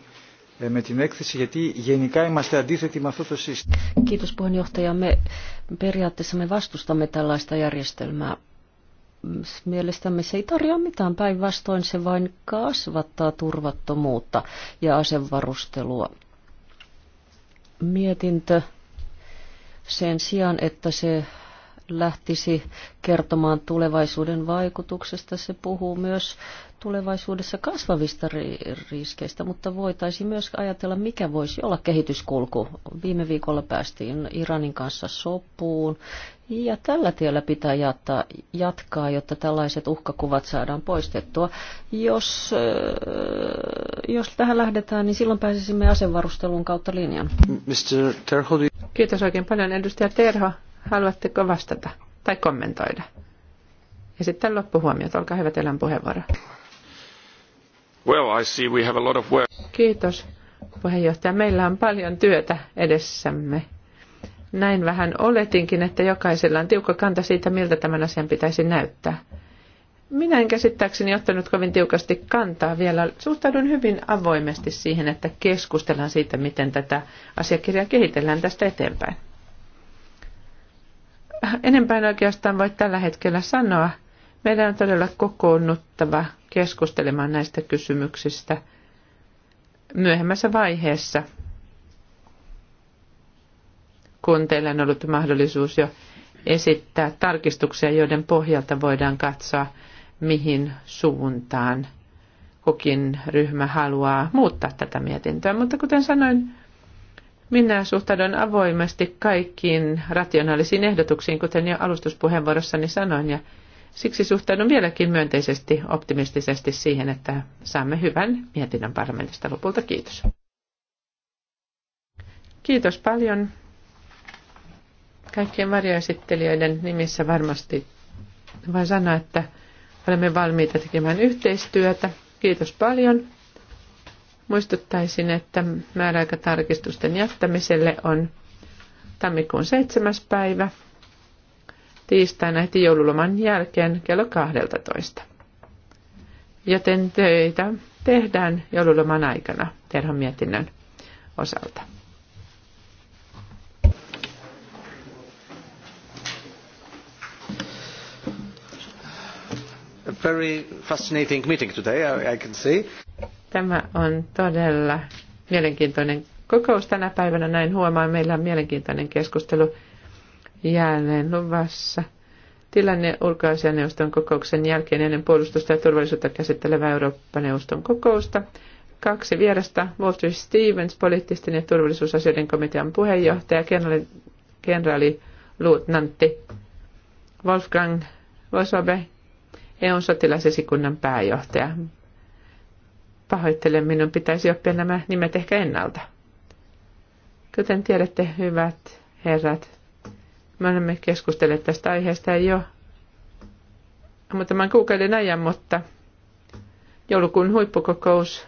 ε, με την έκθεση, γιατί γενικά είμαστε αντίθετοι με αυτό το σύστημα. Me periaatteessa me vastustamme tällaista järjestelmää. Mielestämme se ei tarjoa mitään päinvastoin, se vain kasvattaa turvattomuutta ja asevarustelua. Mietintö sen sijaan, että se lähtisi kertomaan tulevaisuuden vaikutuksesta. Se puhuu myös tulevaisuudessa kasvavista riskeistä, mutta voitaisiin myös ajatella, mikä voisi olla kehityskulku. Viime viikolla päästiin Iranin kanssa sopuun, ja tällä tiellä pitää jatkaa, jatkaa jotta tällaiset uhkakuvat saadaan poistettua. Jos, äh, jos tähän lähdetään, niin silloin pääsisimme asevarustelun kautta linjan. Mr. Terho, Kiitos oikein paljon, edustaja Terho. Haluatteko vastata tai kommentoida? Ja sitten loppuhuomiot. Olkaa hyvä, teillä puheenvuoro. Well, I see we have a lot of work. Kiitos, puheenjohtaja. Meillä on paljon työtä edessämme. Näin vähän oletinkin, että jokaisella on tiukka kanta siitä, miltä tämän asian pitäisi näyttää. Minä en käsittääkseni ottanut kovin tiukasti kantaa vielä. Suhtaudun hyvin avoimesti siihen, että keskustellaan siitä, miten tätä asiakirjaa kehitellään tästä eteenpäin enempää en oikeastaan voi tällä hetkellä sanoa. Meidän on todella kokoonnuttava keskustelemaan näistä kysymyksistä myöhemmässä vaiheessa, kun teillä on ollut mahdollisuus jo esittää tarkistuksia, joiden pohjalta voidaan katsoa, mihin suuntaan kukin ryhmä haluaa muuttaa tätä mietintöä. Mutta kuten sanoin, minä suhtaudun avoimesti kaikkiin rationaalisiin ehdotuksiin, kuten jo alustuspuheenvuorossani sanoin, ja siksi suhtaudun vieläkin myönteisesti optimistisesti siihen, että saamme hyvän mietinnön parlamentista lopulta. Kiitos. Kiitos paljon. Kaikkien varjoesittelijöiden nimissä varmasti voin sanoa, että olemme valmiita tekemään yhteistyötä. Kiitos paljon. Muistuttaisin, että määräaikatarkistusten jättämiselle on tammikuun 7. päivä tiistaina heti joululoman jälkeen kello 12. Joten töitä tehdään joululoman aikana Terhon mietinnön osalta. A very fascinating meeting today, I can see. Tämä on todella mielenkiintoinen kokous tänä päivänä. Näin huomaan, meillä on mielenkiintoinen keskustelu jälleen luvassa. Tilanne ulkoasianeuvoston kokouksen jälkeen ennen puolustusta ja turvallisuutta käsittelevä Eurooppa-neuvoston kokousta. Kaksi vierasta, Walter Stevens, poliittisten ja turvallisuusasioiden komitean puheenjohtaja, kenraali, kenraali luutnantti Wolfgang Vosobe, eu sotilasesikunnan pääjohtaja. Pahoittelen, minun pitäisi oppia nämä nimet ehkä ennalta. Kuten tiedätte, hyvät herrat, me olemme keskustelleet tästä aiheesta jo muutaman kuukauden ajan, mutta joulukuun huippukokous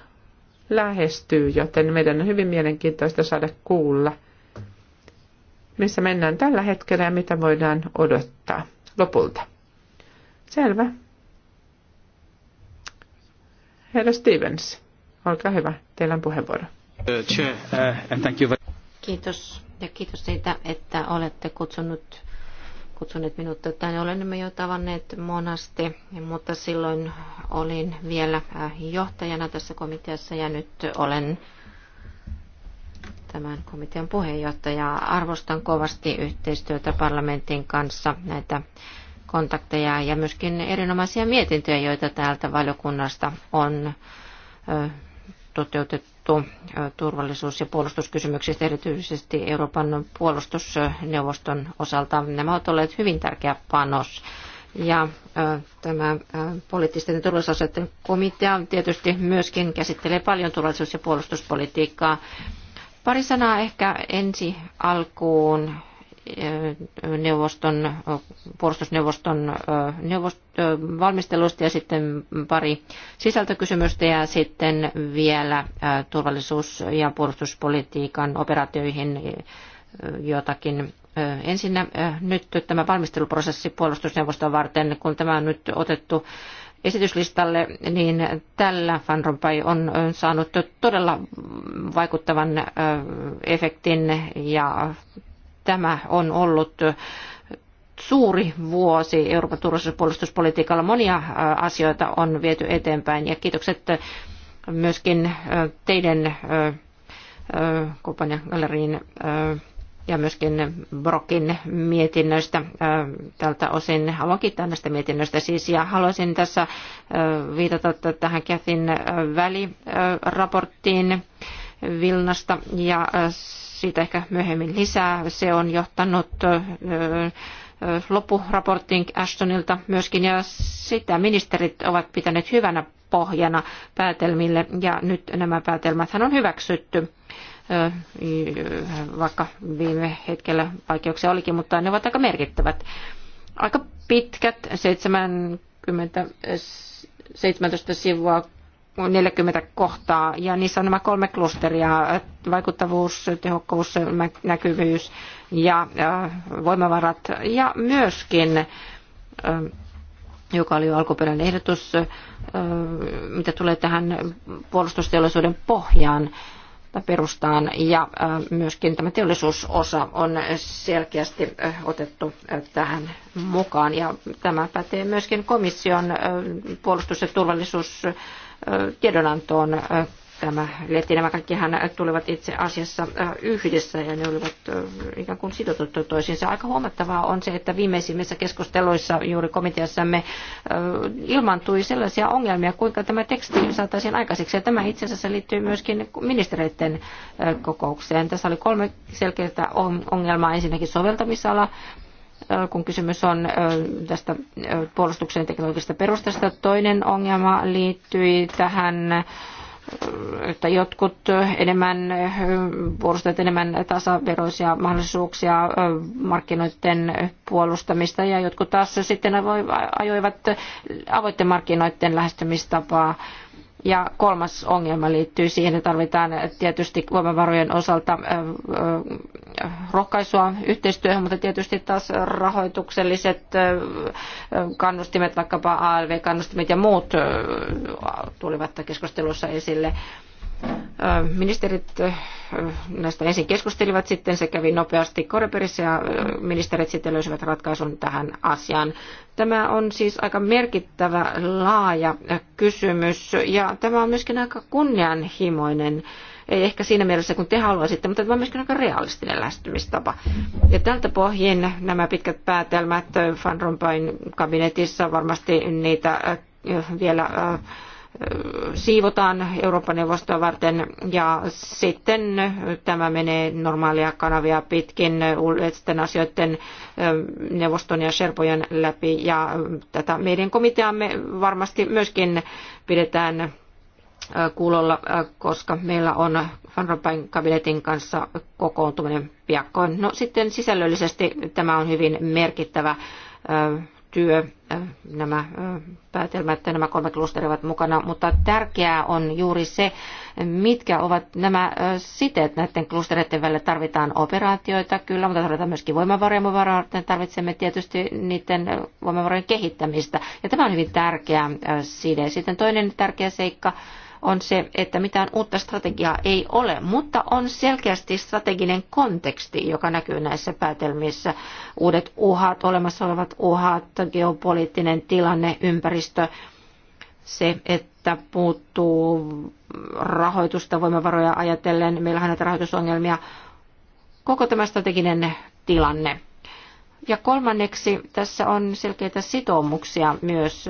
lähestyy, joten meidän on hyvin mielenkiintoista saada kuulla, missä mennään tällä hetkellä ja mitä voidaan odottaa lopulta. Selvä. Herra Stevens, olkaa hyvä, teillä on puheenvuoro. Kiitos ja kiitos siitä, että olette kutsunut, kutsunut minut tänne. Olemme jo tavanneet monasti, mutta silloin olin vielä äh, johtajana tässä komiteassa ja nyt olen tämän komitean puheenjohtaja. Arvostan kovasti yhteistyötä parlamentin kanssa näitä kontakteja ja myöskin erinomaisia mietintöjä, joita täältä valiokunnasta on toteutettu turvallisuus- ja puolustuskysymyksistä, erityisesti Euroopan puolustusneuvoston osalta. Nämä ovat olleet hyvin tärkeä panos. Ja tämä poliittisten turvallisuusasioiden komitea tietysti myöskin käsittelee paljon turvallisuus- ja puolustuspolitiikkaa. Pari sanaa ehkä ensi alkuun neuvoston, puolustusneuvoston neuvost, valmistelusta ja sitten pari sisältökysymystä ja sitten vielä turvallisuus- ja puolustuspolitiikan operaatioihin jotakin ensinnä nyt tämä valmisteluprosessi puolustusneuvoston varten, kun tämä on nyt otettu esityslistalle, niin tällä Van Rompuy on saanut todella vaikuttavan efektin ja tämä on ollut suuri vuosi Euroopan turvallisuus- ja puolustuspolitiikalla. Monia asioita on viety eteenpäin ja kiitokset myöskin teidän kumppanian galleriin ja myöskin Brokin mietinnöistä tältä osin. Haluan kiittää näistä mietinnöistä siis ja haluaisin tässä viitata tähän Kätin väliraporttiin. raporttiin Vilnasta ja siitä ehkä myöhemmin lisää. Se on johtanut loppuraporttiin Ashtonilta myöskin ja sitä ministerit ovat pitäneet hyvänä pohjana päätelmille ja nyt nämä päätelmät on hyväksytty vaikka viime hetkellä vaikeuksia olikin, mutta ne ovat aika merkittävät. Aika pitkät, 70, 17 sivua 40 kohtaa, ja niissä on nämä kolme klusteria, vaikuttavuus, tehokkuus, näkyvyys ja äh, voimavarat, ja myöskin, äh, joka oli jo alkuperäinen ehdotus, äh, mitä tulee tähän puolustusteollisuuden pohjaan, perustaan ja myöskin tämä teollisuusosa on selkeästi otettu tähän mukaan ja tämä pätee myöskin komission puolustus- ja turvallisuus- tiedonantoon tämä lehti Nämä kaikkihan tulivat itse asiassa yhdessä ja ne olivat ikään kuin sidotut toisiinsa. Aika huomattavaa on se, että viimeisimmissä keskusteluissa juuri komiteassamme ilmantui sellaisia ongelmia, kuinka tämä teksti saataisiin aikaiseksi. Ja tämä itse asiassa liittyy myöskin ministereiden kokoukseen. Tässä oli kolme selkeää ongelmaa. Ensinnäkin soveltamisala, kun kysymys on tästä puolustuksen teknologisesta perustasta. Toinen ongelma liittyi tähän että jotkut enemmän puolustavat enemmän tasaveroisia mahdollisuuksia markkinoiden puolustamista ja jotkut taas sitten ajoivat avoitten markkinoiden lähestymistapaa ja kolmas ongelma liittyy siihen, että tarvitaan tietysti voimavarojen osalta rohkaisua yhteistyöhön, mutta tietysti taas rahoitukselliset kannustimet, vaikkapa ALV-kannustimet ja muut tulivat keskustelussa esille. Ministerit näistä ensin keskustelivat sitten, se kävi nopeasti Koreperissä ja ministerit sitten löysivät ratkaisun tähän asiaan. Tämä on siis aika merkittävä, laaja kysymys ja tämä on myöskin aika kunnianhimoinen ei ehkä siinä mielessä kun te haluaisitte, mutta tämä on myöskin aika realistinen lähestymistapa. Ja tältä pohjin nämä pitkät päätelmät Van Rompuyn kabinetissa varmasti niitä vielä siivotaan Euroopan neuvostoa varten ja sitten tämä menee normaalia kanavia pitkin ulkoisten asioiden neuvoston ja Sherpojen läpi ja tätä meidän komiteamme varmasti myöskin pidetään kuulolla, koska meillä on Van Rompuyn kabinetin kanssa kokoontuminen piakkoin. No sitten sisällöllisesti tämä on hyvin merkittävä työ nämä päätelmät, että nämä kolme klusteria ovat mukana, mutta tärkeää on juuri se, mitkä ovat nämä siteet näiden klustereiden välillä. Tarvitaan operaatioita kyllä, mutta tarvitaan myöskin voimavaroja, voimavaroja tarvitsemme tietysti niiden voimavarojen kehittämistä. Ja tämä on hyvin tärkeä side. Sitten toinen tärkeä seikka on se, että mitään uutta strategiaa ei ole, mutta on selkeästi strateginen konteksti, joka näkyy näissä päätelmissä. Uudet uhat, olemassa olevat uhat, geopoliittinen tilanne, ympäristö, se, että puuttuu rahoitusta voimavaroja ajatellen, meillähän näitä rahoitusongelmia, koko tämä strateginen tilanne. Ja kolmanneksi tässä on selkeitä sitoumuksia myös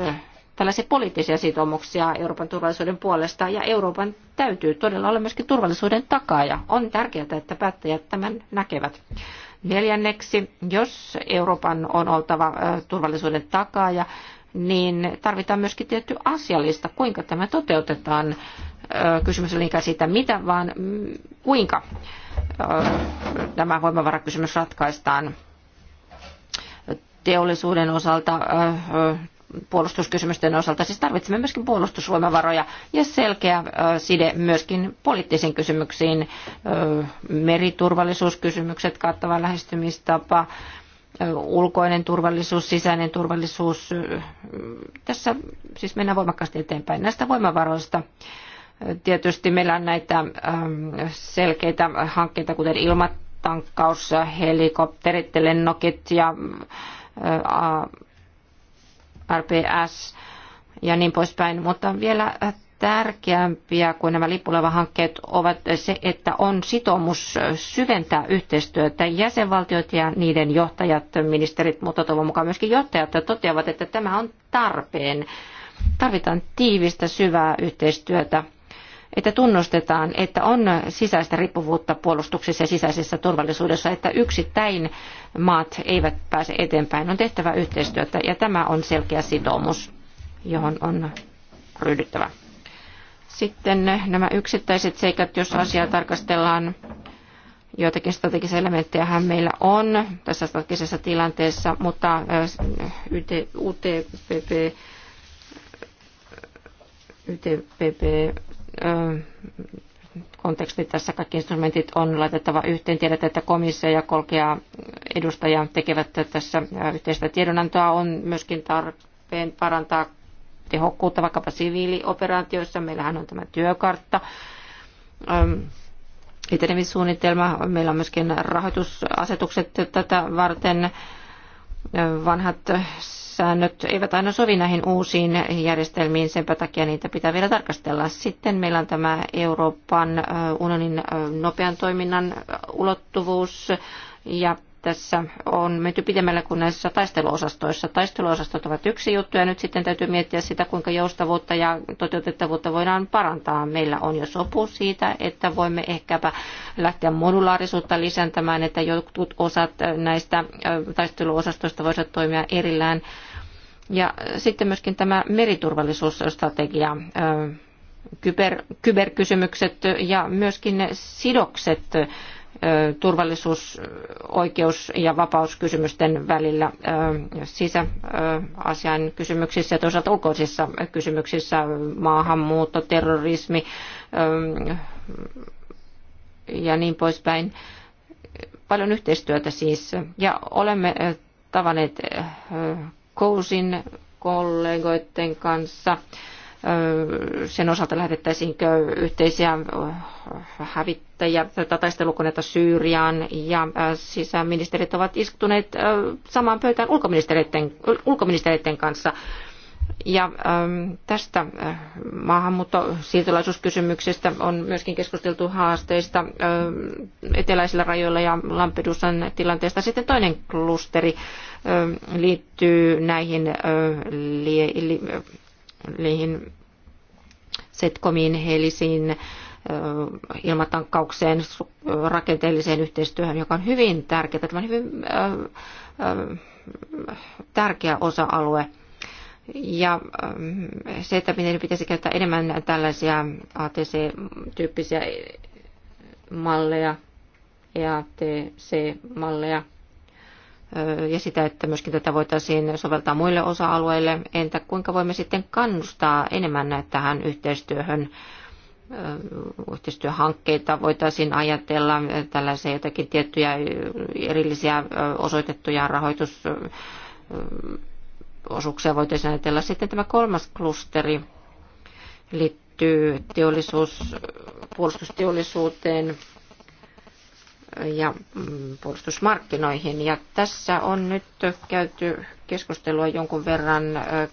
tällaisia poliittisia sitoumuksia Euroopan turvallisuuden puolesta, ja Euroopan täytyy todella olla myöskin turvallisuuden takaaja. On tärkeää, että päättäjät tämän näkevät. Neljänneksi, jos Euroopan on oltava turvallisuuden takaaja, niin tarvitaan myöskin tietty asiallista, kuinka tämä toteutetaan. Kysymys oli niinkään siitä, mitä, vaan kuinka tämä voimavarakysymys ratkaistaan teollisuuden osalta puolustuskysymysten osalta. Siis tarvitsemme myöskin puolustusvoimavaroja ja selkeä side myöskin poliittisiin kysymyksiin. Meriturvallisuuskysymykset kattava lähestymistapa, ulkoinen turvallisuus, sisäinen turvallisuus. Tässä siis mennään voimakkaasti eteenpäin näistä voimavaroista. Tietysti meillä on näitä selkeitä hankkeita, kuten ilmatankkaus, helikopterit, lennokit ja RPS ja niin poispäin. Mutta vielä tärkeämpiä kuin nämä lippulaivahankkeet ovat se, että on sitoumus syventää yhteistyötä. Jäsenvaltiot ja niiden johtajat, ministerit, mutta toivon mukaan myöskin johtajat toteavat, että tämä on tarpeen. Tarvitaan tiivistä, syvää yhteistyötä että tunnustetaan, että on sisäistä riippuvuutta puolustuksessa ja sisäisessä turvallisuudessa, että yksittäin maat eivät pääse eteenpäin. On tehtävä yhteistyötä ja tämä on selkeä sitoumus, johon on ryhdyttävä. Sitten nämä yksittäiset seikat, jos asiaa tarkastellaan, joitakin strategisia elementtejähän meillä on tässä strategisessa tilanteessa, mutta UTPP, UTPP konteksti tässä kaikki instrumentit on laitettava yhteen. Tiedät, että komissio ja kolkea edustaja tekevät tässä yhteistä tiedonantoa. On myöskin tarpeen parantaa tehokkuutta vaikkapa siviilioperaatioissa. Meillähän on tämä työkartta etenemissuunnitelma. Meillä on myöskin rahoitusasetukset tätä varten. Vanhat säännöt eivät aina sovi näihin uusiin järjestelmiin, sen takia niitä pitää vielä tarkastella. Sitten meillä on tämä Euroopan unionin nopean toiminnan ulottuvuus ja tässä on menty pidemmälle kuin näissä taisteluosastoissa. Taisteluosastot ovat yksi juttu ja nyt sitten täytyy miettiä sitä, kuinka joustavuutta ja toteutettavuutta voidaan parantaa. Meillä on jo sopu siitä, että voimme ehkäpä lähteä modulaarisuutta lisääntämään, että jotkut osat näistä taisteluosastoista voisivat toimia erillään. Ja sitten myöskin tämä meriturvallisuusstrategia kyber, kyberkysymykset ja myöskin ne sidokset turvallisuus, oikeus- ja vapauskysymysten välillä sisäasian kysymyksissä ja toisaalta ulkoisissa kysymyksissä maahanmuutto, terrorismi ja niin poispäin. Paljon yhteistyötä siis. Ja olemme tavanneet Kousin kollegoiden kanssa – sen osalta lähetettäisiinkö yhteisiä hävittäjiä tai taistelukoneita Syyriaan ja sisäministerit ovat istuneet samaan pöytään ulkoministereiden, ulkoministereiden kanssa. Ja tästä maahanmuuttosiirtolaisuuskysymyksestä on myöskin keskusteltu haasteista eteläisillä rajoilla ja Lampedusan tilanteesta. Sitten toinen klusteri liittyy näihin niihin setkomiin, helisiin, ilmatankkaukseen, rakenteelliseen yhteistyöhön, joka on hyvin tärkeä, Tämä on hyvin tärkeä osa-alue. Ja se, että miten pitäisi käyttää enemmän tällaisia ATC-tyyppisiä malleja, EATC-malleja, ja sitä, että myöskin tätä voitaisiin soveltaa muille osa-alueille. Entä kuinka voimme sitten kannustaa enemmän tähän yhteistyöhön? yhteistyöhankkeita voitaisiin ajatella, tällaisia jotakin tiettyjä erillisiä osoitettuja rahoitusosuuksia voitaisiin ajatella. Sitten tämä kolmas klusteri liittyy teollisuus, puolustusteollisuuteen ja mm, puolustusmarkkinoihin. Ja tässä on nyt käyty keskustelua jonkun verran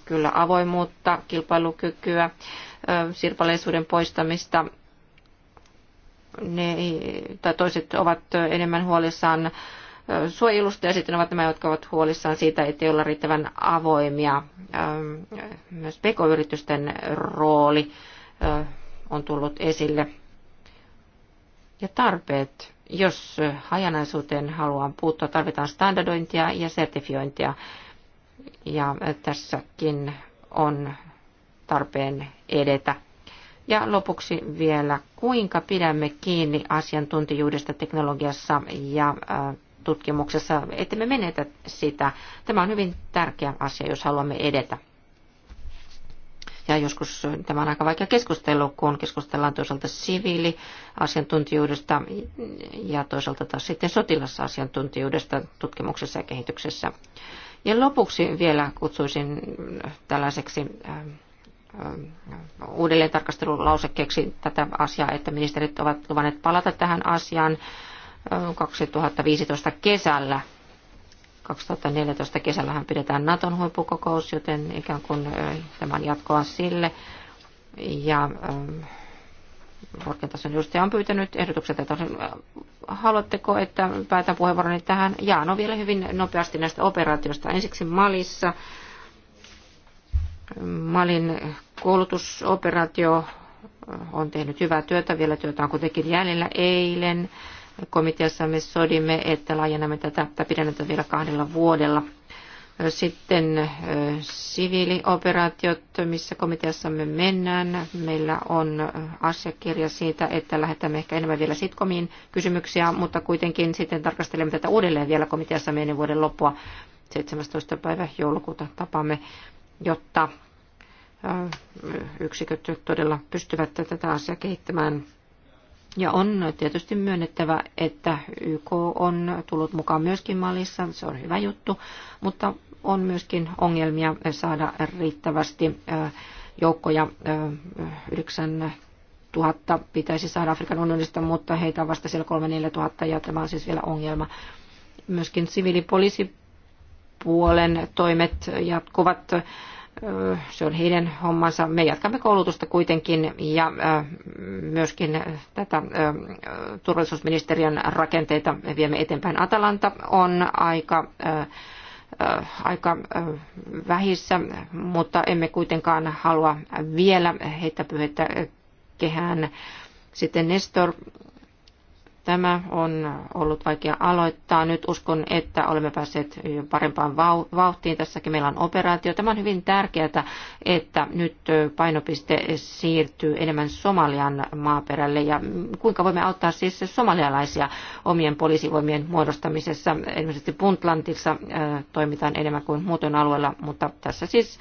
kyllä avoimuutta, kilpailukykyä, sirpaleisuuden poistamista. Ne, tai toiset ovat enemmän huolissaan suojelusta ja sitten ovat nämä, jotka ovat huolissaan siitä, että ei olla riittävän avoimia. Myös pk-yritysten rooli on tullut esille ja tarpeet. Jos hajanaisuuteen haluan puuttua, tarvitaan standardointia ja sertifiointia. Ja tässäkin on tarpeen edetä. Ja lopuksi vielä, kuinka pidämme kiinni asiantuntijuudesta teknologiassa ja tutkimuksessa, ettemme menetä sitä. Tämä on hyvin tärkeä asia, jos haluamme edetä. Ja joskus tämä on aika vaikea keskustelu, kun keskustellaan toisaalta siviiliasiantuntijuudesta ja toisaalta taas sitten sotilasasiantuntijuudesta tutkimuksessa ja kehityksessä. Ja lopuksi vielä kutsuisin tällaiseksi äh, äh, uudelleen tarkastelulausekkeeksi tätä asiaa, että ministerit ovat luvanneet palata tähän asiaan 2015 äh, kesällä 2014 kesällähän pidetään Naton huippukokous, joten ikään kuin tämä on jatkoa sille. Ja korkean tason edustaja on pyytänyt ehdotukset, että haluatteko, että päätän puheenvuoroni tähän. Jaa, no vielä hyvin nopeasti näistä operaatioista. Ensiksi Malissa. Malin koulutusoperaatio on tehnyt hyvää työtä, vielä työtä on kuitenkin jäljellä eilen komiteassa me sodimme, että laajennamme tätä tai pidennämme vielä kahdella vuodella. Sitten siviilioperaatiot, missä komiteassa me mennään. Meillä on asiakirja siitä, että lähetämme ehkä enemmän vielä sitkomiin kysymyksiä, mutta kuitenkin sitten tarkastelemme tätä uudelleen vielä komiteassa ennen vuoden loppua 17. päivä joulukuuta tapaamme, jotta yksiköt todella pystyvät tätä asiaa kehittämään ja on tietysti myönnettävä, että YK on tullut mukaan myöskin Malissa, se on hyvä juttu, mutta on myöskin ongelmia saada riittävästi äh, joukkoja 9 äh, 000 pitäisi saada Afrikan unionista, mutta heitä on vasta siellä 3 tuhatta ja tämä on siis vielä ongelma. Myöskin siviilipoliisipuolen toimet jatkuvat se on heidän hommansa. Me jatkamme koulutusta kuitenkin ja myöskin tätä turvallisuusministeriön rakenteita viemme eteenpäin. Atalanta on aika aika vähissä, mutta emme kuitenkaan halua vielä heittää pyhettä kehään. Sitten Nestor Tämä on ollut vaikea aloittaa. Nyt uskon, että olemme päässeet parempaan vauhtiin. Tässäkin meillä on operaatio. Tämä on hyvin tärkeää, että nyt painopiste siirtyy enemmän Somalian maaperälle. Ja kuinka voimme auttaa siis somalialaisia omien poliisivoimien muodostamisessa? Esimerkiksi Puntlandissa äh, toimitaan enemmän kuin muutoin alueella, mutta tässä siis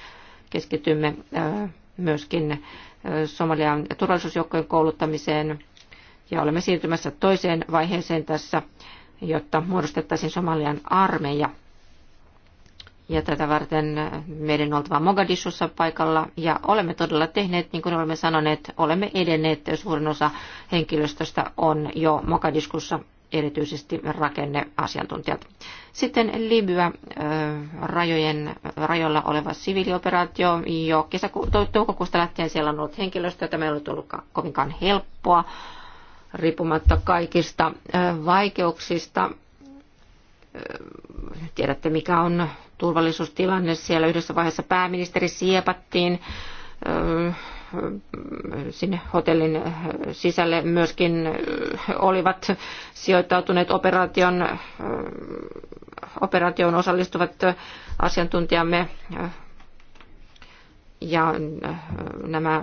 keskitymme äh, myöskin äh, Somalian turvallisuusjoukkojen kouluttamiseen, ja olemme siirtymässä toiseen vaiheeseen tässä, jotta muodostettaisiin Somalian armeija. Ja tätä varten meidän on oltava Mogadishussa paikalla ja olemme todella tehneet, niin kuin olemme sanoneet, olemme edenneet. Suurin osa henkilöstöstä on jo Mogadiskussa erityisesti rakenneasiantuntijat. Sitten Libya, rajojen, rajoilla oleva siviilioperaatio. Jo kesäku- toukokuusta lähtien siellä on ollut henkilöstöä. Tämä ei ollut ollutkaan kovinkaan helppoa riippumatta kaikista vaikeuksista. Tiedätte, mikä on turvallisuustilanne. Siellä yhdessä vaiheessa pääministeri siepattiin sinne hotellin sisälle myöskin olivat sijoittautuneet operaation, operaation osallistuvat asiantuntijamme ja nämä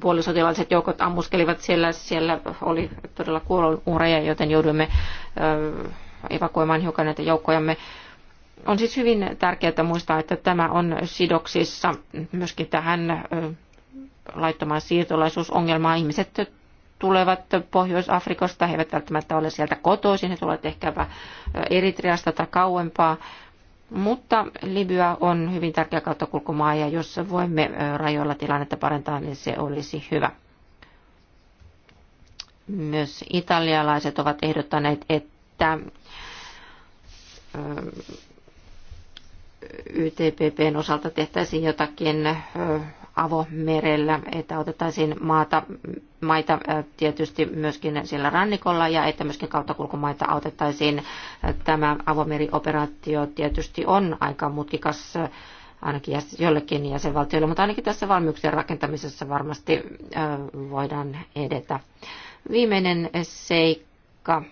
puolisotilaiset joukot ammuskelivat siellä. Siellä oli todella kuolonuhreja, joten jouduimme evakuoimaan hiukan näitä joukkojamme. On siis hyvin tärkeää muistaa, että tämä on sidoksissa myöskin tähän laittomaan siirtolaisuusongelmaan. Ihmiset tulevat Pohjois-Afrikasta, he eivät välttämättä ole sieltä kotoisin, he tulevat ehkäpä Eritreasta tai kauempaa. Mutta Libya on hyvin tärkeä kauttakulkumaa ja jos voimme rajoilla tilannetta parantaa, niin se olisi hyvä. Myös italialaiset ovat ehdottaneet, että YTPPn osalta tehtäisiin jotakin avomerellä, että otettaisiin maata, maita tietysti myöskin siellä rannikolla ja että myöskin kauttakulkumaita autettaisiin. Tämä avomerioperaatio tietysti on aika mutkikas ainakin jollekin jäsenvaltiolle, mutta ainakin tässä valmiuksien rakentamisessa varmasti voidaan edetä. Viimeinen seikka,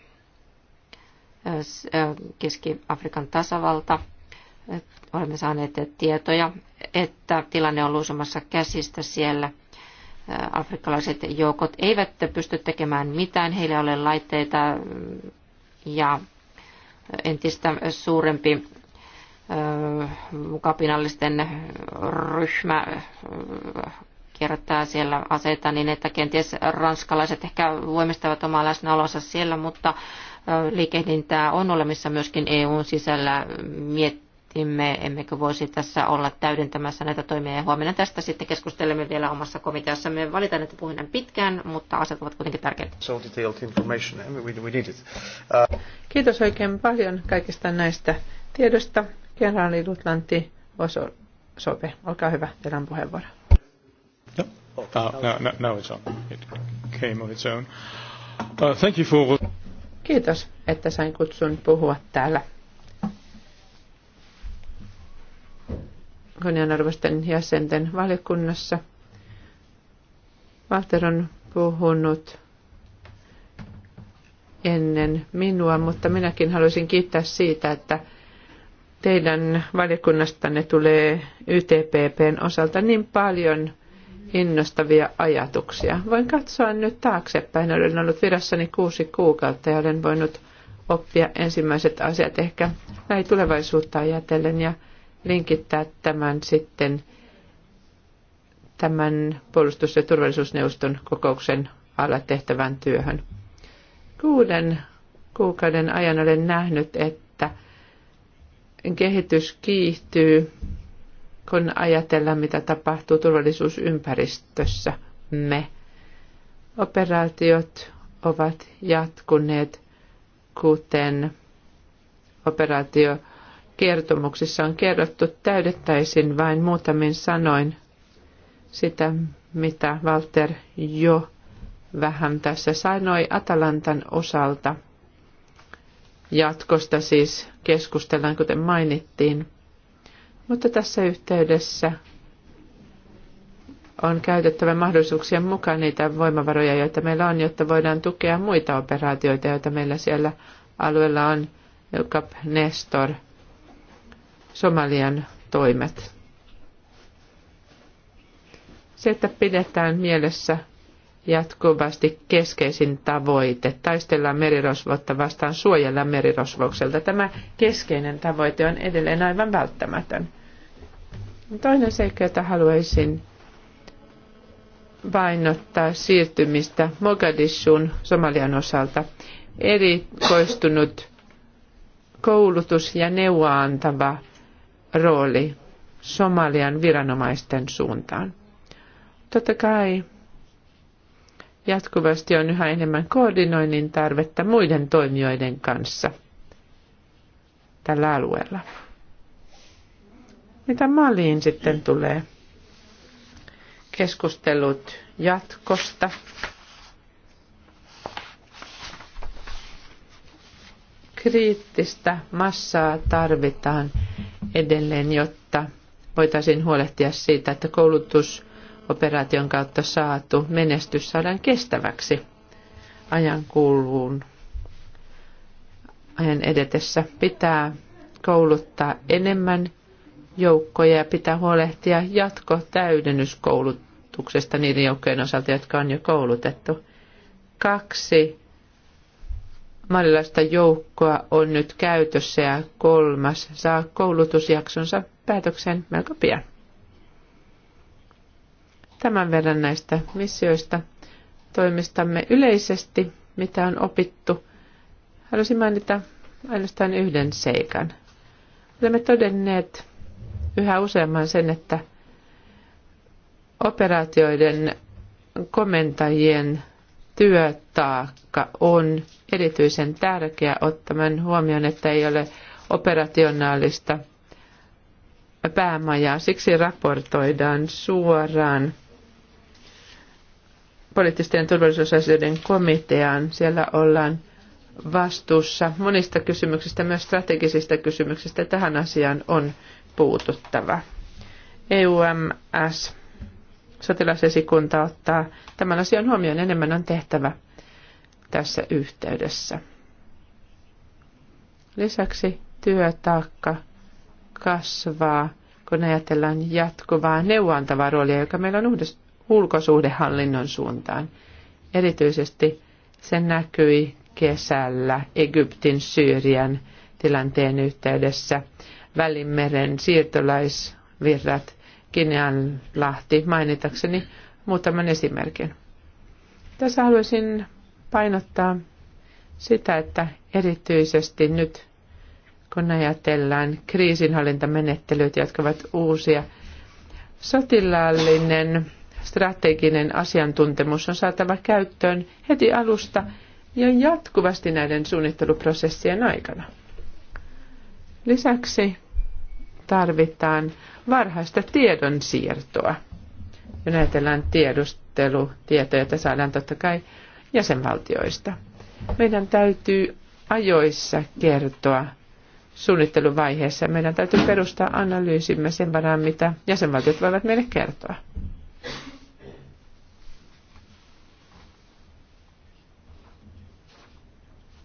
Keski-Afrikan tasavalta – olemme saaneet tietoja, että tilanne on luisumassa käsistä siellä. Afrikkalaiset joukot eivät pysty tekemään mitään, heillä ei ole laitteita ja entistä suurempi kapinallisten ryhmä kierrättää siellä aseita niin, että kenties ranskalaiset ehkä voimistavat omaa läsnäolonsa siellä, mutta liikehdintää on olemassa myöskin EUn sisällä. miettiä emme emmekö voisi tässä olla täydentämässä näitä toimia. Ja huomenna tästä sitten keskustelemme vielä omassa komiteassa. Me valitan, että puhuin pitkään, mutta asiat ovat kuitenkin tärkeitä. So detailed information, eh? we, need it. Uh, Kiitos oikein paljon kaikista näistä tiedosta. Kenraali Lutlanti Oso Sope, olkaa hyvä, teidän puheenvuoro. No, ah, no, no, no, it's on. It came on its own. Uh, thank you for... Kiitos, että sain kutsun puhua täällä kunnianarvoisten jäsenten valiokunnassa. Walter on puhunut ennen minua, mutta minäkin haluaisin kiittää siitä, että teidän valiokunnastanne tulee YTPPn osalta niin paljon innostavia ajatuksia. Voin katsoa nyt taaksepäin. Olen ollut virassani kuusi kuukautta ja olen voinut oppia ensimmäiset asiat ehkä näin tulevaisuutta ajatellen ja linkittää tämän sitten tämän puolustus- ja turvallisuusneuvoston kokouksen alla tehtävän työhön. Kuuden kuukauden ajan olen nähnyt, että kehitys kiihtyy, kun ajatellaan, mitä tapahtuu turvallisuusympäristössä me. Operaatiot ovat jatkuneet, kuten operaatio kertomuksissa on kerrottu, täydettäisin vain muutamin sanoin sitä, mitä Walter jo vähän tässä sanoi Atalantan osalta. Jatkosta siis keskustellaan, kuten mainittiin. Mutta tässä yhteydessä on käytettävä mahdollisuuksien mukaan niitä voimavaroja, joita meillä on, jotta voidaan tukea muita operaatioita, joita meillä siellä alueella on. Cap Nestor – Somalian toimet. Se, että pidetään mielessä jatkuvasti keskeisin tavoite, taistella merirosvoutta vastaan, suojella merirosvoukselta. Tämä keskeinen tavoite on edelleen aivan välttämätön. Toinen seikka, jota haluaisin painottaa siirtymistä Mogadishun Somalian osalta, erikoistunut koulutus ja neuvoa antava rooli Somalian viranomaisten suuntaan. Totta kai jatkuvasti on yhä enemmän koordinoinnin tarvetta muiden toimijoiden kanssa tällä alueella. Mitä maaliin sitten tulee? Keskustelut jatkosta kriittistä massaa tarvitaan edelleen, jotta voitaisiin huolehtia siitä, että koulutusoperaation kautta saatu menestys saadaan kestäväksi ajan kuluun. Ajan edetessä pitää kouluttaa enemmän joukkoja ja pitää huolehtia jatko täydennyskoulutuksesta niiden joukkojen osalta, jotka on jo koulutettu. Kaksi mallilaista joukkoa on nyt käytössä ja kolmas saa koulutusjaksonsa päätökseen melko pian. Tämän verran näistä missioista toimistamme yleisesti, mitä on opittu. Haluaisin mainita ainoastaan yhden seikan. Olemme todenneet yhä useamman sen, että operaatioiden komentajien työtaakka on erityisen tärkeä ottamaan huomioon, että ei ole operationaalista päämajaa. Siksi raportoidaan suoraan poliittisten turvallisuusasioiden komiteaan. Siellä ollaan vastuussa monista kysymyksistä, myös strategisista kysymyksistä. Tähän asiaan on puututtava. EUMS sotilasesikunta ottaa tämän asian huomioon. Enemmän on tehtävä tässä yhteydessä. Lisäksi työtaakka kasvaa, kun ajatellaan jatkuvaa neuvontavaa roolia, joka meillä on ulkosuhdehallinnon suuntaan. Erityisesti se näkyi kesällä Egyptin, Syyrian tilanteen yhteydessä. Välimeren siirtolaisvirrat lahti mainitakseni muutaman esimerkin. Tässä haluaisin painottaa sitä, että erityisesti nyt kun ajatellaan kriisinhallintamenettelyt, jotka ovat uusia, sotilaallinen strateginen asiantuntemus on saatava käyttöön heti alusta ja jatkuvasti näiden suunnitteluprosessien aikana. Lisäksi tarvitaan varhaista tiedonsiirtoa. Kun näytellään tiedustelutietoja, joita saadaan totta kai jäsenvaltioista. Meidän täytyy ajoissa kertoa suunnitteluvaiheessa. Meidän täytyy perustaa analyysimme sen varaan, mitä jäsenvaltiot voivat meille kertoa.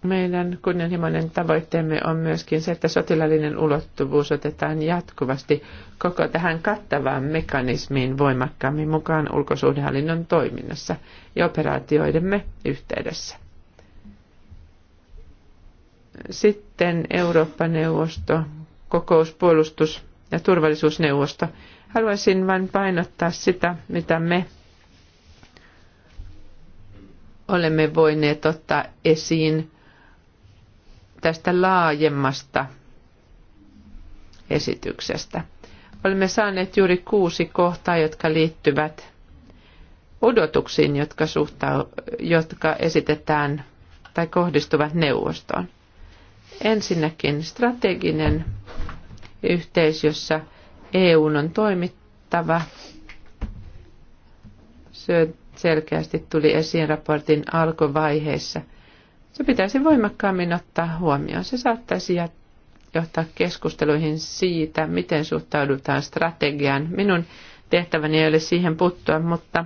Meidän kunnianhimoinen tavoitteemme on myöskin se, että sotilaallinen ulottuvuus otetaan jatkuvasti koko tähän kattavaan mekanismiin voimakkaammin mukaan ulkosuhdehallinnon toiminnassa ja operaatioidemme yhteydessä. Sitten Eurooppa-neuvosto, kokouspuolustus ja turvallisuusneuvosto. Haluaisin vain painottaa sitä, mitä me olemme voineet ottaa esiin – tästä laajemmasta esityksestä. Olemme saaneet juuri kuusi kohtaa, jotka liittyvät odotuksiin, jotka, suhta, jotka esitetään tai kohdistuvat neuvostoon. Ensinnäkin strateginen yhteys, jossa EU on toimittava. Se selkeästi tuli esiin raportin alkuvaiheessa – se pitäisi voimakkaammin ottaa huomioon. Se saattaisi johtaa keskusteluihin siitä, miten suhtaudutaan strategiaan. Minun tehtäväni ei ole siihen puuttua, mutta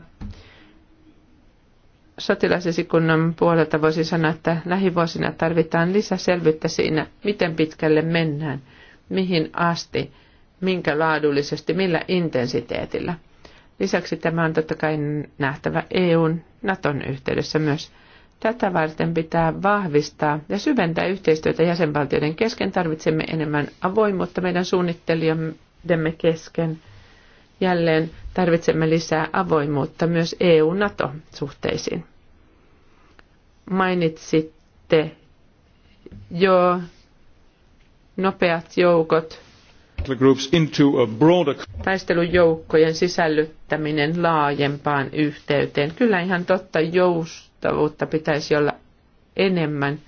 sotilasesikunnan puolelta voisi sanoa, että lähivuosina tarvitaan lisäselvyyttä siinä, miten pitkälle mennään, mihin asti, minkä laadullisesti, millä intensiteetillä. Lisäksi tämä on totta kai nähtävä EUn, Naton yhteydessä myös – Tätä varten pitää vahvistaa ja syventää yhteistyötä jäsenvaltioiden kesken. Tarvitsemme enemmän avoimuutta meidän suunnittelijamme kesken. Jälleen tarvitsemme lisää avoimuutta myös EU-NATO-suhteisiin. Mainitsitte jo nopeat joukot, taistelujoukkojen sisällyttäminen laajempaan yhteyteen. Kyllä ihan totta, joust joustavuutta pitäisi olla enemmän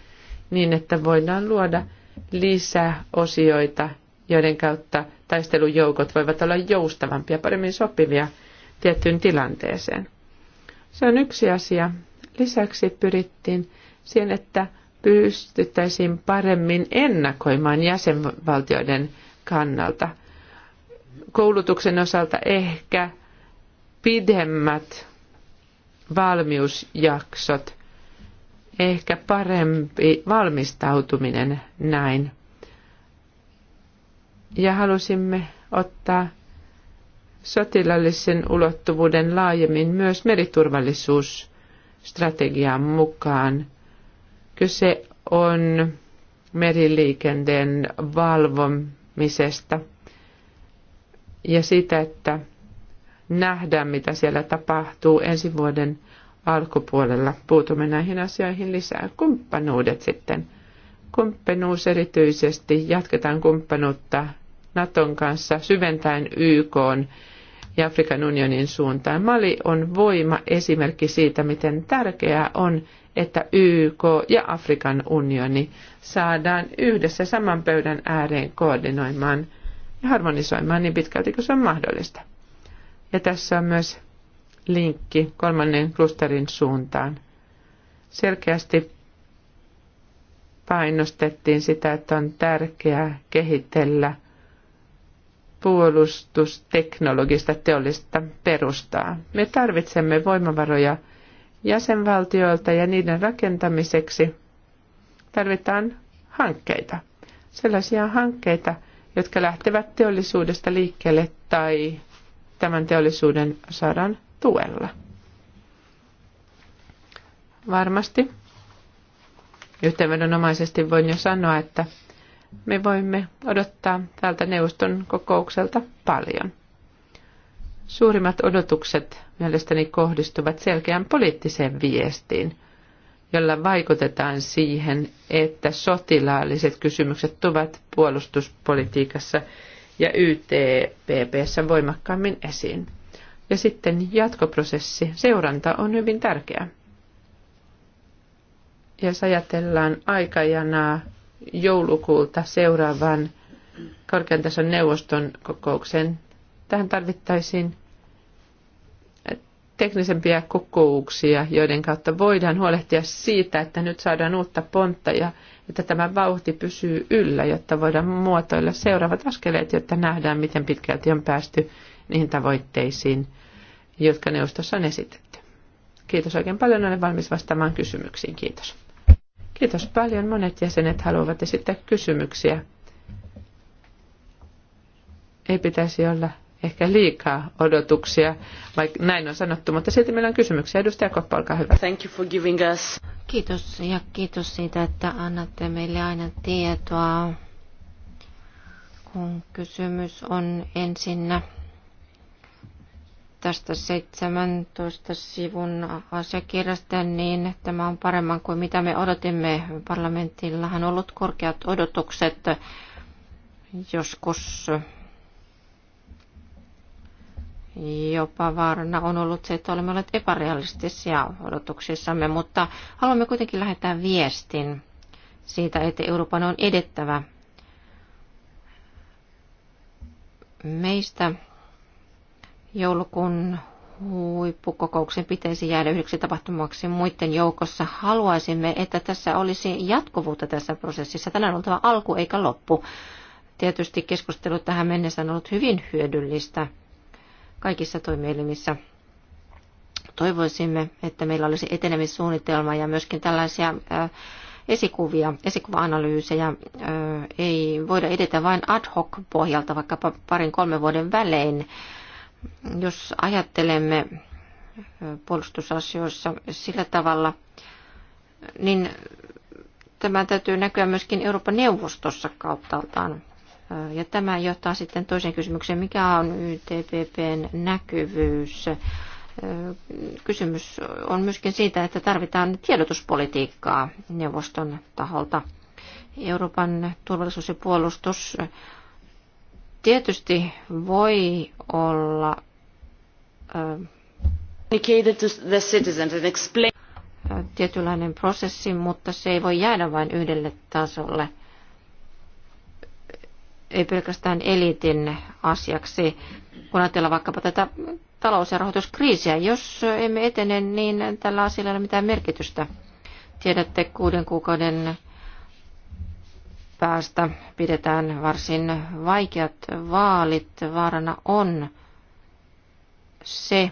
niin, että voidaan luoda lisää osioita, joiden kautta taistelujoukot voivat olla joustavampia, paremmin sopivia tiettyyn tilanteeseen. Se on yksi asia. Lisäksi pyrittiin siihen, että pystyttäisiin paremmin ennakoimaan jäsenvaltioiden kannalta. Koulutuksen osalta ehkä pidemmät valmiusjaksot, ehkä parempi valmistautuminen näin. Ja halusimme ottaa sotilallisen ulottuvuuden laajemmin myös meriturvallisuusstrategian mukaan. Kyse on meriliikenteen valvomisesta ja sitä, että nähdä, mitä siellä tapahtuu ensi vuoden alkupuolella. Puutumme näihin asioihin lisää. Kumppanuudet sitten. Kumppanuus erityisesti. Jatketaan kumppanuutta Naton kanssa syventäen YK ja Afrikan unionin suuntaan. Mali on voima esimerkki siitä, miten tärkeää on, että YK ja Afrikan unioni saadaan yhdessä saman pöydän ääreen koordinoimaan ja harmonisoimaan niin pitkälti kuin se on mahdollista. Ja tässä on myös linkki kolmannen klusterin suuntaan. Selkeästi painostettiin sitä, että on tärkeää kehitellä puolustusteknologista teollista perustaa. Me tarvitsemme voimavaroja jäsenvaltioilta ja niiden rakentamiseksi tarvitaan hankkeita. Sellaisia hankkeita, jotka lähtevät teollisuudesta liikkeelle tai tämän teollisuuden saran tuella. Varmasti yhteenvedonomaisesti voin jo sanoa, että me voimme odottaa tältä neuvoston kokoukselta paljon. Suurimmat odotukset mielestäni kohdistuvat selkeään poliittiseen viestiin, jolla vaikutetaan siihen, että sotilaalliset kysymykset ovat puolustuspolitiikassa ja YTPPssä voimakkaammin esiin. Ja sitten jatkoprosessi, seuranta on hyvin tärkeä. Jos ajatellaan aikajanaa joulukuulta seuraavan korkean tason neuvoston kokoukseen, tähän tarvittaisiin teknisempiä kokouksia, joiden kautta voidaan huolehtia siitä, että nyt saadaan uutta pontta ja että tämä vauhti pysyy yllä, jotta voidaan muotoilla seuraavat askeleet, jotta nähdään, miten pitkälti on päästy niihin tavoitteisiin, jotka neuvostossa on esitetty. Kiitos oikein paljon, olen valmis vastaamaan kysymyksiin. Kiitos. Kiitos paljon. Monet jäsenet haluavat esittää kysymyksiä. Ei pitäisi olla ehkä liikaa odotuksia, vaikka näin on sanottu, mutta silti meillä on kysymyksiä. Edustaja Koppa, olkaa hyvä. Thank you for giving us. Kiitos ja kiitos siitä, että annatte meille aina tietoa, kun kysymys on ensinnä tästä 17 sivun asiakirjasta, niin tämä on paremman kuin mitä me odotimme. Parlamentillahan on ollut korkeat odotukset joskus Jopa vaarana on ollut se, että olemme olleet epärealistisia odotuksissamme, mutta haluamme kuitenkin lähettää viestin siitä, että Euroopan on edettävä. Meistä joulukuun huippukokouksen pitäisi jäädä yhdeksi tapahtumaksi muiden joukossa. Haluaisimme, että tässä olisi jatkuvuutta tässä prosessissa. Tänään on oltava alku eikä loppu. Tietysti keskustelu tähän mennessä on ollut hyvin hyödyllistä kaikissa toimielimissä. Toivoisimme, että meillä olisi etenemissuunnitelma ja myöskin tällaisia esikuvia, esikuva-analyysejä. Ei voida edetä vain ad hoc pohjalta, vaikka parin kolmen vuoden välein. Jos ajattelemme puolustusasioissa sillä tavalla, niin tämä täytyy näkyä myöskin Euroopan neuvostossa kauttaaltaan. Ja tämä johtaa sitten toiseen kysymykseen, mikä on YTPPn näkyvyys? Kysymys on myöskin siitä, että tarvitaan tiedotuspolitiikkaa neuvoston taholta. Euroopan turvallisuus ja puolustus tietysti voi olla tietynlainen prosessi, mutta se ei voi jäädä vain yhdelle tasolle – ei pelkästään eliitin asiaksi. Kun ajatellaan vaikkapa tätä talous- ja rahoituskriisiä, jos emme etene, niin tällä asialla ei ole mitään merkitystä. Tiedätte, kuuden kuukauden päästä pidetään varsin vaikeat vaalit. Vaarana on se,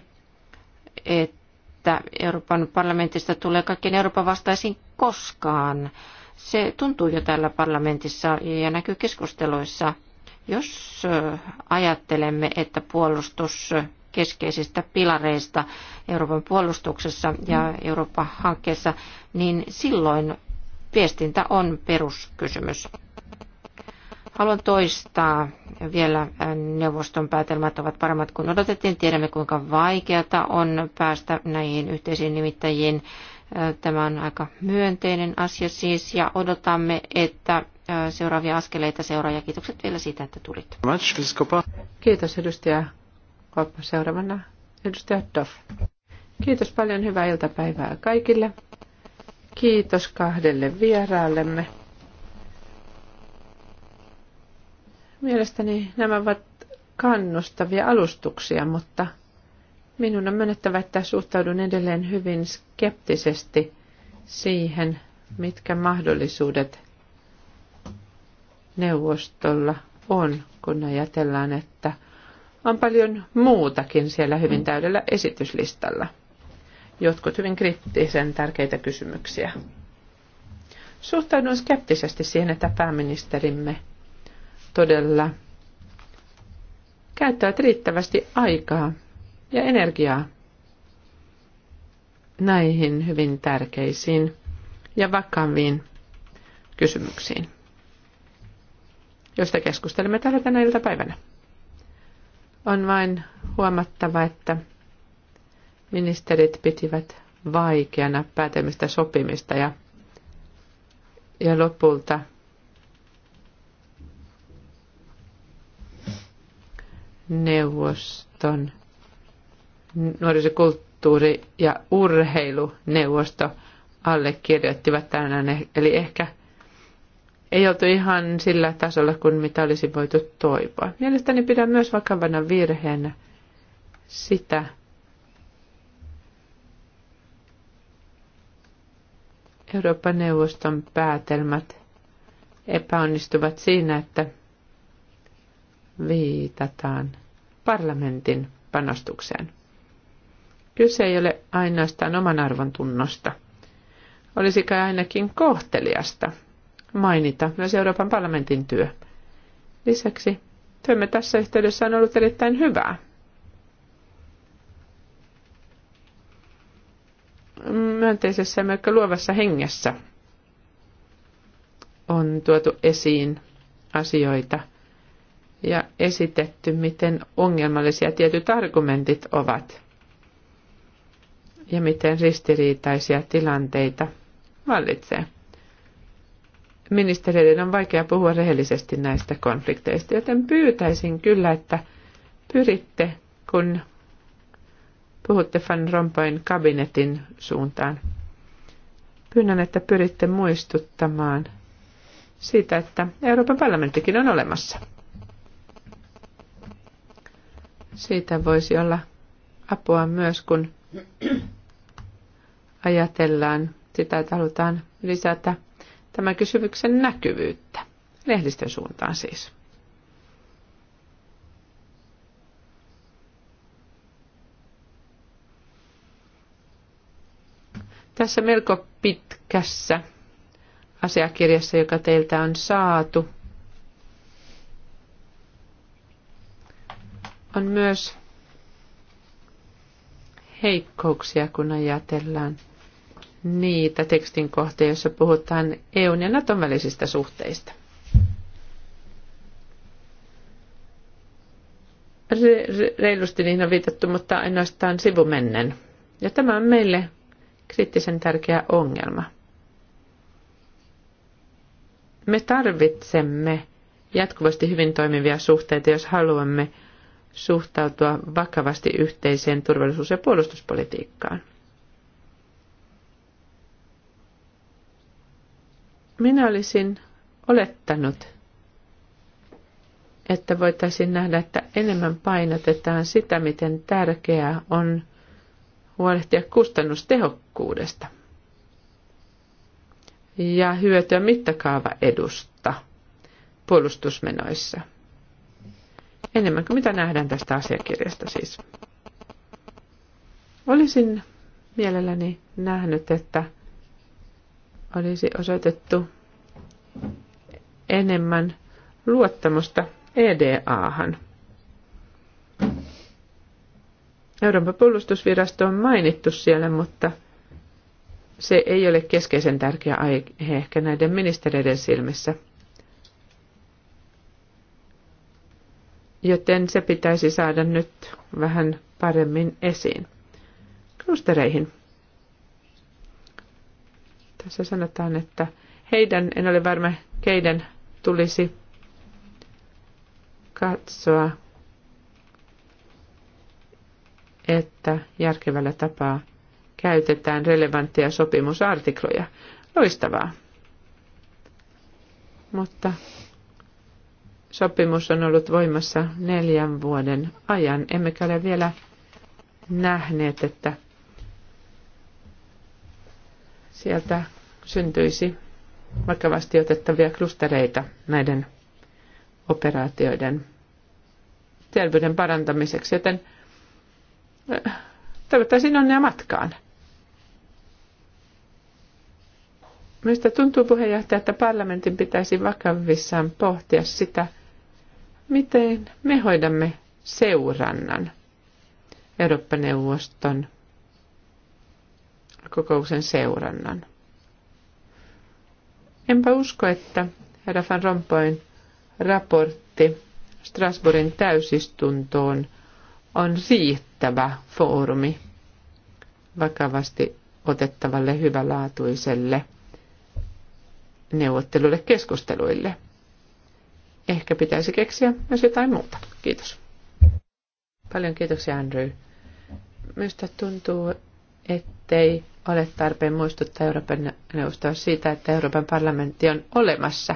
että Euroopan parlamentista tulee kaikkien Euroopan vastaisin koskaan. Se tuntuu jo täällä parlamentissa ja näkyy keskusteluissa. Jos ajattelemme, että puolustus keskeisistä pilareista Euroopan puolustuksessa ja Euroopan hankkeessa, niin silloin viestintä on peruskysymys. Haluan toistaa vielä neuvoston päätelmät ovat paremmat kuin odotettiin. Tiedämme, kuinka vaikeata on päästä näihin yhteisiin nimittäjiin Tämä on aika myönteinen asia siis ja odotamme, että seuraavia askeleita seuraa ja kiitokset vielä siitä, että tulit. Kiitos edustaja Koppa. Seuraavana edustaja Doff. Kiitos paljon, hyvää iltapäivää kaikille. Kiitos kahdelle vieraallemme. Mielestäni nämä ovat kannustavia alustuksia, mutta Minun on myönnettävä, että suhtaudun edelleen hyvin skeptisesti siihen, mitkä mahdollisuudet neuvostolla on, kun ajatellaan, että on paljon muutakin siellä hyvin täydellä esityslistalla. Jotkut hyvin kriittisen tärkeitä kysymyksiä. Suhtaudun skeptisesti siihen, että pääministerimme todella käyttävät riittävästi aikaa ja energiaa näihin hyvin tärkeisiin ja vakaviin kysymyksiin, joista keskustelemme täällä tänä iltapäivänä. On vain huomattava, että ministerit pitivät vaikeana päätelmistä sopimista ja, ja lopulta neuvoston nuorisokulttuuri- ja urheiluneuvosto allekirjoittivat tänään. Eli ehkä ei oltu ihan sillä tasolla kuin mitä olisi voitu toivoa. Mielestäni pidän myös vakavana virheenä sitä, Euroopan neuvoston päätelmät epäonnistuvat siinä, että viitataan parlamentin panostukseen. Kyse ei ole ainoastaan oman arvon tunnosta. Olisikai ainakin kohteliasta mainita myös Euroopan parlamentin työ. Lisäksi työmme tässä yhteydessä on ollut erittäin hyvää. Myönteisessä ja luovassa hengessä on tuotu esiin asioita ja esitetty, miten ongelmallisia tietyt argumentit ovat – ja miten ristiriitaisia tilanteita vallitsee. Ministeriöiden on vaikea puhua rehellisesti näistä konflikteista, joten pyytäisin kyllä, että pyritte, kun puhutte Van Rompuyn kabinetin suuntaan, pyydän, että pyritte muistuttamaan siitä, että Euroopan parlamenttikin on olemassa. Siitä voisi olla apua myös, kun ajatellaan sitä, että halutaan lisätä tämän kysymyksen näkyvyyttä lehdistön suuntaan siis. Tässä melko pitkässä asiakirjassa, joka teiltä on saatu, on myös heikkouksia, kun ajatellaan niitä tekstin kohtia, joissa puhutaan EUn ja Naton välisistä suhteista. reilusti niihin on viitattu, mutta ainoastaan sivumennen. Ja tämä on meille kriittisen tärkeä ongelma. Me tarvitsemme jatkuvasti hyvin toimivia suhteita, jos haluamme suhtautua vakavasti yhteiseen turvallisuus- ja puolustuspolitiikkaan. Minä olisin olettanut, että voitaisiin nähdä, että enemmän painotetaan sitä, miten tärkeää on huolehtia kustannustehokkuudesta ja hyötyä mittakaava edusta puolustusmenoissa. Enemmän kuin mitä nähdään tästä asiakirjasta siis. Olisin mielelläni nähnyt, että olisi osoitettu enemmän luottamusta EDAhan. Euroopan puolustusvirasto on mainittu siellä, mutta se ei ole keskeisen tärkeä aihe ehkä näiden ministereiden silmissä. Joten se pitäisi saada nyt vähän paremmin esiin. Klustereihin. Tässä sanotaan, että heidän, en ole varma, keiden tulisi katsoa, että järkevällä tapaa käytetään relevantteja sopimusartikloja. Loistavaa. Mutta sopimus on ollut voimassa neljän vuoden ajan, emmekä ole vielä nähneet, että Sieltä syntyisi vakavasti otettavia klustereita näiden operaatioiden terveyden parantamiseksi, joten äh, toivottaisin onnea matkaan. Minusta tuntuu puheenjohtaja, että parlamentin pitäisi vakavissaan pohtia sitä, miten me hoidamme seurannan Eurooppa-neuvoston kokouksen seurannan. Enpä usko, että herra Van Rompuyn raportti Strasbourgin täysistuntoon on siittävä foorumi vakavasti otettavalle hyvälaatuiselle neuvottelulle keskusteluille. Ehkä pitäisi keksiä myös jotain muuta. Kiitos. Paljon kiitoksia, Andrew. Minusta tuntuu, ettei ole tarpeen muistuttaa Euroopan neuvostoa siitä, että Euroopan parlamentti on olemassa.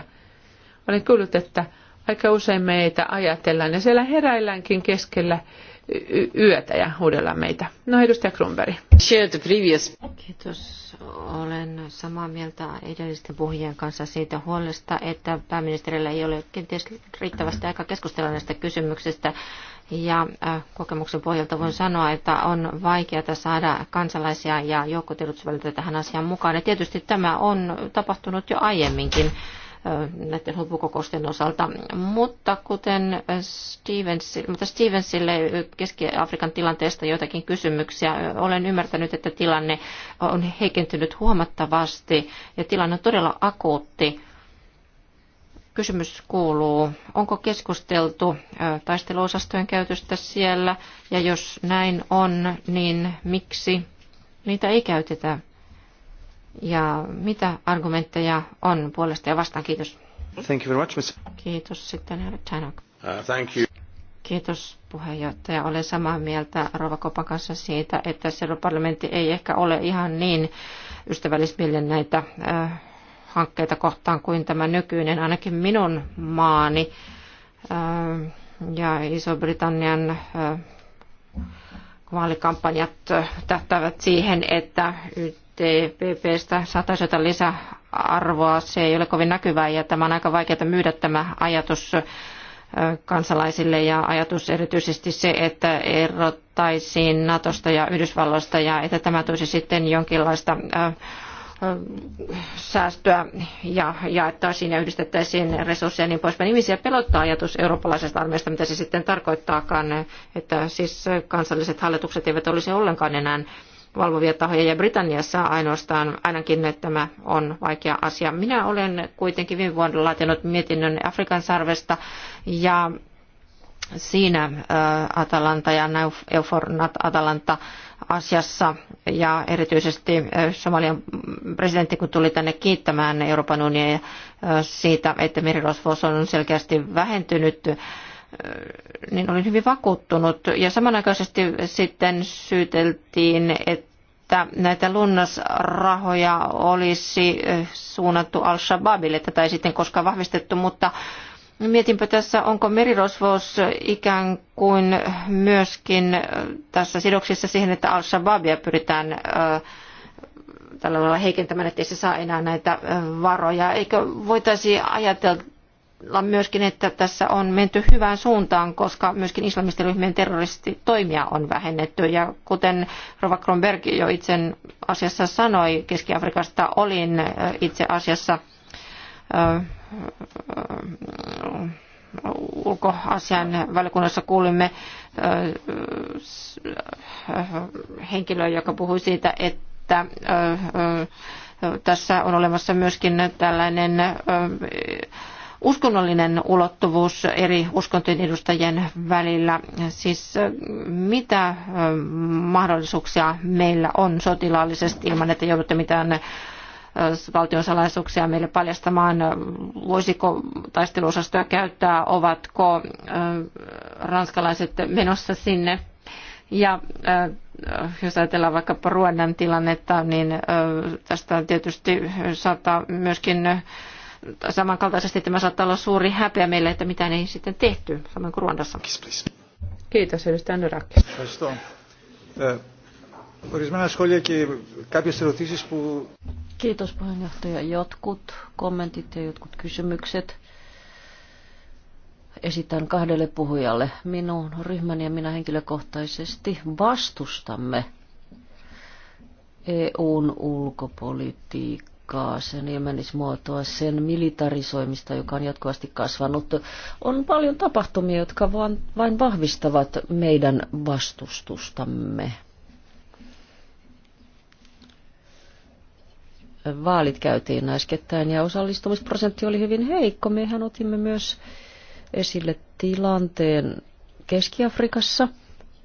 Olen kuullut, että aika usein meitä ajatellaan ja siellä heräilläänkin keskellä yötä ja huudellaan meitä. No edustaja Krumberi. Kiitos. Olen samaa mieltä edellisten puhujien kanssa siitä huolesta, että pääministerillä ei ole kenties riittävästi aika keskustella näistä kysymyksistä ja äh, kokemuksen pohjalta voin sanoa, että on vaikeaa saada kansalaisia ja joukkotiedotusvälineitä tähän asiaan mukaan. Ja tietysti tämä on tapahtunut jo aiemminkin äh, näiden huippukokousten osalta. Mutta kuten Stevens, mutta Stevensille Keski-Afrikan tilanteesta joitakin kysymyksiä, äh, olen ymmärtänyt, että tilanne on heikentynyt huomattavasti ja tilanne on todella akuutti Kysymys kuuluu, onko keskusteltu taisteluosastojen käytöstä siellä, ja jos näin on, niin miksi niitä ei käytetä? Ja mitä argumentteja on puolesta ja vastaan? Kiitos. Thank you very much, Mr. Kiitos sitten, herra Tanak. Uh, thank you. Kiitos puheenjohtaja. Olen samaa mieltä Rova Kopan kanssa siitä, että siellä parlamentti ei ehkä ole ihan niin ystävällismielinen näitä uh, hankkeita kohtaan kuin tämä nykyinen, ainakin minun maani ja Iso-Britannian vaalikampanjat tähtävät siihen, että YTPPstä saataisiin jotain lisäarvoa. Se ei ole kovin näkyvää ja tämä on aika vaikeaa myydä tämä ajatus kansalaisille ja ajatus erityisesti se, että erottaisiin Natosta ja Yhdysvalloista ja että tämä toisi sitten jonkinlaista äh, säästöä ja jaettaisiin ja yhdistettäisiin resursseja ja niin poispäin. Ihmisiä pelottaa ajatus eurooppalaisesta armeijasta, mitä se sitten tarkoittaakaan, että siis kansalliset hallitukset eivät olisi ollenkaan enää valvovia tahoja ja Britanniassa ainoastaan ainakin tämä on vaikea asia. Minä olen kuitenkin viime vuonna laatinut mietinnön Afrikan sarvesta ja siinä äh, Atalanta ja Eufor Atalanta asiassa ja erityisesti Somalian presidentti, kun tuli tänne kiittämään Euroopan unionia siitä, että merirosvous on selkeästi vähentynyt, niin olin hyvin vakuuttunut. Ja samanaikaisesti sitten syyteltiin, että näitä lunnasrahoja olisi suunnattu Al-Shabaabille. Tätä ei sitten koskaan vahvistettu, mutta Mietinpä tässä, onko merirosvous ikään kuin myöskin tässä sidoksissa siihen, että Al-Shabaabia pyritään tällä lailla heikentämään, ettei se saa enää näitä varoja. Eikö voitaisi ajatella myöskin, että tässä on menty hyvään suuntaan, koska myöskin islamistiryhmien terroristitoimia on vähennetty. Ja kuten Rova Kronberg jo itse asiassa sanoi, Keski-Afrikasta olin itse asiassa ulkoasian valikunnassa kuulimme henkilöä, joka puhui siitä, että tässä on olemassa myöskin tällainen uskonnollinen ulottuvuus eri uskontojen edustajien välillä. Siis mitä mahdollisuuksia meillä on sotilaallisesti ilman, että joudutte mitään valtion salaisuuksia meille paljastamaan, voisiko taisteluosastoja käyttää, ovatko ranskalaiset menossa sinne. Ja jos ajatellaan vaikkapa Ruonan tilannetta, niin tästä tietysti saattaa myöskin samankaltaisesti tämä saattaa olla suuri häpeä meille, että mitään ei sitten tehty, samoin kuin Ruandassa. Kiitos, edustaja Nyrakki. Ορισμένα σχόλια και κάποιες ερωτήσεις που... Jotkut kommentit ja jotkut kysymykset esitän kahdelle puhujalle. Minun ryhmäni ja minä henkilökohtaisesti vastustamme EUn ulkopolitiikkaa, sen ilmenismuotoa, sen militarisoimista, joka on jatkuvasti kasvanut. On paljon tapahtumia, jotka vain vahvistavat meidän vastustustamme vaalit käytiin äskettäin ja osallistumisprosentti oli hyvin heikko. Mehän otimme myös esille tilanteen Keski-Afrikassa,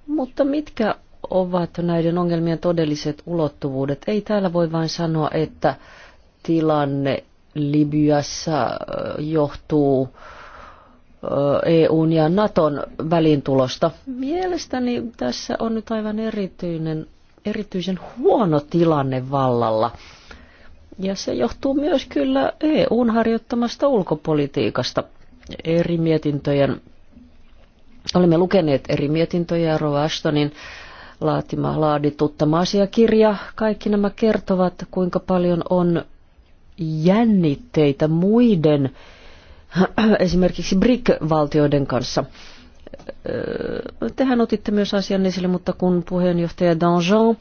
mutta mitkä ovat näiden ongelmien todelliset ulottuvuudet? Ei täällä voi vain sanoa, että tilanne Libyassa johtuu EUn ja Naton välintulosta. Mielestäni tässä on nyt aivan erityinen, erityisen huono tilanne vallalla – ja se johtuu myös kyllä EUn harjoittamasta ulkopolitiikasta eri mietintöjen. Olemme lukeneet eri mietintöjä Rova Ashtonin laatima laadituttama asiakirja. Kaikki nämä kertovat, kuinka paljon on jännitteitä muiden, esimerkiksi BRIC-valtioiden kanssa. Öö, tehän otitte myös asian esille, mutta kun puheenjohtaja Danjean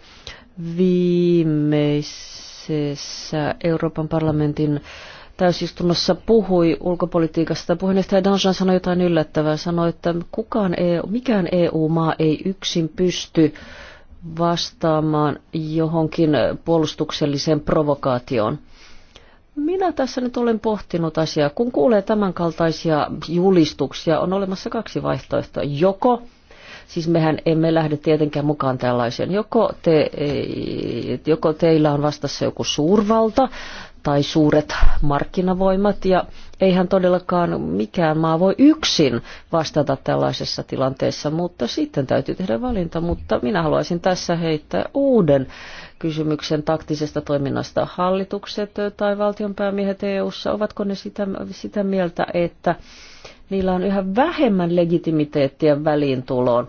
viimeis siis Euroopan parlamentin täysistunnossa puhui ulkopolitiikasta. Puheenjohtaja Danjan sanoi jotain yllättävää. Sanoi, että kukaan EU, mikään EU-maa ei yksin pysty vastaamaan johonkin puolustukselliseen provokaatioon. Minä tässä nyt olen pohtinut asiaa. Kun kuulee tämänkaltaisia julistuksia, on olemassa kaksi vaihtoehtoa. Joko Siis mehän emme lähde tietenkään mukaan tällaiseen. Joko, te, eh, joko teillä on vastassa joku suurvalta tai suuret markkinavoimat ja eihän todellakaan mikään maa voi yksin vastata tällaisessa tilanteessa, mutta sitten täytyy tehdä valinta. Mutta minä haluaisin tässä heittää uuden kysymyksen taktisesta toiminnasta. Hallitukset tai valtionpäämiehet EU-ssa, ovatko ne sitä, sitä mieltä, että niillä on yhä vähemmän legitimiteettiä väliintuloon,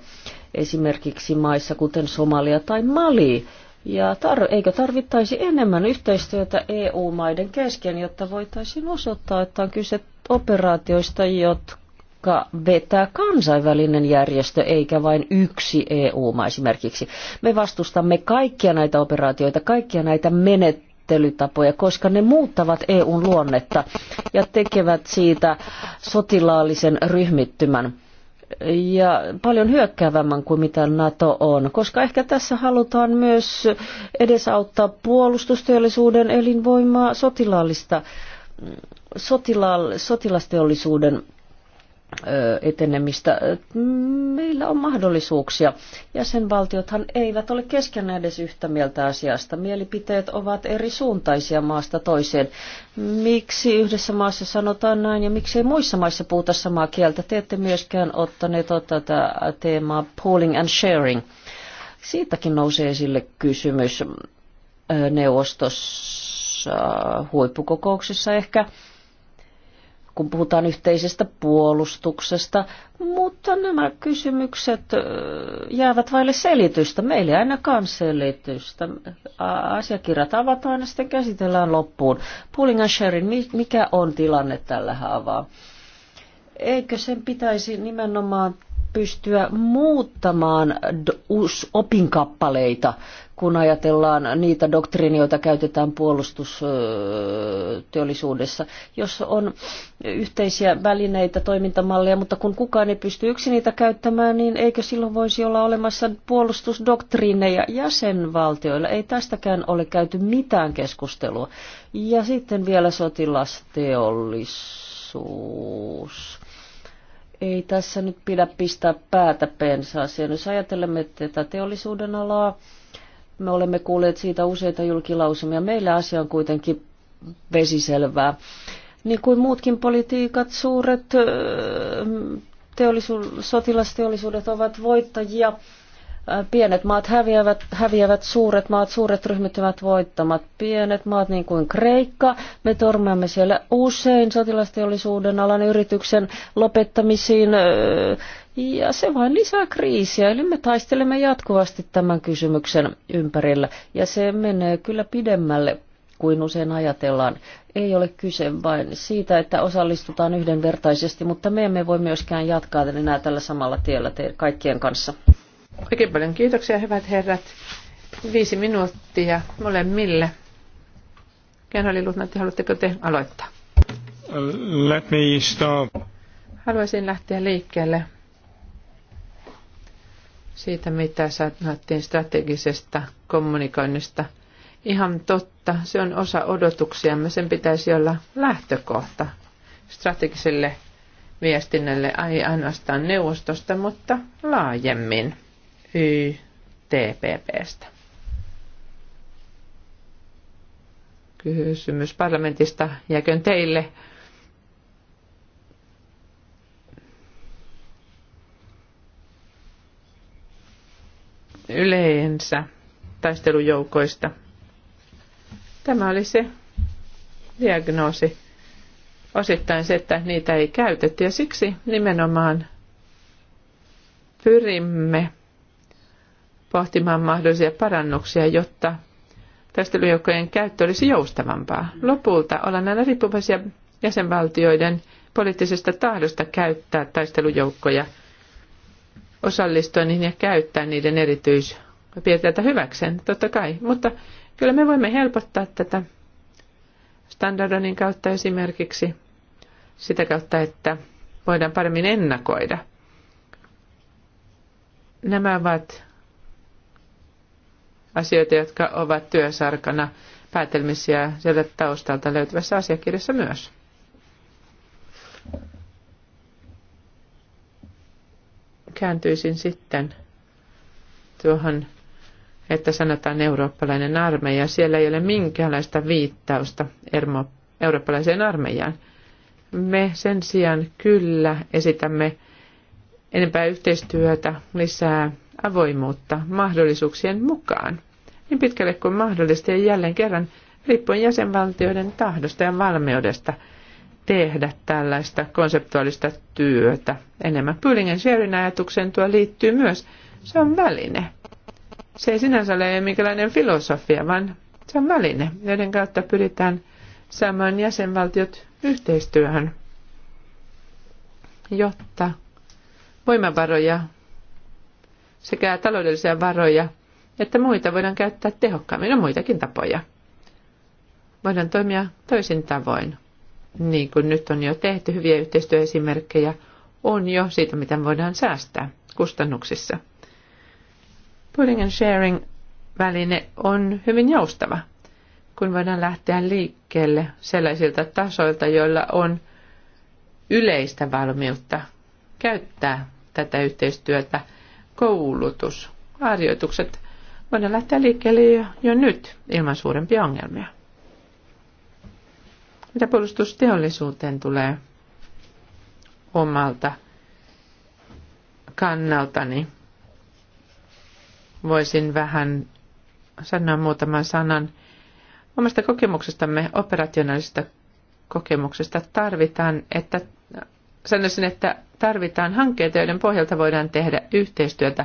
esimerkiksi maissa kuten Somalia tai Mali. Ja tar- eikö tarvittaisi enemmän yhteistyötä EU-maiden kesken, jotta voitaisiin osoittaa, että on kyse operaatioista, jotka vetää kansainvälinen järjestö eikä vain yksi EU-maa esimerkiksi. Me vastustamme kaikkia näitä operaatioita, kaikkia näitä menettelyitä menettelytapoja, koska ne muuttavat EUn luonnetta ja tekevät siitä sotilaallisen ryhmittymän ja paljon hyökkäävämmän kuin mitä NATO on, koska ehkä tässä halutaan myös edesauttaa puolustusteollisuuden elinvoimaa sotilaallista sotilaal, sotilasteollisuuden etenemistä. Meillä on mahdollisuuksia. Jäsenvaltiothan eivät ole keskenään edes yhtä mieltä asiasta. Mielipiteet ovat eri suuntaisia maasta toiseen. Miksi yhdessä maassa sanotaan näin ja miksi ei muissa maissa puhuta samaa kieltä? Te ette myöskään ottaneet tätä teemaa pooling and sharing. Siitäkin nousee esille kysymys neuvostossa huippukokouksessa ehkä kun puhutaan yhteisestä puolustuksesta, mutta nämä kysymykset jäävät vaille selitystä. Meillä ei ainakaan selitystä. Asiakirjat avataan ja sitten käsitellään loppuun. Pooling and sharing, mikä on tilanne tällä haavaa? Eikö sen pitäisi nimenomaan pystyä muuttamaan opinkappaleita kun ajatellaan niitä doktriineja, joita käytetään puolustusteollisuudessa, jos on yhteisiä välineitä, toimintamalleja, mutta kun kukaan ei pysty yksin niitä käyttämään, niin eikö silloin voisi olla olemassa puolustusdoktriineja jäsenvaltioilla? Ei tästäkään ole käyty mitään keskustelua. Ja sitten vielä sotilasteollisuus ei tässä nyt pidä pistää päätä pensaaseen. Jos ajattelemme tätä teollisuuden alaa, me olemme kuulleet siitä useita julkilausumia. Meillä asia on kuitenkin vesiselvää. Niin kuin muutkin politiikat, suuret teollisuus, sotilasteollisuudet ovat voittajia. Pienet maat häviävät, häviävät, suuret maat, suuret ryhmittymät voittamat. Pienet maat, niin kuin Kreikka, me tormeamme siellä usein sotilasteollisuuden alan yrityksen lopettamisiin, ja se vain lisää kriisiä, eli me taistelemme jatkuvasti tämän kysymyksen ympärillä. Ja se menee kyllä pidemmälle kuin usein ajatellaan. Ei ole kyse vain siitä, että osallistutaan yhdenvertaisesti, mutta me emme voi myöskään jatkaa enää tällä samalla tiellä te- kaikkien kanssa. Oikein paljon kiitoksia, hyvät herrat. Viisi minuuttia molemmille. oli Lutnantti, haluatteko te aloittaa? Let me start. Haluaisin lähteä liikkeelle siitä, mitä sanottiin strategisesta kommunikoinnista. Ihan totta, se on osa odotuksiamme, sen pitäisi olla lähtökohta strategiselle viestinnälle, ei ainoastaan neuvostosta, mutta laajemmin YTPPstä. Kysymys parlamentista jäkön teille yleensä taistelujoukoista. Tämä oli se diagnoosi. Osittain se, että niitä ei käytetty ja siksi nimenomaan pyrimme pohtimaan mahdollisia parannuksia, jotta taistelujoukkojen käyttö olisi joustavampaa. Lopulta ollaan aina riippuvaisia jäsenvaltioiden poliittisesta tahdosta käyttää taistelujoukkoja – osallistua niihin ja käyttää niiden erityispiirteitä hyväkseen, totta kai. Mutta kyllä me voimme helpottaa tätä standardonin kautta esimerkiksi sitä kautta, että voidaan paremmin ennakoida. Nämä ovat asioita, jotka ovat työsarkana päätelmissä ja sieltä taustalta löytyvässä asiakirjassa myös. kääntyisin sitten tuohon, että sanotaan eurooppalainen armeija. Siellä ei ole minkäänlaista viittausta ermo, eurooppalaiseen armeijaan. Me sen sijaan kyllä esitämme enempää yhteistyötä, lisää avoimuutta mahdollisuuksien mukaan, niin pitkälle kuin mahdollista ja jälleen kerran riippuen jäsenvaltioiden tahdosta ja valmiudesta – tehdä tällaista konseptuaalista työtä enemmän. Pyylingen Sherin ajatukseen tuo liittyy myös. Se on väline. Se ei sinänsä ole minkälainen filosofia, vaan se on väline, joiden kautta pyritään saamaan jäsenvaltiot yhteistyöhön, jotta voimavaroja sekä taloudellisia varoja että muita voidaan käyttää tehokkaammin on no, muitakin tapoja. Voidaan toimia toisin tavoin niin kuin nyt on jo tehty, hyviä yhteistyöesimerkkejä on jo siitä, miten voidaan säästää kustannuksissa. Pooling and sharing-väline on hyvin joustava, kun voidaan lähteä liikkeelle sellaisilta tasoilta, joilla on yleistä valmiutta käyttää tätä yhteistyötä, koulutus, harjoitukset. Voidaan lähteä liikkeelle jo, jo nyt ilman suurempia ongelmia. Mitä puolustusteollisuuteen tulee omalta kannaltani, voisin vähän sanoa muutaman sanan omasta kokemuksestamme, operationaalisesta kokemuksesta. Tarvitaan, että sanoisin, että tarvitaan hankkeita, joiden pohjalta voidaan tehdä yhteistyötä,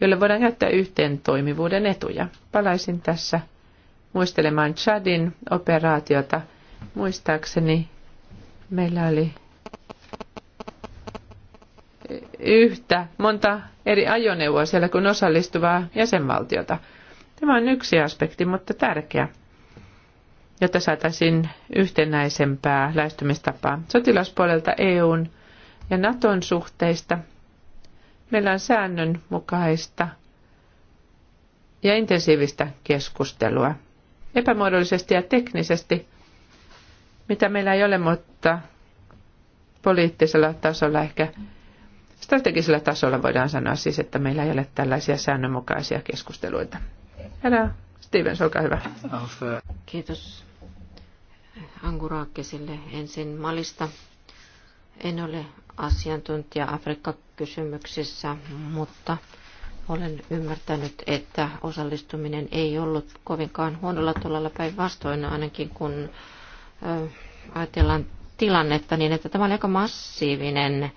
jolle voidaan käyttää yhteen toimivuuden etuja. Palaisin tässä muistelemaan Chadin operaatiota – Muistaakseni meillä oli yhtä monta eri ajoneuvoa siellä kuin osallistuvaa jäsenvaltiota. Tämä on yksi aspekti, mutta tärkeä, jotta saataisiin yhtenäisempää lähestymistapaa. Sotilaspuolelta EUn ja Naton suhteista meillä on säännönmukaista ja intensiivistä keskustelua. Epämuodollisesti ja teknisesti mitä meillä ei ole, mutta poliittisella tasolla ehkä strategisella tasolla voidaan sanoa siis, että meillä ei ole tällaisia säännönmukaisia keskusteluita. Herra Stevens, olkaa hyvä. Kiitos Anguraakkisille ensin Malista. En ole asiantuntija Afrikka-kysymyksissä, mutta olen ymmärtänyt, että osallistuminen ei ollut kovinkaan huonolla tolalla päinvastoin, ainakin kun ajatellaan tilannetta niin, että tämä oli aika massiivinen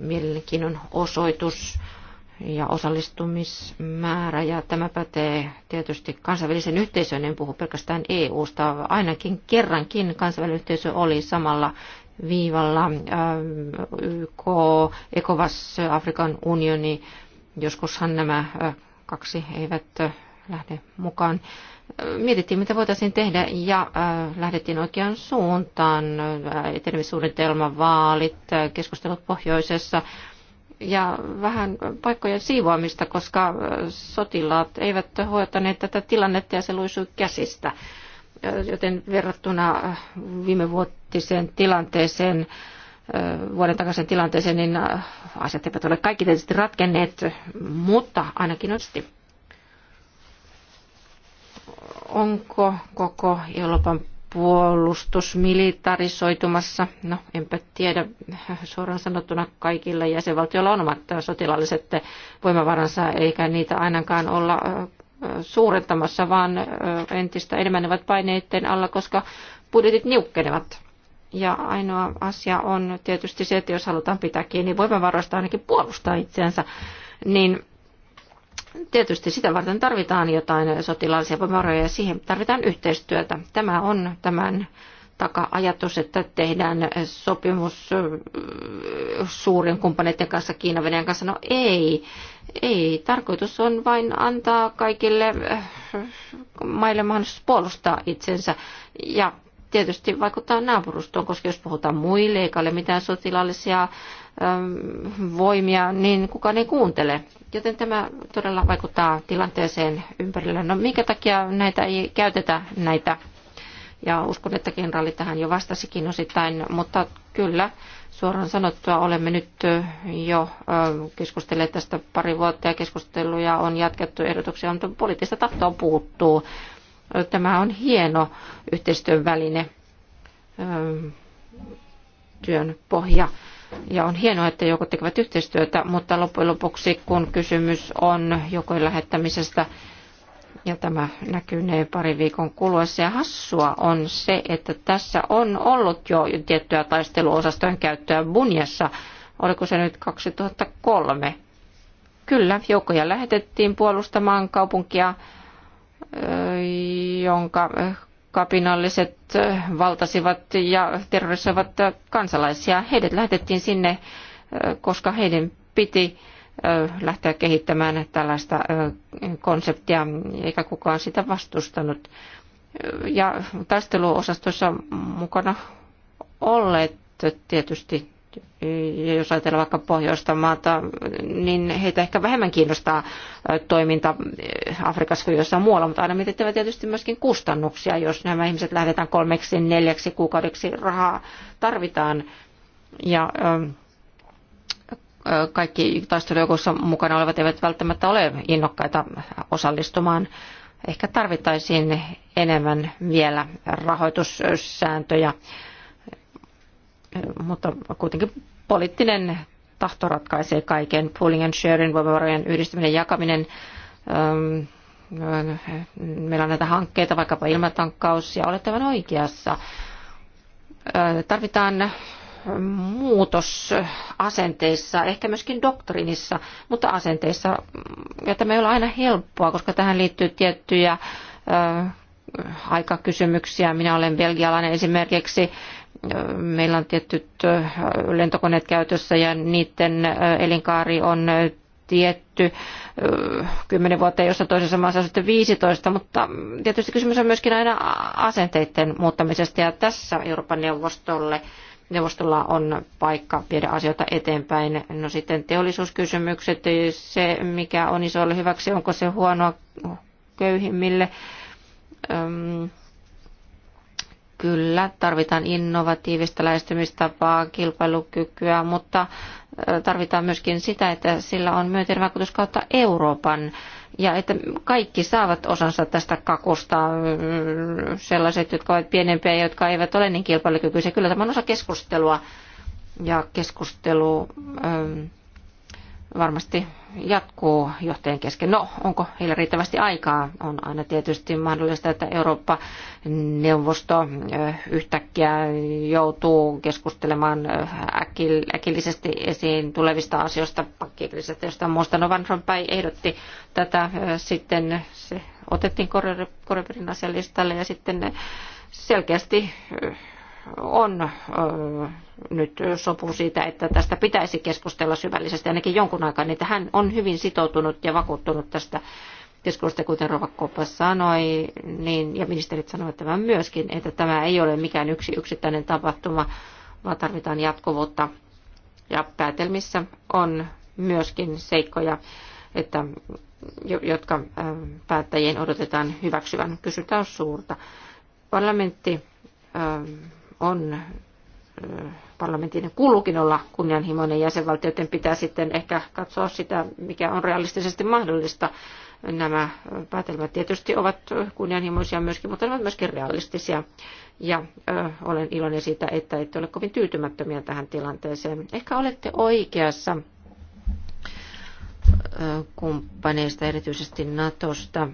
mielenkiinnon osoitus ja osallistumismäärä, ja tämä pätee tietysti kansainvälisen yhteisön, en puhu pelkästään EU-sta, ainakin kerrankin kansainvälinen yhteisö oli samalla viivalla, YK, ECOWAS, Afrikan unioni, joskushan nämä kaksi eivät lähde mukaan mietittiin, mitä voitaisiin tehdä ja äh, lähdettiin oikeaan suuntaan. Äh, etenemissuunnitelma, vaalit, äh, keskustelut pohjoisessa ja vähän paikkojen siivoamista, koska sotilaat eivät hoitaneet tätä tilannetta ja se luisui käsistä. Joten verrattuna viime vuotiseen tilanteeseen, vuoden takaisin tilanteeseen, niin asiat eivät ole kaikki tietysti ratkenneet, mutta ainakin on sitten onko koko Euroopan puolustus militarisoitumassa? No, enpä tiedä. Suoraan sanottuna kaikilla jäsenvaltioilla on omat sotilaalliset voimavaransa, eikä niitä ainakaan olla suurentamassa, vaan entistä enemmän ne ovat paineiden alla, koska budjetit niukkenevat. Ja ainoa asia on tietysti se, että jos halutaan pitää kiinni voimavaroista ainakin puolustaa itseänsä, niin Tietysti sitä varten tarvitaan jotain sotilaallisia voimavaroja ja siihen tarvitaan yhteistyötä. Tämä on tämän taka-ajatus, että tehdään sopimus äh, suurien kumppaneiden kanssa, Kiinan Venäjän kanssa. No ei, ei. Tarkoitus on vain antaa kaikille äh, maille mahdollisuus puolustaa itsensä. Ja tietysti vaikuttaa naapurustoon, koska jos puhutaan muille eikä ole mitään sotilaallisia ähm, voimia, niin kukaan ei kuuntele. Joten tämä todella vaikuttaa tilanteeseen ympärillä. No minkä takia näitä ei käytetä näitä? Ja uskon, että kenraali tähän jo vastasikin osittain, mutta kyllä suoraan sanottua olemme nyt äh, jo äh, keskustelleet tästä pari vuotta ja keskusteluja on jatkettu, ehdotuksia on, mutta poliittista tahtoa puuttuu. Tämä on hieno yhteistyön väline, ähm, työn pohja. Ja on hienoa, että joukot tekevät yhteistyötä, mutta loppujen lopuksi, kun kysymys on joukkojen lähettämisestä, ja tämä näkynee pari viikon kuluessa. Ja hassua on se, että tässä on ollut jo tiettyä taisteluosastojen käyttöä Bunjassa. Oliko se nyt 2003? Kyllä, joukkoja lähetettiin puolustamaan kaupunkia jonka kapinalliset valtasivat ja terrorisoivat kansalaisia. Heidät lähetettiin sinne, koska heidän piti lähteä kehittämään tällaista konseptia, eikä kukaan sitä vastustanut. Ja taisteluosastoissa mukana olleet tietysti ja jos ajatellaan vaikka pohjoista maata, niin heitä ehkä vähemmän kiinnostaa toiminta Afrikassa kuin jossain muualla, mutta aina mietittävä tietysti myöskin kustannuksia, jos nämä ihmiset lähdetään kolmeksi, neljäksi kuukaudeksi, rahaa tarvitaan. Ja kaikki taistelujoukossa mukana olevat eivät välttämättä ole innokkaita osallistumaan. Ehkä tarvittaisiin enemmän vielä rahoitussääntöjä mutta kuitenkin poliittinen tahto ratkaisee kaiken. Pooling and sharing, voimavarojen yhdistäminen, jakaminen. Meillä on näitä hankkeita, vaikkapa ilmatankkaus, ja olette aivan oikeassa. Tarvitaan muutos asenteissa, ehkä myöskin doktrinissa, mutta asenteissa, ja tämä ei ole aina helppoa, koska tähän liittyy tiettyjä aikakysymyksiä. Minä olen belgialainen esimerkiksi meillä on tietyt lentokoneet käytössä ja niiden elinkaari on tietty kymmenen vuotta, jossa toisessa maassa on sitten 15, mutta tietysti kysymys on myöskin aina asenteiden muuttamisesta ja tässä Euroopan neuvostolle neuvostolla on paikka viedä asioita eteenpäin. No sitten teollisuuskysymykset, se mikä on isolle hyväksi, onko se huonoa köyhimmille. Öm, Kyllä, tarvitaan innovatiivista lähestymistapaa, kilpailukykyä, mutta tarvitaan myöskin sitä, että sillä on myönteinen vaikutus kautta Euroopan ja että kaikki saavat osansa tästä kakusta, sellaiset, jotka ovat pienempiä ja jotka eivät ole niin kilpailukykyisiä. Kyllä tämä on osa keskustelua ja keskustelu varmasti jatkuu johtajien kesken. No, onko heillä riittävästi aikaa? On aina tietysti mahdollista, että Eurooppa-neuvosto yhtäkkiä joutuu keskustelemaan äkillisesti esiin tulevista asioista, pankkikriisistä, josta muusta. No Van Rompuy ehdotti tätä sitten, se otettiin Koreperin asialistalle ja sitten selkeästi on nyt sopu siitä, että tästä pitäisi keskustella syvällisesti ainakin jonkun aikaa, niin että hän on hyvin sitoutunut ja vakuuttunut tästä keskustelusta, kuten Rova Koppa sanoi, niin, ja ministerit sanoivat tämän myöskin, että tämä ei ole mikään yksi yksittäinen tapahtuma, vaan tarvitaan jatkuvuutta. Ja päätelmissä on myöskin seikkoja, että, jotka päättäjien odotetaan hyväksyvän. Kysytään suurta. Parlamentti on parlamentin kuuluukin olla kunnianhimoinen jäsenvaltioiden pitää sitten ehkä katsoa sitä, mikä on realistisesti mahdollista. Nämä päätelmät tietysti ovat kunnianhimoisia myöskin, mutta ne ovat myöskin realistisia. Ja ö, olen iloinen siitä, että ette ole kovin tyytymättömiä tähän tilanteeseen. Ehkä olette oikeassa ö, kumppaneista, erityisesti Natosta.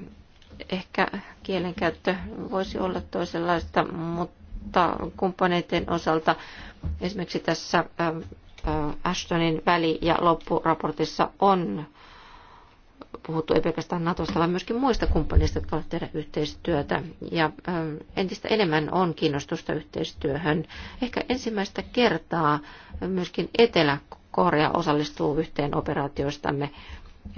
Ehkä kielenkäyttö voisi olla toisenlaista, mutta kumppaneiden osalta. Esimerkiksi tässä ähm, äh, Ashtonin väli- ja loppuraportissa on puhuttu ei pelkästään Natosta, vaan myöskin muista kumppaneista, jotka ovat tehdä yhteistyötä. Ja äh, entistä enemmän on kiinnostusta yhteistyöhön. Ehkä ensimmäistä kertaa myöskin Etelä-Korea osallistuu yhteen operaatioistamme.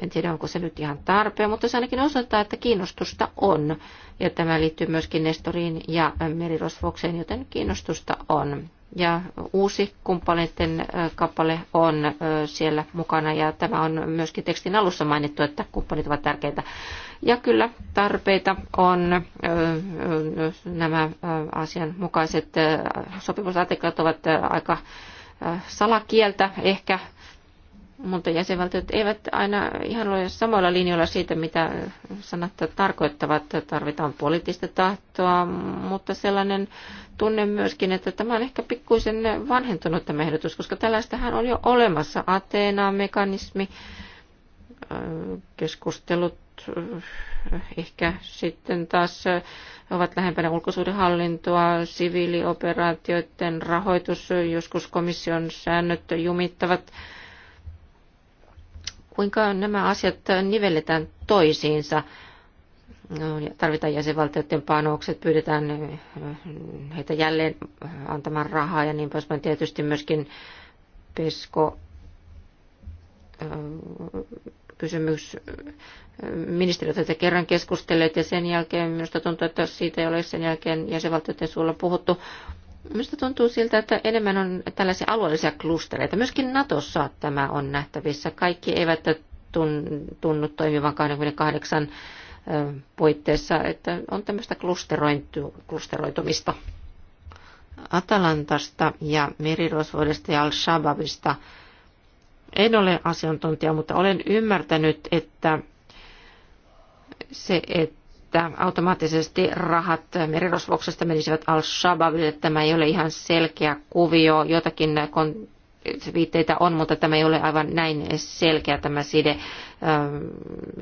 En tiedä, onko se nyt ihan tarpeen, mutta se ainakin osoittaa, että kiinnostusta on. Ja tämä liittyy myöskin Nestoriin ja äh, Merirosvokseen, joten kiinnostusta on. Ja uusi kumppaneiden äh, kappale on äh, siellä mukana ja tämä on myöskin tekstin alussa mainittu, että kumppanit ovat tärkeitä. Ja kyllä tarpeita on. Nämä asianmukaiset sopimusartiklat ovat aika salakieltä ehkä mutta jäsenvaltiot eivät aina ihan ole samoilla linjoilla siitä, mitä sanat tarkoittavat. Tarvitaan poliittista tahtoa, mutta sellainen tunne myöskin, että tämä on ehkä pikkuisen vanhentunut tämä ehdotus, koska tällaistähän on jo olemassa. Ateena-mekanismi, keskustelut ehkä sitten taas ovat lähempänä ulkosuudenhallintoa, siviilioperaatioiden rahoitus, joskus komission säännöt jumittavat kuinka nämä asiat nivelletään toisiinsa. No, tarvitaan jäsenvaltioiden panokset, pyydetään eh, heitä jälleen antamaan rahaa ja niin poispäin. Tietysti myöskin pesko eh, kysymys ministeriöt tätä kerran keskustelleet ja sen jälkeen minusta tuntuu, että siitä ei ole sen jälkeen jäsenvaltioiden suulla puhuttu. Minusta tuntuu siltä, että enemmän on tällaisia alueellisia klustereita. Myöskin Natossa tämä on nähtävissä. Kaikki eivät tunnu toimivan 28 puitteissa, että on tämmöistä klusteroitumista. Atalantasta ja merirosvoidesta ja Al-Shabaabista en ole asiantuntija, mutta olen ymmärtänyt, että se, että että automaattisesti rahat merirosvoksesta menisivät Al-Shabaabille. Tämä ei ole ihan selkeä kuvio. Jotakin viitteitä on, mutta tämä ei ole aivan näin selkeä tämä side, öö,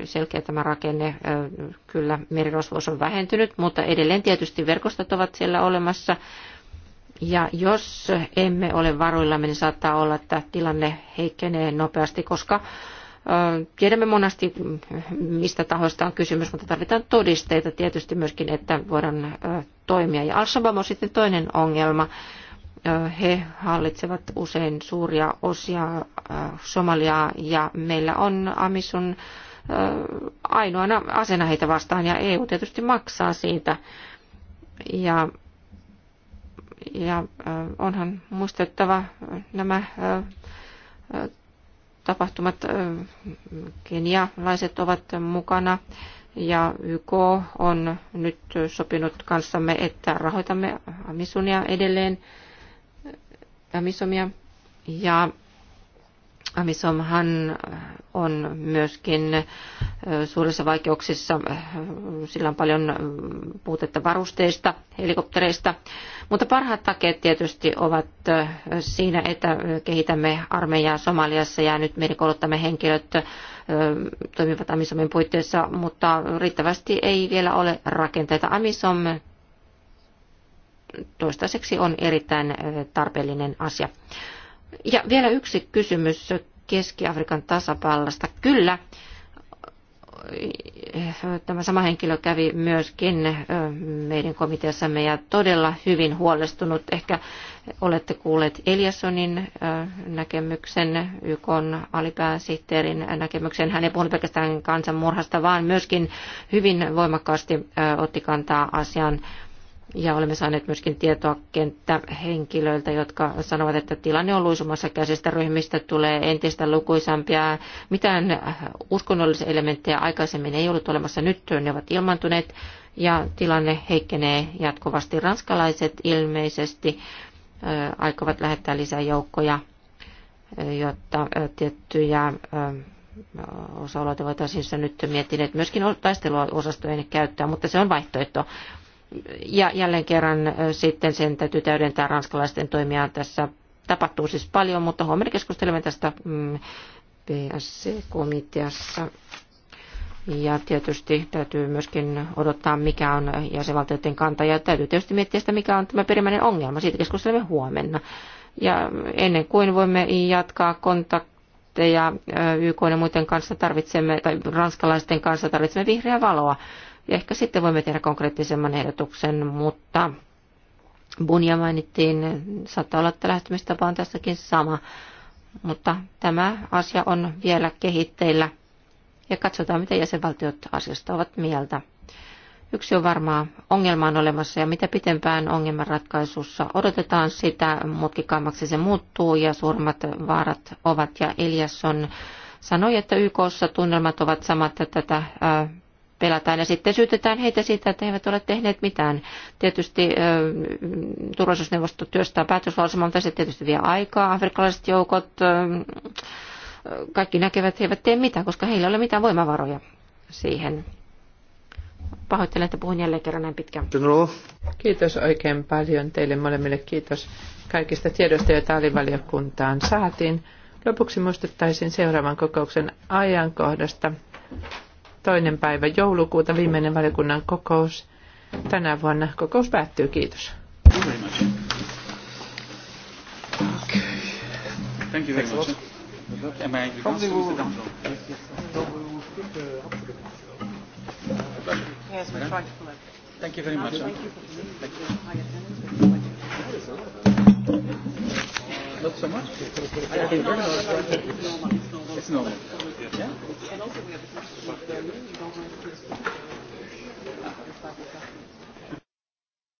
selkeä tämä rakenne. Öö, kyllä merirosvous on vähentynyt, mutta edelleen tietysti verkostot ovat siellä olemassa. Ja jos emme ole varuilla, niin saattaa olla, että tilanne heikkenee nopeasti, koska Tiedämme monasti, mistä tahoista on kysymys, mutta tarvitaan todisteita tietysti myöskin, että voidaan toimia. Ja Al-Shabaab on sitten toinen ongelma. He hallitsevat usein suuria osia Somaliaa ja meillä on Amisun ainoana asena heitä vastaan ja EU tietysti maksaa siitä. Ja, ja onhan muistettava nämä tapahtumat, kenialaiset ovat mukana ja YK on nyt sopinut kanssamme, että rahoitamme Amisonia edelleen, Amisomia ja Amisomhan on myöskin suurissa vaikeuksissa. Sillä on paljon puutetta varusteista, helikoptereista. Mutta parhaat takeet tietysti ovat siinä, että kehitämme armeijaa Somaliassa ja nyt kouluttamme henkilöt toimivat Amisomin puitteissa, mutta riittävästi ei vielä ole rakenteita. Amisom toistaiseksi on erittäin tarpeellinen asia. Ja vielä yksi kysymys Keski-Afrikan tasapallasta. Kyllä, tämä sama henkilö kävi myöskin meidän komiteassamme ja todella hyvin huolestunut. Ehkä olette kuulleet Eliassonin näkemyksen, YK alipääsihteerin näkemyksen. Hän ei puhunut pelkästään kansanmurhasta, vaan myöskin hyvin voimakkaasti otti kantaa asiaan ja olemme saaneet myöskin tietoa kenttähenkilöiltä, jotka sanovat, että tilanne on luisumassa käsistä. Ryhmistä tulee entistä lukuisampia. Mitään uskonnollisia elementtejä aikaisemmin ei ollut olemassa. Nyt ne ovat ilmantuneet ja tilanne heikkenee jatkuvasti. Ranskalaiset ilmeisesti aikovat lähettää lisää joukkoja, jotta tiettyjä osa-alueita voitaisiin nyt miettineet myöskin taisteluosastojen käyttää, mutta se on vaihtoehto. Ja jälleen kerran sitten sen täytyy täydentää ranskalaisten toimia tässä. Tapahtuu siis paljon, mutta huomenna keskustelemme tästä mm, PSC-komiteassa. Ja tietysti täytyy myöskin odottaa, mikä on jäsenvaltioiden kanta. Ja täytyy tietysti miettiä sitä, mikä on tämä perimmäinen ongelma. Siitä keskustelemme huomenna. Ja ennen kuin voimme jatkaa kontakteja YK ja muiden kanssa tarvitsemme, tai ranskalaisten kanssa tarvitsemme vihreää valoa ja ehkä sitten voimme tehdä konkreettisemman ehdotuksen, mutta Bunja mainittiin, saattaa olla, että lähtemistapa on tässäkin sama. Mutta tämä asia on vielä kehitteillä ja katsotaan, mitä jäsenvaltiot asiasta ovat mieltä. Yksi on varmaa, ongelma on olemassa ja mitä pitempään ongelmanratkaisussa ratkaisussa odotetaan sitä, mutkikaammaksi se muuttuu ja suurimmat vaarat ovat. Ja Eliasson sanoi, että YKssa tunnelmat ovat samat, että tätä pelätään. ja sitten syytetään heitä siitä, että he eivät ole tehneet mitään. Tietysti turvallisuusneuvosto työstää mutta se tietysti vie aikaa, afrikkalaiset joukot, kaikki näkevät, he eivät tee mitään, koska heillä ei ole mitään voimavaroja siihen. Pahoittelen, että puhun jälleen kerran näin pitkään. Kiitos oikein paljon teille molemmille. Kiitos kaikista tiedoista, joita alivaliokuntaan saatiin. Lopuksi muistuttaisin seuraavan kokouksen ajankohdasta toinen päivä joulukuuta viimeinen valiokunnan kokous. Tänä vuonna kokous päättyy. Kiitos. Thank you very much. Thank you very much. Not so much? I have been very normal. It's normal. Yeah? And also we have a question.